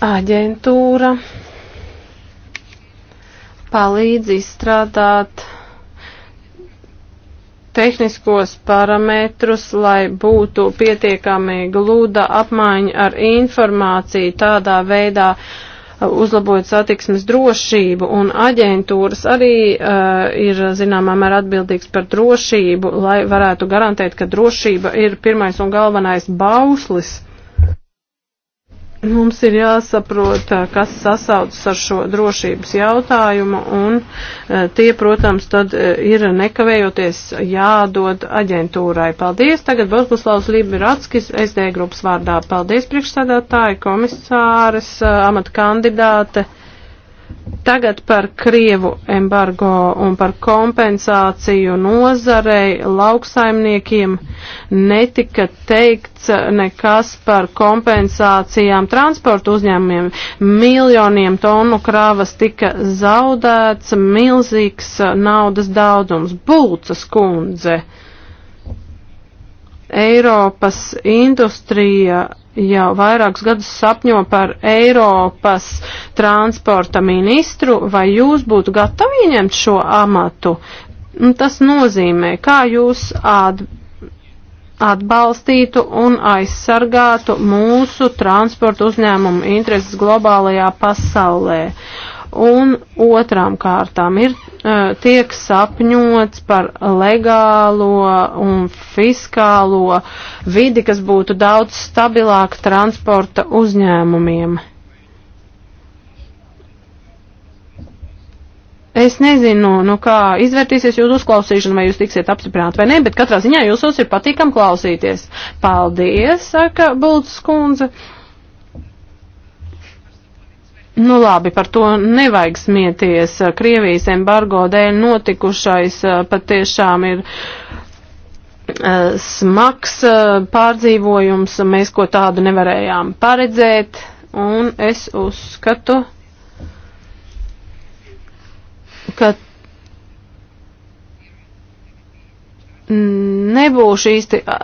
Aģentūra palīdz izstrādāt tehniskos parametrus, lai būtu pietiekami glūda apmaiņa ar informāciju tādā veidā, uh, uzlabojot satiksmes drošību, un aģentūras arī uh, ir zināmā mērā atbildīgs par drošību, lai varētu garantēt, ka drošība ir pirmais un galvenais bauslis. Uh, Mums ir jāsaprot, kas sasaucas ar šo drošības jautājumu, un tie, protams, tad ir nekavējoties jādod aģentūrai. Paldies! Tagad Bosbuslavs Līberatskis SD grupas vārdā. Paldies, priekšsēdētāji, komisāres, amata kandidāte. Tagad par Krievu embargo un par kompensāciju nozarei lauksaimniekiem netika teikts nekas par kompensācijām transportu uzņēmumiem. Miljoniem tonu krāvas tika zaudēts, milzīgs naudas daudzums. Bulcas kundze. Eiropas industrija jau vairākus gadus sapņo par Eiropas transporta ministru, vai jūs būtu gatavi ieņemt šo amatu? Tas nozīmē, kā jūs atbildētu atbalstītu un aizsargātu mūsu transporta uzņēmumu intereses globālajā pasaulē un otrām kārtām ir e, tiek sapņots par legālo un fiskālo vidi, kas būtu daudz stabilāka transporta uzņēmumiem. Es nezinu, nu kā izvērtīsies jūsu uzklausīšana, vai jūs tiksiet apstiprināti vai nē, bet katrā ziņā jūsos ir patīkam klausīties. Paldies, saka Bultas kundze. Uh, Nu labi, par to nevajag smieties. Krievijas embargo dēļ notikušais eh, patiešām ir eh, smags eh, pārdzīvojums, mēs ko tādu nevarējām paredzēt, un es uzskatu, ka nebūšu īsti uh,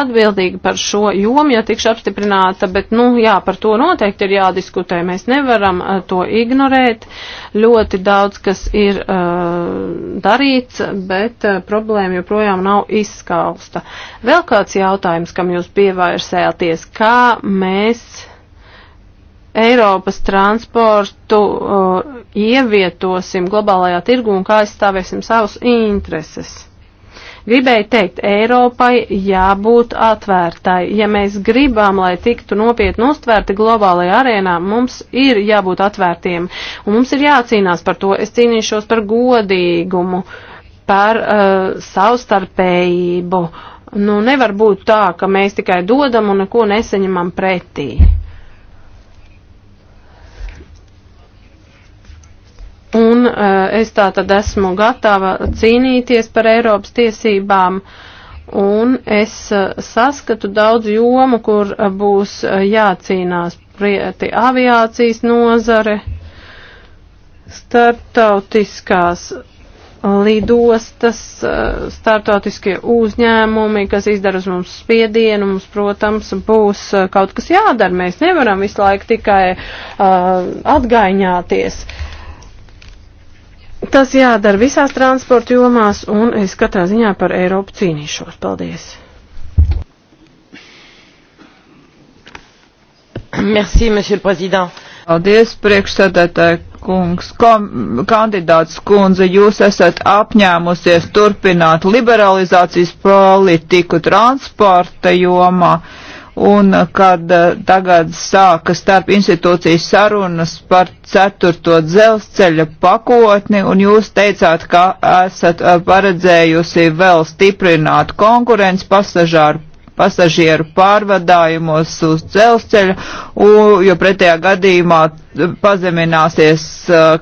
atbildīga par šo jomu, ja tikšu apstiprināta, bet, nu, jā, par to noteikti ir jādiskutē. Mēs nevaram uh, to ignorēt. Ļoti daudz, kas ir uh, darīts, bet uh, problēma joprojām nav izskausta. Vēl kāds jautājums, kam jūs pievērsēties, kā mēs Eiropas transportu uh, ievietosim globālajā tirgu un kā aizstāvēsim savus intereses? Gribēju teikt, Eiropai jābūt atvērtai. Ja mēs gribam, lai tiktu nopietni uztvērti globālajā arēnā, mums ir jābūt atvērtiem. Un mums ir jācīnās par to. Es cīnīšos par godīgumu, par uh, savstarpējību. Nu, nevar būt tā, ka mēs tikai dodam un neko neseņemam pretī. Un uh, es tā tad esmu gatava cīnīties par Eiropas tiesībām. Un es uh, saskatu daudz jomu, kur uh, būs uh, jācīnās prieti aviācijas nozare, startautiskās lidostas, startautiskie uzņēmumi, kas izdara uz mums spiedienu, mums, protams, būs kaut kas jādara. Mēs nevaram visu laiku tikai uh, atgaiņāties. Uh, Tas jādara visās transporta jomās, un es katrā ziņā par Eiropu cīnīšos. Paldies! Merci, monsieur le président. Paldies, priekšsēdētāji kungs. Kom, kandidāts kundze, jūs esat apņēmusies turpināt liberalizācijas politiku transporta jomā. Uh, un kad eh, tagad sāka starp institūcijas sarunas par ceturto dzelzceļa pakotni, un jūs teicāt, ka esat eh, paredzējusi vēl stiprināt konkurenci pasažāru pasažieru pārvadājumos uz dzelzceļa, un, jo pretējā gadījumā eh, pazemināsies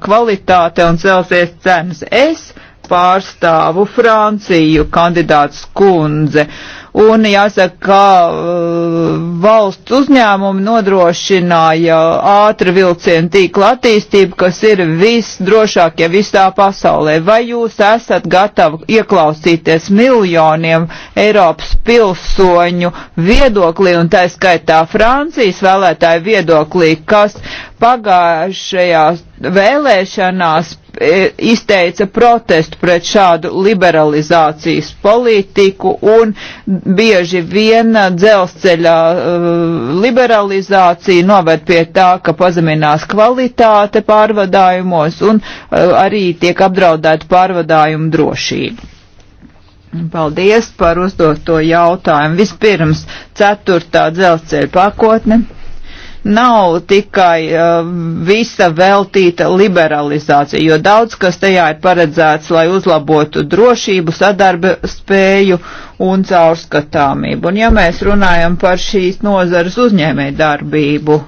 kvalitāte un celsies cenas. Es pārstāvu Franciju kandidāts kundze. Un jāsaka, ka uh, valsts uzņēmumi nodrošināja ātru vilcienu tīklu attīstību, kas ir visdrošākie visā pasaulē. Vai jūs esat gatavi ieklausīties miljoniem Eiropas pilsoņu viedoklī un tā skaitā Francijas vēlētāju viedoklī, kas pagājušajās vēlēšanās E, izteica protestu pret šādu liberalizācijas politiku un bieži vien dzelzceļa e, liberalizācija noved pie tā, ka pazeminās kvalitāte pārvadājumos un e, arī tiek apdraudēta pārvadājuma drošība. Paldies par uzdoto jautājumu. Vispirms ceturtā dzelzceļa pakotne nav tikai uh, visa veltīta liberalizācija, jo daudz kas tajā ir paredzēts, lai uzlabotu drošību, sadarba spēju un caurskatāmību. Un ja mēs runājam par šīs nozares uzņēmēju darbību,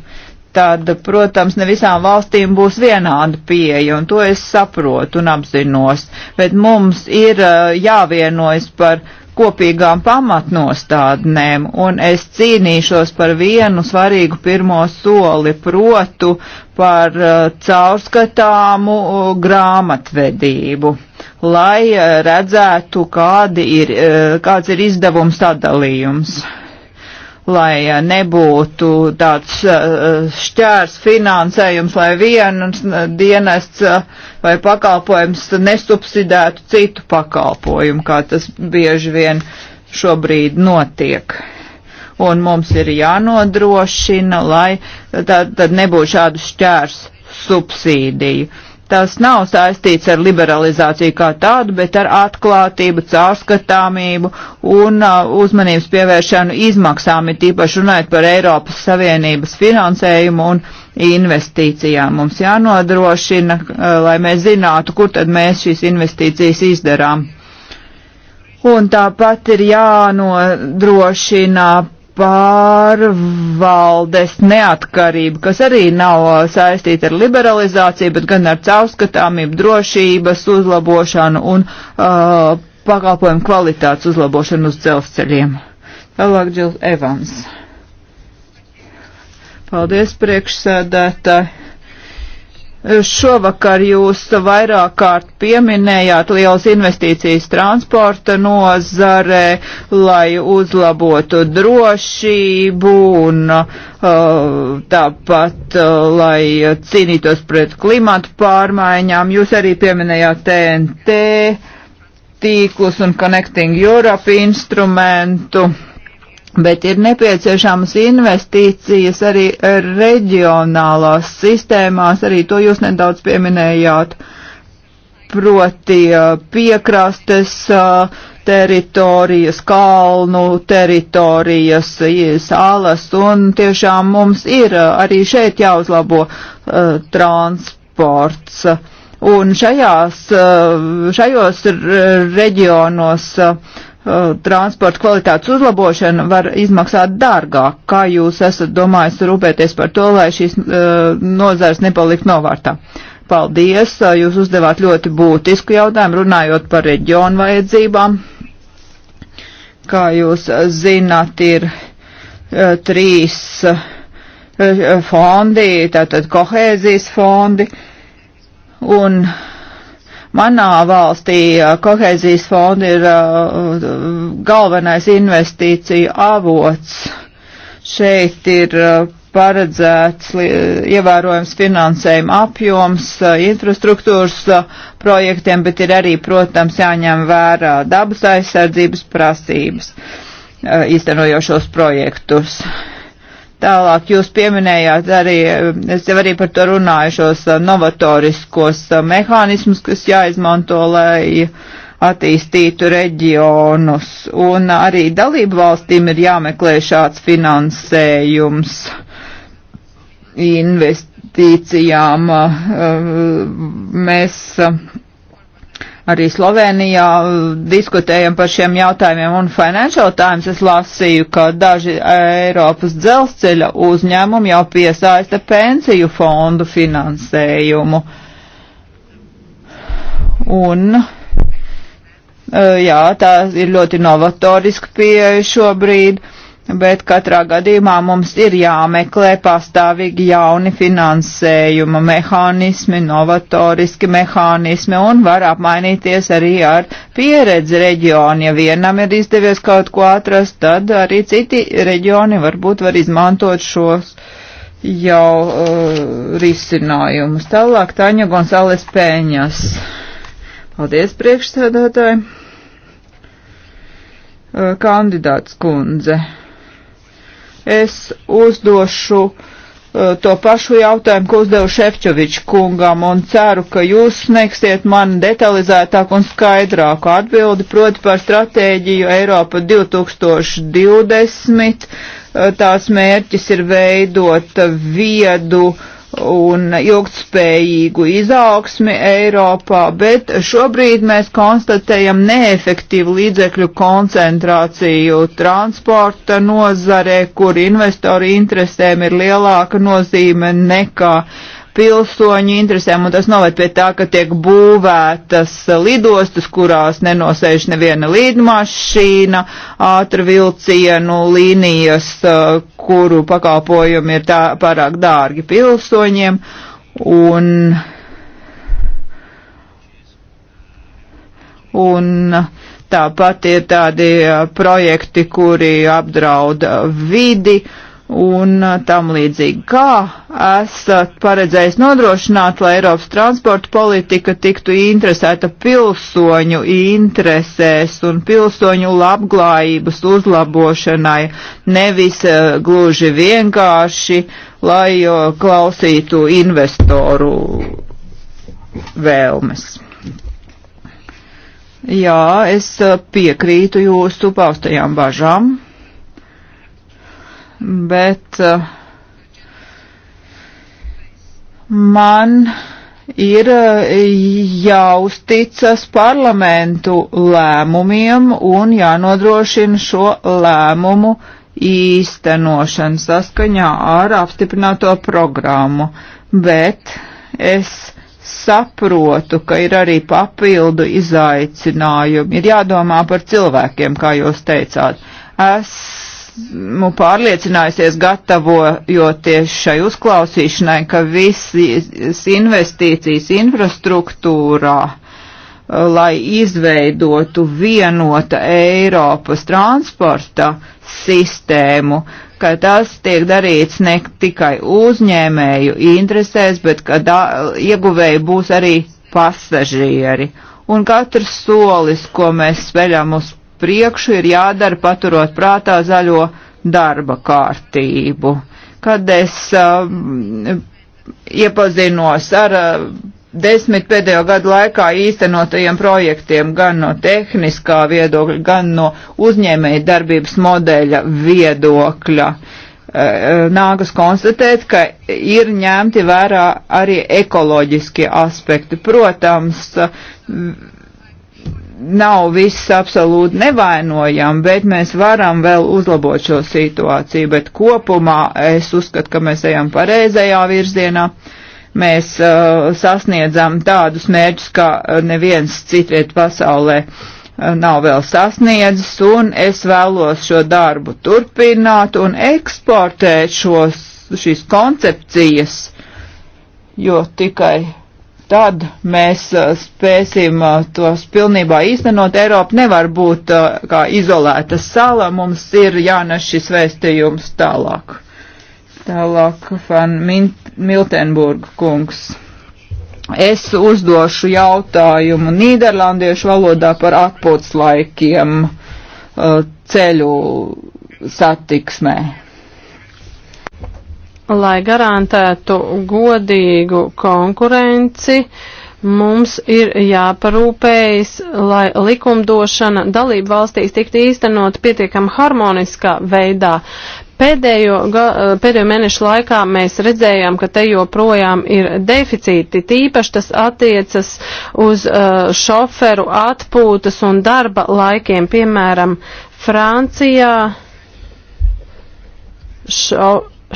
tad, protams, ne visām valstīm būs vienāda pieeja, un to es saprotu un apzinos, bet mums ir uh, jāvienojas par kopīgām pamatnostādnēm, un es cīnīšos par vienu svarīgu pirmo soli, protu par uh, caurskatāmu uh, grāmatvedību, lai uh, redzētu, kādi ir, kāds ir izdevums sadalījums lai nebūtu tāds eh, šķērs finansējums, lai viens eh, dienests eh, vai pakalpojums nesubsidētu citu pakalpojumu, kā tas bieži vien šobrīd notiek. Un mums ir jānodrošina, lai tad, tad nebūtu šādu šķērs subsīdiju tas nav saistīts ar liberalizāciju kā tādu, bet ar atklātību, caurskatāmību un uh, uzmanības pievēršanu izmaksām, ir tīpaši runājot par Eiropas Savienības finansējumu un investīcijām. Mums jānodrošina, uh, lai mēs zinātu, kur tad mēs šīs investīcijas izdarām. Un tāpat ir jānodrošina pārvaldes neatkarību, kas arī nav saistīta ar liberalizāciju, bet gan ar caurskatāmību, drošības uzlabošanu un uh, pakalpojumu kvalitātes uzlabošanu uz dzelzceļiem. Tālāk Džils Evans. Paldies priekšsēdētāji. Šovakar jūs vairāk kārt pieminējāt liels investīcijas transporta nozare, lai uzlabotu drošību un uh, tāpat, uh, lai cīnītos pret klimatu pārmaiņām. Jūs arī pieminējāt TNT tīklus un Connecting Europe instrumentu Bet ir nepieciešamas investīcijas arī reģionālās sistēmās, arī to jūs nedaudz pieminējāt, proti piekrastes teritorijas, kalnu teritorijas, salas, un tiešām mums ir arī šeit jāuzlabo transports. Un šajās, šajos reģionos Eh, transporta kvalitātes uzlabošana var izmaksāt dārgāk. Kā jūs esat domājis rūpēties par to, lai šīs uh, nozars nepalikt novārtā? Paldies, eh, jūs uzdevāt ļoti būtisku jautājumu runājot par reģionu vajadzībām. Kā jūs zināt, ir uh, trīs uh, fondi, tātad kohēzijas fondi un uh, Manā valstī eh, kohēzijas fonda ir eh, galvenais investīcija avots. Šeit ir eh, paredzēts ievērojams finansējuma apjoms infrastruktūras projektiem, bet ir arī, protams, jāņem vērā dabas aizsardzības prasības īstenojošos projektus. Tālāk jūs pieminējāt arī, es jau arī par to runāju, šos uh, novatoriskos uh, mehānismus, kas jāizmanto, lai attīstītu reģionus. Un arī dalību valstīm ir jāmeklē šāds finansējums investīcijām. Uh, mēs arī Slovenijā uh, diskutējam par šiem jautājumiem, un Financial Times es lasīju, ka daži uh, Eiropas dzelzceļa uzņēmumi jau piesaista pensiju fondu finansējumu. Un, uh, jā, tā ir ļoti novatoriska pieeja šobrīd. Uh, bet katrā gadījumā mums ir jāmeklē pastāvīgi jauni finansējuma mehānismi, novatoriski mehānismi un var apmainīties arī ar pieredzi reģionu. Ja vienam ir izdevies kaut ko atrast, tad arī citi reģioni varbūt var izmantot šos jau uh, risinājumus. Tālāk Taņa Gonzales Pēņas. Paldies priekšsēdētāji. Uh, kandidāts kundze. Es uzdošu eh, to pašu jautājumu, ko uzdevu Šefčoviču kungam, un ceru, ka jūs sniegsiet man detalizētāku un skaidrāku atbildi, proti par stratēģiju Eiropa 2020. Eh, tās mērķis ir veidot viedu un ilgtspējīgu izaugsmi Eiropā, bet šobrīd mēs konstatējam neefektīvu līdzekļu koncentrāciju transporta nozarē, kur investoru interesēm ir lielāka nozīme nekā uh, pilsoņu interesēm, un tas noved pie tā, ka tiek būvētas lidostas, kurās nenosēž neviena līdmašīna, ātrvilcienu līnijas, eh, kuru pakalpojumi ir tā, pārāk dārgi pilsoņiem, un, un tāpat ir tādi projekti, kuri apdraud vidi, uh, un uh, tam līdzīgi. Kā esat paredzējis nodrošināt, lai Eiropas transporta politika tiktu interesēta pilsoņu interesēs un pilsoņu labklājības uzlabošanai, nevis uh, gluži vienkārši, lai uh, klausītu investoru vēlmes? Jā, es piekrītu jūsu paustajām bažām bet eh, man ir eh, jāuzticas parlamentu lēmumiem un jānodrošina šo lēmumu īstenošana saskaņā ar apstiprināto programmu, bet es saprotu, ka ir arī papildu izaicinājumi. Ir jādomā par cilvēkiem, kā jūs teicāt. Es esmu nu, pārliecinājusies, gatavojoties šai uzklausīšanai, ka visas investīcijas infrastruktūrā, eh, lai izveidotu vienotu Eiropas transporta sistēmu, ka tas tiek darīts ne tikai uzņēmēju interesēs, bet ka da, ieguvēji būs arī pasažieri. Un katrs solis, ko mēs sveļam uz priekšu ir jādara paturot prātā zaļo darba kārtību. Kad es uh, iepazinos ar uh, desmit pēdējo gadu laikā īstenotajiem projektiem gan no tehniskā viedokļa, gan no uzņēmēja darbības modeļa viedokļa. Uh, nākas konstatēt, ka ir ņemti vērā arī ekoloģiskie aspekti. Protams, uh, nav viss absolūti nevainojam, bet mēs varam vēl uzlabot šo situāciju, bet kopumā es uzskatu, ka mēs ejam pareizajā virzienā. Mēs uh, sasniedzam tādus mērķus, kā uh, neviens citviet pasaulē uh, nav vēl sasniedzis, un es vēlos šo darbu turpināt un eksportēt šos, šīs koncepcijas, jo tikai tad mēs uh, spēsim uh, tos pilnībā īstenot. Eiropa nevar būt uh, kā izolēta sala, mums ir jānes šis vēstījums tālāk. Tālāk, Fan Miltenburg kungs. Es uzdošu jautājumu nīderlandiešu valodā par atpūtas laikiem ceļu satiksmē lai garantētu godīgu konkurenci, mums ir jāparūpējas, lai likumdošana dalību valstīs tiktu īstenot pietiekam harmoniskā veidā. Pēdējo, pēdējo mēnešu laikā mēs redzējām, ka te joprojām ir deficīti, tīpaši tas attiecas uz uh, šoferu atpūtas un darba laikiem, piemēram, Francijā. Šo,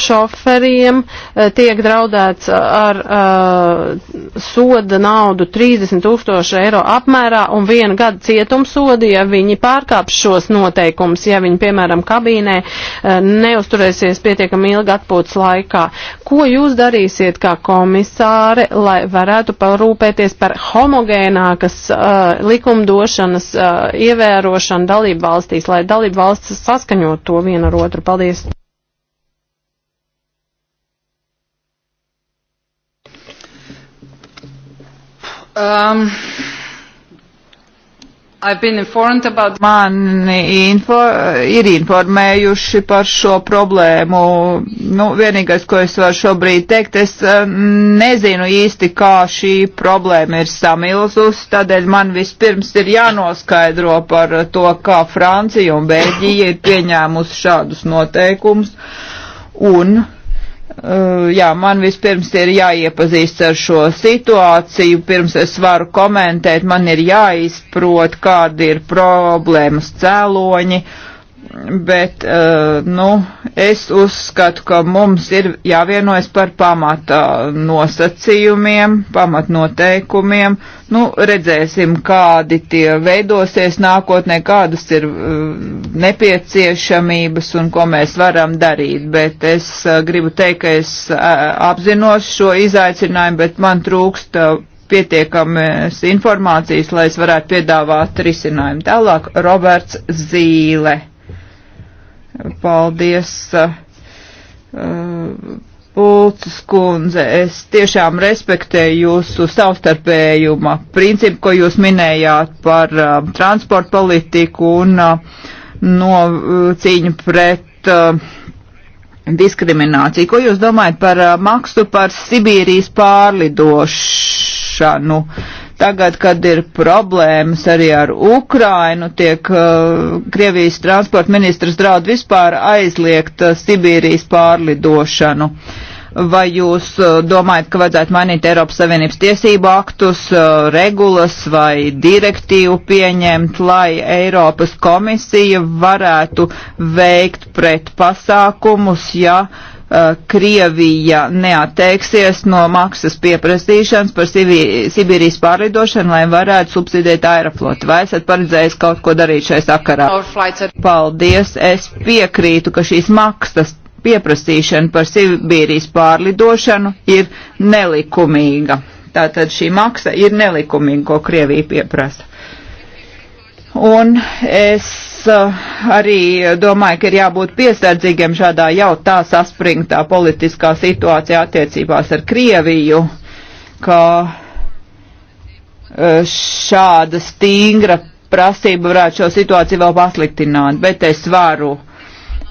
šoferiem eh, tiek draudēts eh, ar uh, soda naudu 30 tūkstoši eiro apmērā un viena gada cietumsodi, ja viņi pārkāps šos noteikumus, ja viņi, piemēram, kabīnē uh, neusturēsies pietiekami ilgi atpūtas laikā. Ko jūs darīsiet kā komisāre, lai varētu parūpēties par homogēnākas uh, likumdošanas uh, ievērošanu dalību valstīs, lai dalību valsts saskaņot to vienu ar otru? Paldies! Um, About... Mani info, ir informējuši par šo problēmu. Nu, vienīgais, ko es varu šobrīd teikt, es um, nezinu īsti, kā šī problēma ir samilzus, tādēļ man vispirms ir jānoskaidro par to, kā Francija un Bēļģija ir pieņēmusi šādus noteikumus. Un Uh, jā, man vispirms ir jāiepazīst ar šo situāciju, pirms es varu komentēt, man ir jāizprot, kādi ir problēmas cēloņi, uh, bet, eh, nu, es uzskatu, ka mums ir jāvienojas par pamata nosacījumiem, pamatnoteikumiem. Nu, redzēsim, kādi tie veidosies nākotnē, kādas ir eh, nepieciešamības un ko mēs varam darīt, bet es eh, gribu teikt, ka es apzinos šo izaicinājumu, bet man trūkst pietiekamas informācijas, lai es varētu piedāvāt risinājumu. Tālāk Roberts Zīle. Paldies, eh, eh, Pulcis kundze. Es tiešām respektēju jūsu savstarpējuma principu, ko jūs minējāt par eh, transportu politiku un no cīņu pret diskrimināciju. Ko jūs domājat par maksu par Sibīrijas pārlidošanu? Tagad, kad ir problēmas arī ar Ukrainu, tiek uh, Krievijas transporta ministrs draud vispār aizliegt uh, Sibīrijas pārlidošanu. Vai jūs uh, domājat, ka vajadzētu mainīt Eiropas Savienības tiesību aktus, uh, regulas vai direktīvu pieņemt, lai Eiropas komisija varētu veikt pret pasākumus, ja uh, Uh, Krievija neatteiksies no maksas pieprasīšanas par Sibīrijas pārlidošanu, lai varētu subsidēt aeroflotu. Vai esat paredzējis kaut ko darīt šai sakarā? Paldies, es piekrītu, ka šīs maksas pieprasīšana par Sibīrijas pārlidošanu ir nelikumīga. Tātad šī maksa ir nelikumīga, ko Krievija pieprasa. Un es Eh, arī domāju, ka ir jābūt piesardzīgiem šādā jau tā saspringtā politiskā situācijā attiecībās ar Krieviju, ka eh, šāda stingra prasība varētu šo situāciju vēl pasliktināt, bet es varu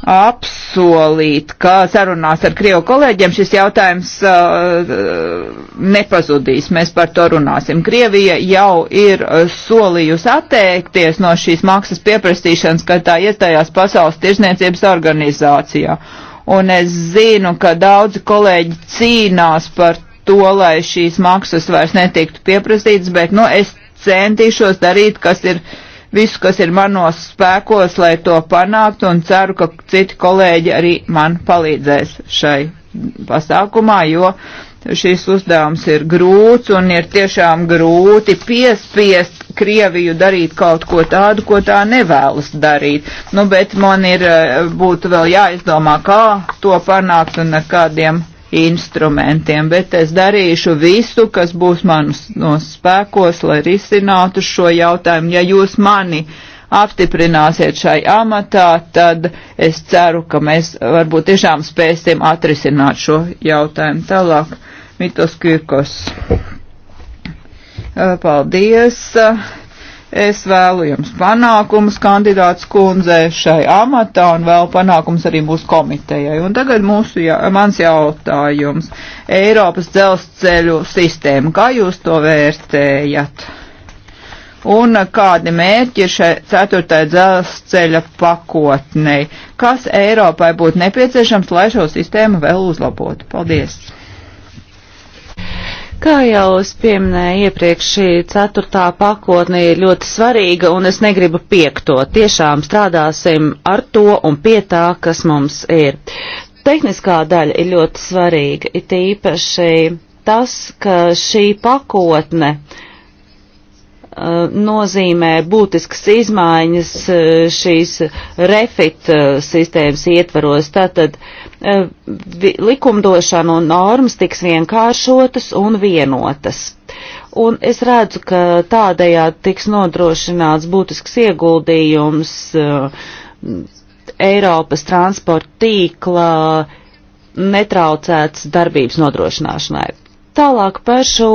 apsolīt, ka sarunās ar Krievu kolēģiem šis jautājums uh, nepazudīs. Mēs par to runāsim. Krievija jau ir uh, solījusi atteikties no šīs maksas pieprasīšanas, kad tā iestājās Pasaules tirzniecības organizācijā. Un es zinu, ka daudzi kolēģi cīnās par to, lai šīs maksas vairs netiktu pieprasītas, bet, nu, es centīšos darīt, kas ir uh, visu, kas ir manos spēkos, lai to panāktu, un ceru, ka citi kolēģi arī man palīdzēs šai pasākumā, jo šis uzdevums ir grūts un ir tiešām grūti piespiest Krieviju darīt kaut ko tādu, ko tā nevēlas darīt. Nu, bet man ir, eh, būtu vēl jāizdomā, kā to panākt un ar kādiem instrumentiem, bet es darīšu visu, kas būs manos no spēkos, lai risinātu šo jautājumu. Ja jūs mani apstiprināsiet šai amatā, tad es ceru, ka mēs varbūt tiešām spēsim atrisināt šo jautājumu. Tālāk, Mitos Kirkos. Paldies. Es vēlu jums panākumus kandidāts kundzē šai amatā un vēl panākums arī mūsu komitejai. Un tagad mūsu, jā, mans jautājums. Eiropas dzelzceļu sistēma, kā jūs to vērtējat? Un kādi mērķi ir šai ceturtai dzelzceļa pakotnei? Kas Eiropai būtu nepieciešams, lai šo sistēmu vēl uzlabotu? Paldies! Kā jau es pieminēju iepriekš, šī ceturtā pakotne ir ļoti svarīga, un es negribu piekto. Tiešām strādāsim ar to un pie tā, kas mums ir. Tehniskā daļa ir ļoti svarīga, it īpaši tas, ka šī pakotne uh, Eh, nozīmē būtiskas izmaiņas eh, šīs refit eh, sistēmas ietvaros. Tātad likumdošana un normas tiks vienkāršotas un vienotas. Un es redzu, ka tādējādi tiks nodrošināts būtisks ieguldījums Eiropas transporta tīkla netraucēts darbības nodrošināšanai. Tālāk par šo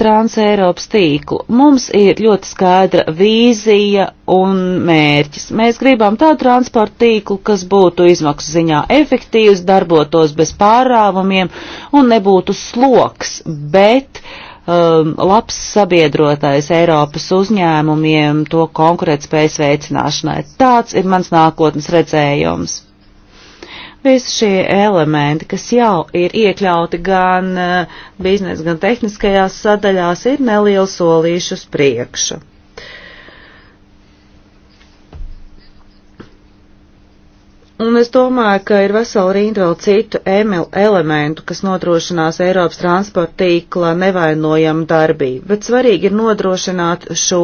Transeiropas tīklu. Mums ir ļoti skaidra vīzija un mērķis. Mēs gribam tādu transporta tīklu, kas būtu izmaksu ziņā efektīvs, darbotos bez pārāvumiem un nebūtu sloks, bet um, labs sabiedrotais Eiropas uzņēmumiem to konkurētspējas veicināšanai. Tāds ir mans nākotnes redzējums. Visi šie elementi, kas jau ir iekļauti gan eh, biznesa, gan tehniskajās sadaļās, ir neliels solīšus priekšu. Un es domāju, ka ir vesela rinda vēl citu elementu, kas nodrošinās Eiropas transporta tīkla nevainojamu darbību, bet svarīgi ir nodrošināt šo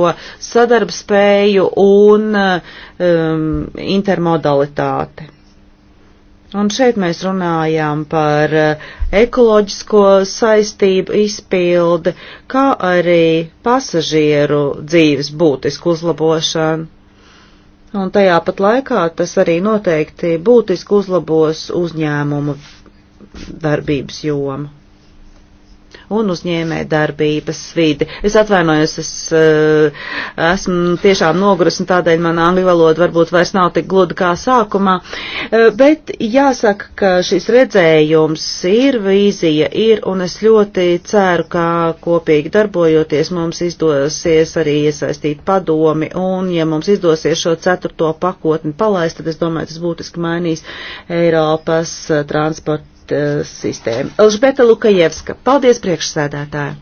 sadarbspēju un eh, um, intermodalitāti. Un šeit mēs runājām par eh, ekoloģisko saistību izpildi, kā arī pasažieru dzīves būtisku uzlabošanu. Un tajā pat laikā tas arī noteikti būtiski uzlabos uzņēmumu darbības jomu un uzņēmē darbības vidi. Es atvainojos, es uh, esmu tiešām noguris un tādēļ mana angļu valoda varbūt vairs nav tik gluda kā sākumā, uh, bet jāsaka, ka šis redzējums ir, vīzija ir, un es ļoti ceru, ka kopīgi darbojoties mums izdosies arī iesaistīt padomi, un ja mums izdosies šo ceturto pakotni palaist, tad es domāju, tas būtiski mainīs Eiropas eh, transporta Solvit uh, eh, sistēmu. Elžbeta Lukajevska, paldies priekšsēdētāji!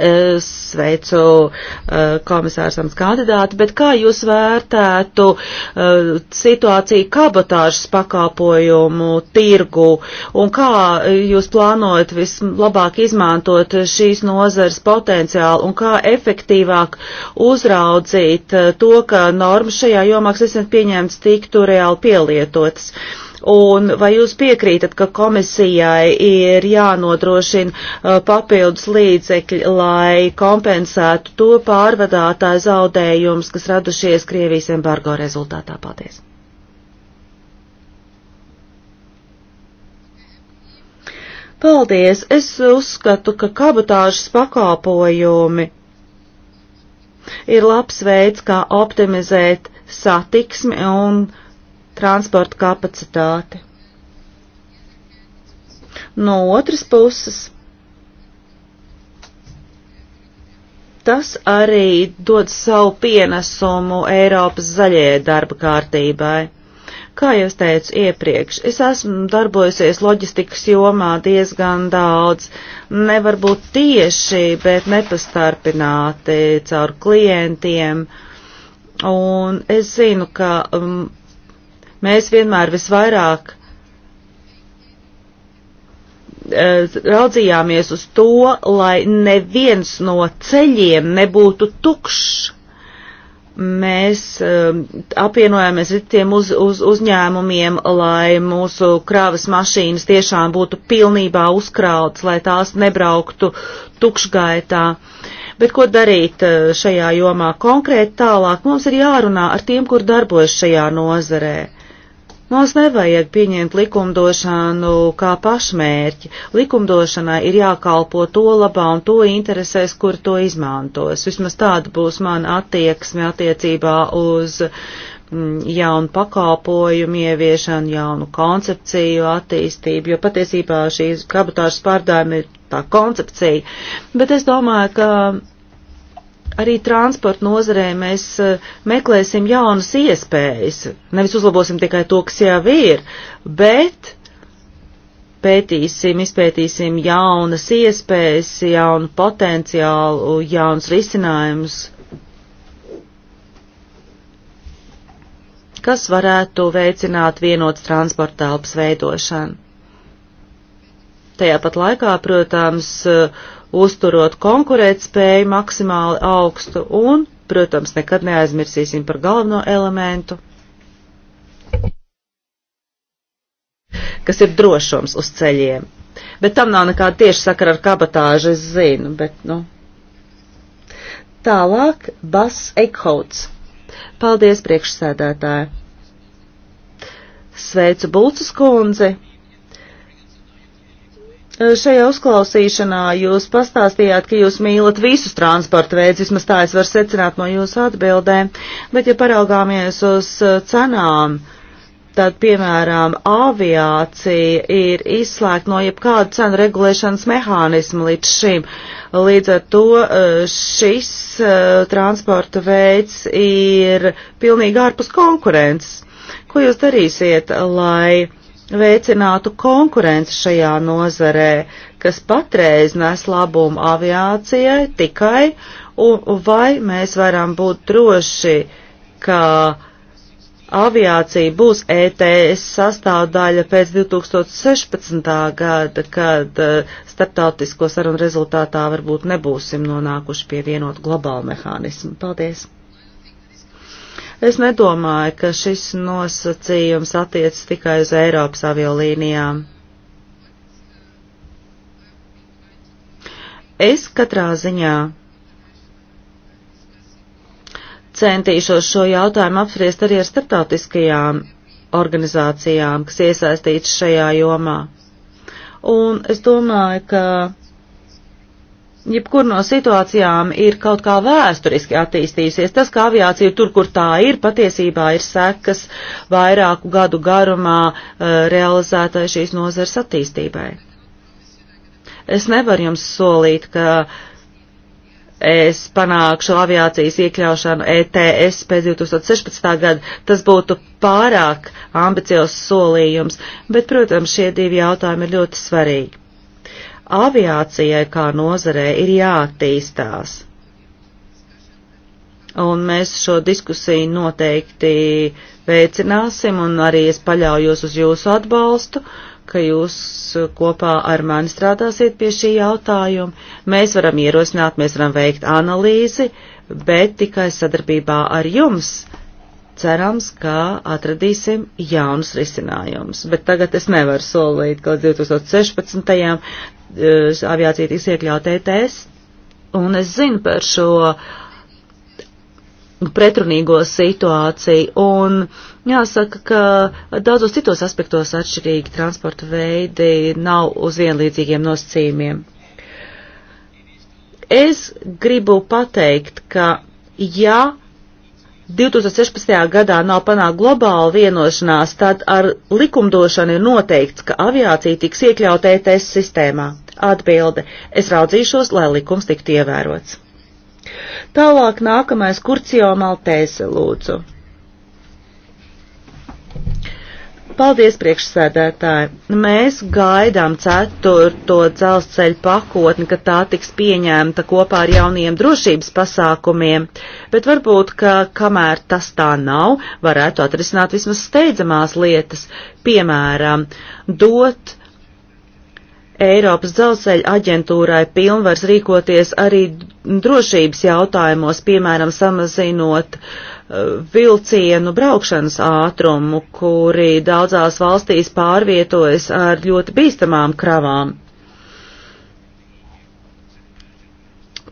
Uh, sveicu uh, eh, komisārsam kandidātu, bet kā jūs vērtētu uh, situāciju kabotāžas pakāpojumu tirgu un kā jūs plānojat vislabāk izmantot šīs nozars potenciālu un kā efektīvāk uzraudzīt to, ka normas šajā jomā, kas esat pieņemts, tiktu reāli pielietotas? Uh, Un vai jūs piekrītat, ka komisijai ir jānodrošina uh, papildus līdzekļi, lai kompensētu to pārvadātāju zaudējumus, kas radušies Krievijas embargo rezultātā? Paldies! Paldies! Es uzskatu, ka kabatāžas pakalpojumi ir labs veids, kā optimizēt satiksmi un transporta kapacitāti. No otras puses, tas arī dod savu pienesumu Eiropas zaļajai darba kārtībai. Kā jau es teicu iepriekš, es esmu darbojusies loģistikas jomā diezgan daudz, nevar būt tieši, bet nepastarpināti caur klientiem. Un es zinu, ka um, Mēs vienmēr visvairāk e, raudzījāmies uz to, lai neviens no ceļiem nebūtu tukšs. Mēs e, apvienojāmies ar tiem uz, uz, uzņēmumiem, lai mūsu krāvas mašīnas tiešām būtu pilnībā uzkrauts, lai tās nebrauktu tukšgaitā. Bet ko darīt e, šajā jomā konkrēti tālāk? Mums ir jārunā ar tiem, kur darbojas šajā nozarē Mums nevajag pieņemt likumdošanu kā pašmērķi. Likumdošanai ir jākalpo to labā un to interesēs, kur to izmantos. Vismaz tāda būs mana attieksme attiecībā uz mm, jaunu pakalpojumu ieviešanu, jaunu koncepciju attīstību, jo patiesībā šīs kabatāžas pārdājumi ir tā koncepcija. Bet es domāju, ka Arī transporta nozarē mēs eh, meklēsim jaunas iespējas. Nevis uzlabosim tikai to, kas jau ir, bet pētīsim, izpētīsim jaunas iespējas, jaunu potenciālu, jaunus risinājumus, kas varētu veicināt vienotas transporta telpas veidošanu. Tajā pat laikā, protams, uh, uzturot konkurētspēju maksimāli augstu un, protams, nekad neaizmirsīsim par galveno elementu, kas ir drošums uz ceļiem. Bet tam nav nekāda tieši sakara ar kabatāžu, es zinu, bet, nu. Tālāk, Bas Eikhauts. Paldies, priekšsēdētāji. Sveicu Bulcas kundzi Eh, šajā uzklausīšanā jūs pastāstījāt, ka jūs mīlat visus transporta veidus, vismaz tā es varu secināt no jūsu atbildēm, bet ja paraugāmies uz eh, cenām, tad, piemēram, aviācija ir izslēgta no jebkāda cenu regulēšanas mehānisma līdz šim. Līdz ar to eh, šis transporta veids ir pilnīgi ārpus konkurences. Ko jūs darīsiet, lai veicinātu konkurenci šajā nozarē, kas patreiz nes labumu aviācijai tikai, un vai mēs varam būt droši, ka aviācija būs ETS sastāvdaļa pēc 2016. gada, kad e, starptautisko sarunu rezultātā varbūt nebūsim nonākuši pie vienotu globālu mehānismu. Paldies! Es nedomāju, ka šis nosacījums attiecas tikai uz Eiropas aviolīnijām. Es katrā ziņā centīšos šo jautājumu apspriest arī ar starptautiskajām organizācijām, kas iesaistītas šajā jomā. Un es domāju, ka jebkur no situācijām ir kaut kā vēsturiski attīstījusies. Tas, ka aviācija tur, kur tā ir, patiesībā ir sekas vairāku gadu garumā eh, realizētai šīs nozars attīstībai. Es nevaru jums solīt, ka es panākšu aviācijas iekļaušanu ETS pēc 2016. gada. Tas būtu pārāk ambiciozs solījums, bet, protams, šie divi jautājumi ir ļoti svarīgi aviācijai kā nozarē ir jāattīstās. Un mēs šo diskusiju noteikti veicināsim, un arī es paļaujos uz jūsu atbalstu, ka jūs kopā ar mani strādāsiet pie šī jautājuma. Mēs varam ierosināt, mēs varam veikt analīzi, bet tikai sadarbībā ar jums. Cerams, ka atradīsim jaunus risinājumus, bet tagad es nevaru solīt, ka līdz 2016. Eh, aviācija tiks iekļauta ETS, un es zinu par šo pretrunīgo situāciju, un jāsaka, ka daudzos citos aspektos atšķirīgi transporta veidi nav uz vienlīdzīgiem nosacījumiem. Es gribu pateikt, ka ja 2016. gadā nav panākt globāla vienošanās, tad ar likumdošanu ir noteikts, ka aviācija tiks iekļauta ETS sistēmā. Atbilde - es raudzīšos, lai likums tiktu ievērots. Tālāk nākamais kurcijo Maltēse lūdzu. Paldies, priekšsēdētāji. Mēs gaidām ceturto dzelzceļa pakotni, ka tā tiks pieņemta kopā ar jauniem drošības pasākumiem, bet varbūt, ka kamēr tas tā nav, varētu atrisināt vismaz steidzamās lietas, piemēram, dot Eiropas dzelzceļa aģentūrai pilnvars rīkoties arī drošības jautājumos, piemēram, samazinot uh, vilcienu braukšanas ātrumu, kuri daudzās valstīs pārvietojas ar ļoti bīstamām kravām.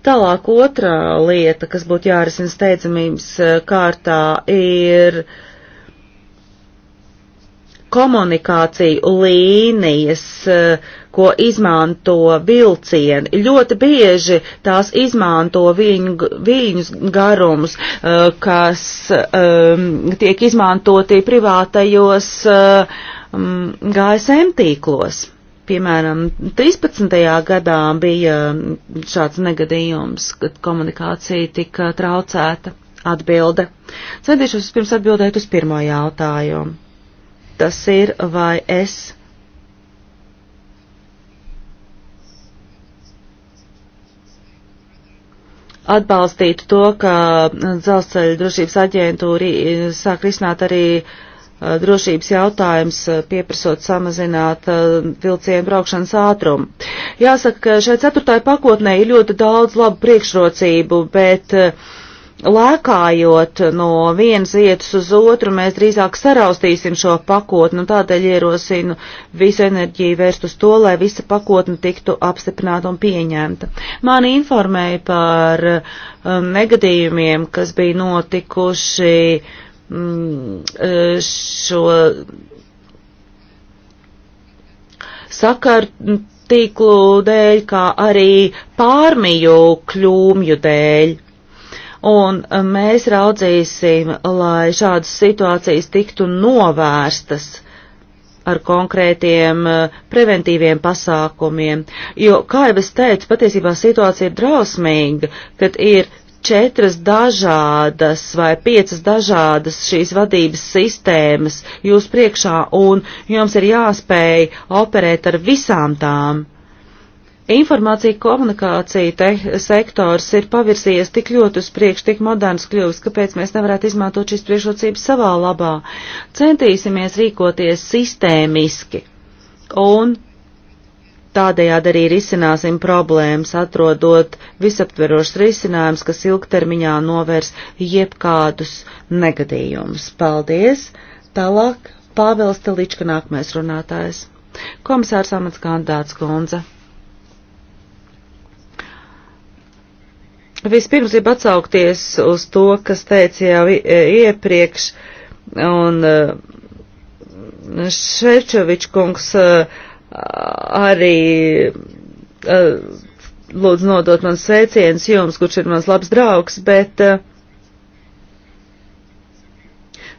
Tālāk otrā lieta, kas būtu jārisina steidzamības eh, kārtā, ir uh, komunikāciju līnijas, eh, ko izmanto vilcieni. Ļoti bieži tās izmanto viņu, viņus garumus, eh, kas um, tiek izmantoti privātajos um, eh, GSM tīklos. Piemēram, 13. gadā bija šāds negadījums, kad komunikācija tika traucēta atbilde. Centīšos pirms atbildēt uz pirmo jautājumu tas ir, vai es atbalstītu to, ka dzelzceļa drošības aģentūra eh, sāk risināt arī eh, drošības jautājums, eh, pieprasot samazināt vilcienu braukšanas ātrumu. Jāsaka, ka šai ceturtajai pakotnē ir ļoti daudz labu priekšrocību, bet uh, lēkājot no vienas vietas uz otru, mēs drīzāk saraustīsim šo pakotni, un tādēļ ierosinu visu enerģiju vērst uz to, lai visa pakotne tiktu apstiprināta un pieņemta. Mani informēja par um, negadījumiem, kas bija notikuši um, šo sakaru tīklu dēļ, kā arī pārmiju kļūmju dēļ un eh, mēs raudzīsim, lai šādas situācijas tiktu novērstas ar konkrētiem eh, preventīviem pasākumiem, jo, kā jau es teicu, patiesībā situācija ir drausmīga, kad ir četras dažādas vai piecas dažādas šīs vadības sistēmas jūs priekšā, un jums ir jāspēj operēt ar visām tām. Informācija komunikācija te sektors ir pavirsies tik ļoti uz priekšu, tik moderns kļuvis, kāpēc mēs nevarētu izmantot šīs priekšrocības savā labā. Centīsimies rīkoties sistēmiski un tādējādi arī risināsim problēmas, atrodot visaptverošs risinājums, kas ilgtermiņā novērs jebkādus negadījumus. Paldies! Tālāk Pāvils Telička nākamais runātājs. Komisārs Amats Kandāts Konza. Vispirms ir atsaukties uz to, kas teica jau e, iepriekš, un e, Šečovičs kungs e, arī lūdzu nodot man sveicienus jums, kurš ir mans labs draugs, bet uh,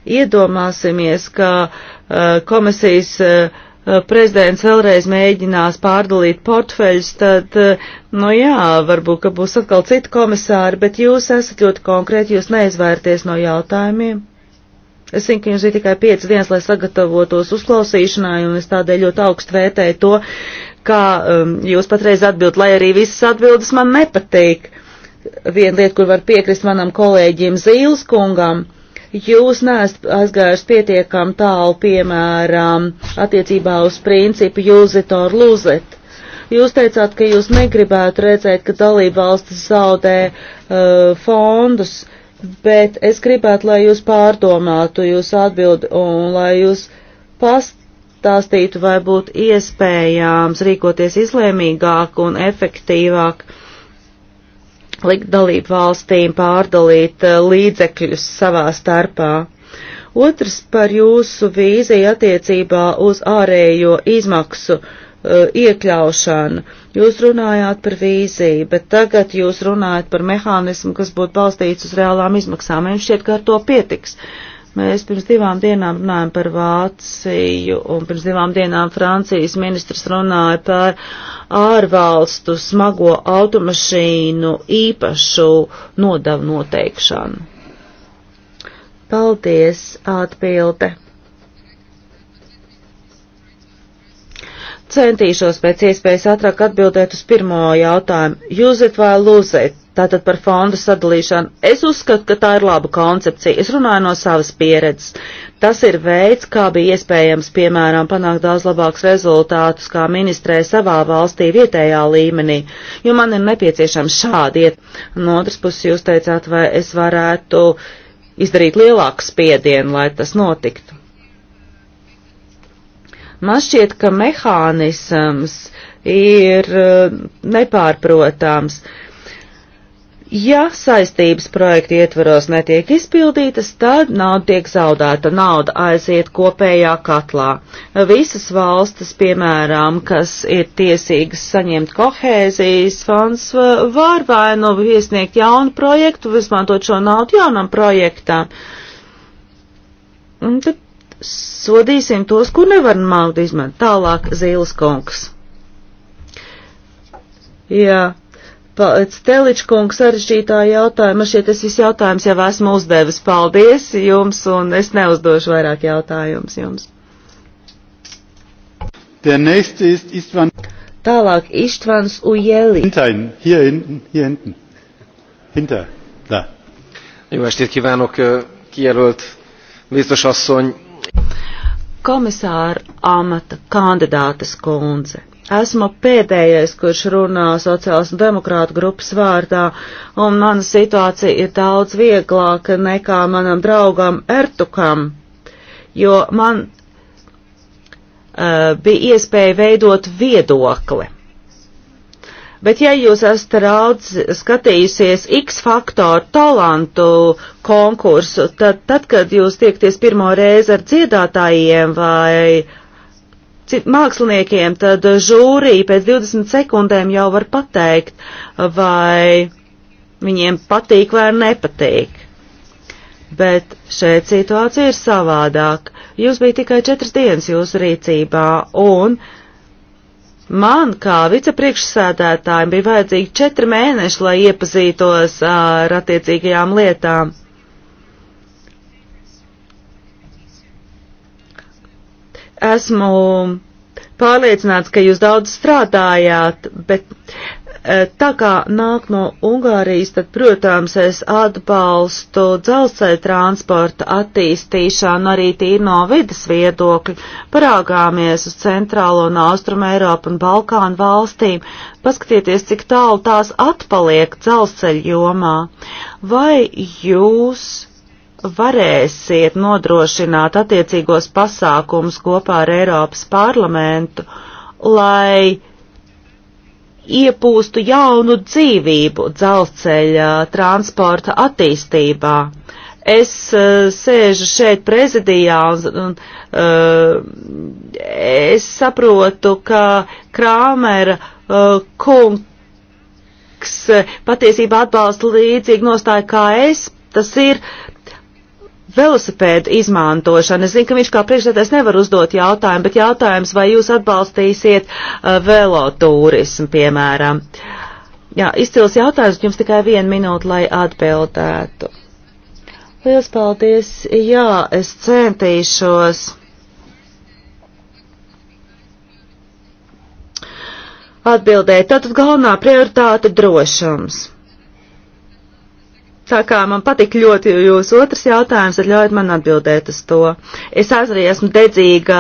iedomāsimies, ka uh, komisijas uh, Eh, prezidents vēlreiz mēģinās pārdalīt portfeļus, tad, eh, nu jā, varbūt, ka būs atkal citi komisāri, bet jūs esat ļoti konkrēti, jūs neizvērties no jautājumiem. Es zinu, ka jums bija tikai 5 dienas, lai sagatavotos uzklausīšanai, un es tādēļ ļoti augstu vērtēju to, kā um, jūs patreiz atbild, lai arī visas atbildes man nepatīk. Viena lieta, kur var piekrist manam kolēģim Zīles kungam, uh, jūs neesat aizgājuši pietiekam tālu, piemēram, attiecībā uz principu use it or lose it. Jūs teicāt, ka jūs negribētu redzēt, ka dalība valstis zaudē uh, fondus, bet es gribētu, lai jūs pārdomātu jūs atbildi un lai jūs pastāstītu, vai būtu iespējams rīkoties izlēmīgāk un efektīvāk. Uh, likt dalību valstīm pārdalīt eh, līdzekļus savā starpā. Otrs par jūsu vīziju attiecībā uz ārējo izmaksu eh, iekļaušanu. Jūs runājāt par vīziju, bet tagad jūs runājat par mehānismu, kas būtu balstīts uz reālām izmaksām. Man šķiet, ka ar to pietiks. Uh, Mēs pirms divām dienām runājam par Vāciju, un pirms divām dienām Francijas ministrs runāja par ārvalstu smago automašīnu īpašu nodevu noteikšanu. Paldies, atbilde! Centīšos pēc iespējas ātrāk atbildēt uz pirmo jautājumu. Jūs it vai lūzit? Tātad par fondu sadalīšanu. Es uzskatu, ka tā ir laba koncepcija. Es runāju no savas pieredzes. Tas ir veids, kā bija iespējams, piemēram, panākt daudz labāks rezultātus, kā ministrē savā valstī vietējā līmenī, jo man ir nepieciešams šādi iet. No otras puses jūs teicāt, vai es varētu izdarīt lielāku spiedienu, lai tas notiktu. Man šķiet, ka mehānisms ir eh, nepārprotams. Uh, Ja saistības projekta ietvaros netiek izpildītas, tad nauda tiek zaudēta, nauda aiziet kopējā katlā. Visas valstis, piemēram, kas ir tiesīgas saņemt kohēzijas fonds, var vai nu iesniegt jaunu projektu, izmantot šo naudu jaunam projektam. Un tad sodīsim tos, kur nevar naudu izmantot. Tālāk Zīles kungs. Jā. Ja Pēc Teličkungs sarežģītā jautājuma, šeit es visu jautājumus jau esmu uzdevis. Paldies jums, un es neuzdošu vairāk jautājumus jums. Ist Istvan... Tālāk Ištvans Ujeli. Hintain, hier hinten, hier hinten. Hinter, da. Jó estét kívánok, kijelölt biztos asszony. Komisāra amata kandidātes kundze. Esmu pēdējais, kurš runā sociālas un demokrātu grupas vārdā, un mana situācija ir daudz vieglāka nekā manam draugam Ertukam, jo man uh, bija iespēja veidot viedokli. Bet ja jūs esat raudz skatījusies X faktoru talantu konkursu, tad, tad, kad jūs tiekties pirmo reizi ar dziedātājiem vai uh, māksliniekiem, tad žūrija pēc 20 sekundēm jau var pateikt, vai viņiem patīk vai nepatīk. Bet šeit situācija ir savādāk. Jūs bija tikai četras dienas jūsu rīcībā, un man, kā vicepriekšsēdētājiem, bija vajadzīgi četri mēneši, lai iepazītos ar attiecīgajām lietām. Esmu pārliecināts, ka jūs daudz strādājāt, bet e, tā kā nāk no Ungārijas, tad, protams, es atbalstu dzelzceļa transporta attīstīšanu arī tīri no vidas viedokļa. Parāgāmies uz centrālo un austrumu Eiropu un Balkānu valstīm, paskatieties, cik tālu tās atpaliek dzelzceļa jomā. Vai jūs varēsiet nodrošināt attiecīgos pasākums kopā ar Eiropas parlamentu, lai iepūstu jaunu dzīvību dzelzceļa transporta attīstībā. Es uh, sēžu šeit prezidijā un uh, es saprotu, ka Krāmera uh, eh, kungs patiesībā atbalsta līdzīgu nostāju kā es. Tas ir uh, velosipēdu izmantošana. Es zinu, ka viņš kā priekšsēdētājs nevar uzdot jautājumu, bet jautājums, vai jūs atbalstīsiet uh, velotūrismu, piemēram. Jā, izcils jautājums, jums tikai vienu minūtu, lai atbildētu. Liels paldies, jā, es centīšos. Atbildēt, tātad galvenā prioritāte drošums. Tā kā man patīk ļoti jūsu otrs jautājums, tad ļaujiet man atbildēt uz to. Es arī esmu dedzīga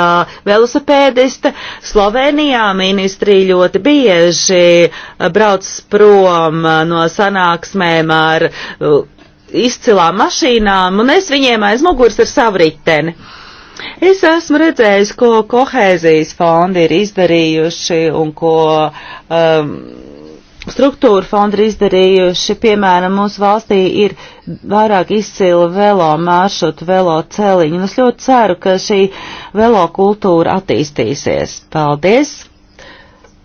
velosipēdiste. Slovenijā ministrija ļoti bieži eh, brauc prom eh, no sanāksmēm ar eh, izcilām mašīnām, un es viņiem aiz muguras ar savu riteni. Es esmu redzējis, ko kohēzijas fondi ir izdarījuši un ko. Um, struktūra fonda ir izdarījuši, piemēram, mūsu valstī ir vairāk izcila velo maršrutu, velo celiņu. Un es ļoti ceru, ka šī velo kultūra attīstīsies. Paldies!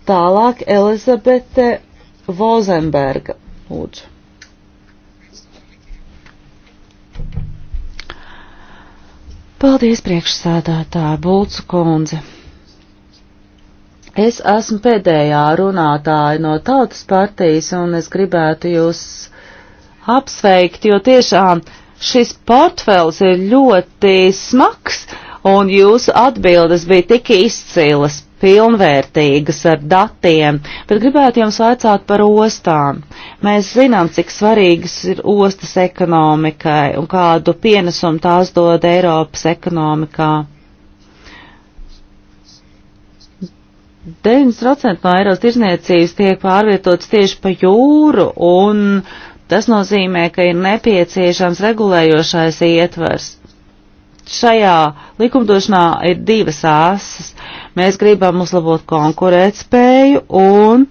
Tālāk Elizabete Vozenberga. Lūdzu. Paldies priekšsādātāja Bulcu kundze. Es esmu pēdējā runātāja no Tautas partijas, un es gribētu jūs apsveikt, jo tiešām šis portfels ir ļoti smags, un jūsu atbildes bija tik izcīlas, pilnvērtīgas ar datiem, bet gribētu jums vaicāt par ostām. Mēs zinām, cik svarīgas ir ostas ekonomikai un kādu pienesumu tās dod Eiropas ekonomikā. 90% no Eiropas tirzniecības tiek pārvietotas tieši pa jūru, un tas nozīmē, ka ir nepieciešams regulējošais ietvers. Šajā likumdošanā ir divas asas. Mēs gribam uzlabot konkurētspēju, un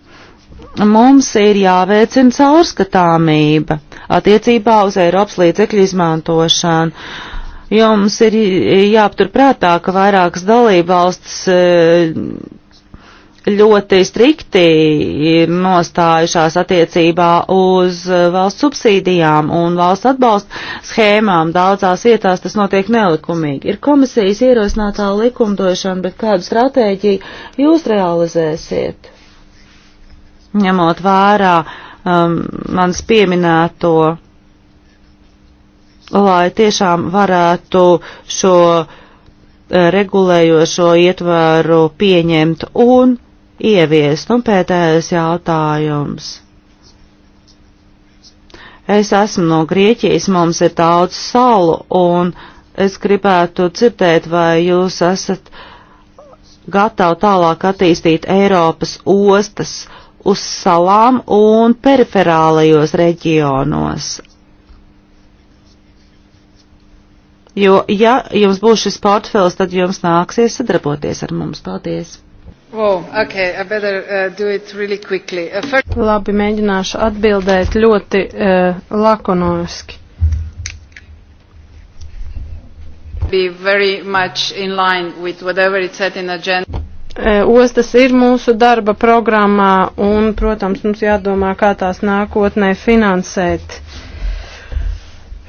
mums ir jāveicina caurskatāmība attiecībā uz Eiropas līdzekļu izmantošanu. Jums ir jāaptur prātā, ka vairākas dalībvalstis eh, ļoti strikti ir nostājušās attiecībā uz uh, valsts subsīdijām un valsts atbalsta schēmām. Daudzās vietās tas notiek nelikumīgi. Ir komisijas ierosinātā likumdošana, bet kādu stratēģiju jūs realizēsiet? Ņemot vērā um, mans pieminēto, lai tiešām varētu šo uh, regulējošo ietvaru pieņemt un ieviest. Un pēdējais jautājums. Es esmu no Grieķijas, mums ir daudz salu, un es gribētu dzirdēt, vai jūs esat gatavi tālāk attīstīt Eiropas ostas uz salām un periferālajos reģionos. Jo, ja jums būs šis portfels, tad jums nāksies sadarboties ar mums. Paldies! Oh, okay. better, uh, really uh, first... Labi, mēģināšu atbildēt ļoti uh, lakoniski. Uh, ostas ir mūsu darba programmā un, protams, mums jādomā, kā tās nākotnē finansēt.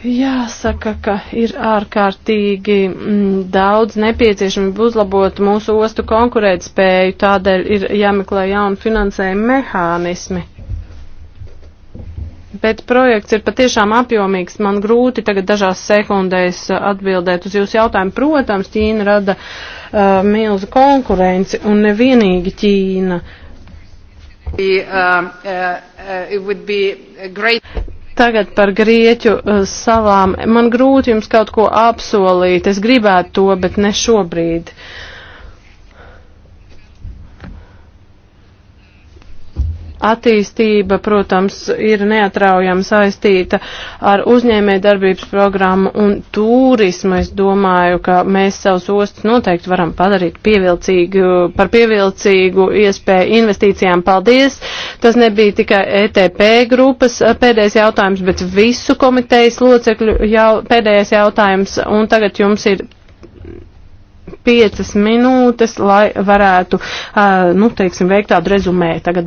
Jāsaka, ka ir ārkārtīgi mm, daudz nepieciešami uzlabot mūsu ostu konkurētspēju, tādēļ ir jāmeklē jauni finansējuma mehānismi. Bet projekts ir patiešām apjomīgs. Man grūti tagad dažās sekundēs atbildēt uz jūsu jautājumu. Protams, Ķīna rada uh, milzu konkurenci un nevienīgi Ķīna. Be, uh, uh, uh, Tagad par Grieķu eh, salām. Man grūti jums kaut ko apsolīt. Es gribētu to, bet ne šobrīd. Uh, attīstība, protams, ir neatraujami saistīta ar uzņēmē darbības programmu un turismu. Es domāju, ka mēs savus ostus noteikti varam padarīt pievilcīgu, par pievilcīgu iespēju investīcijām. Paldies! Tas nebija tikai ETP grupas pēdējais jautājums, bet visu komitejas locekļu jau, pēdējais jautājums. Un tagad jums ir piecas minūtes, lai varētu, uh, nu, teiksim, veikt tādu rezumē. Tagad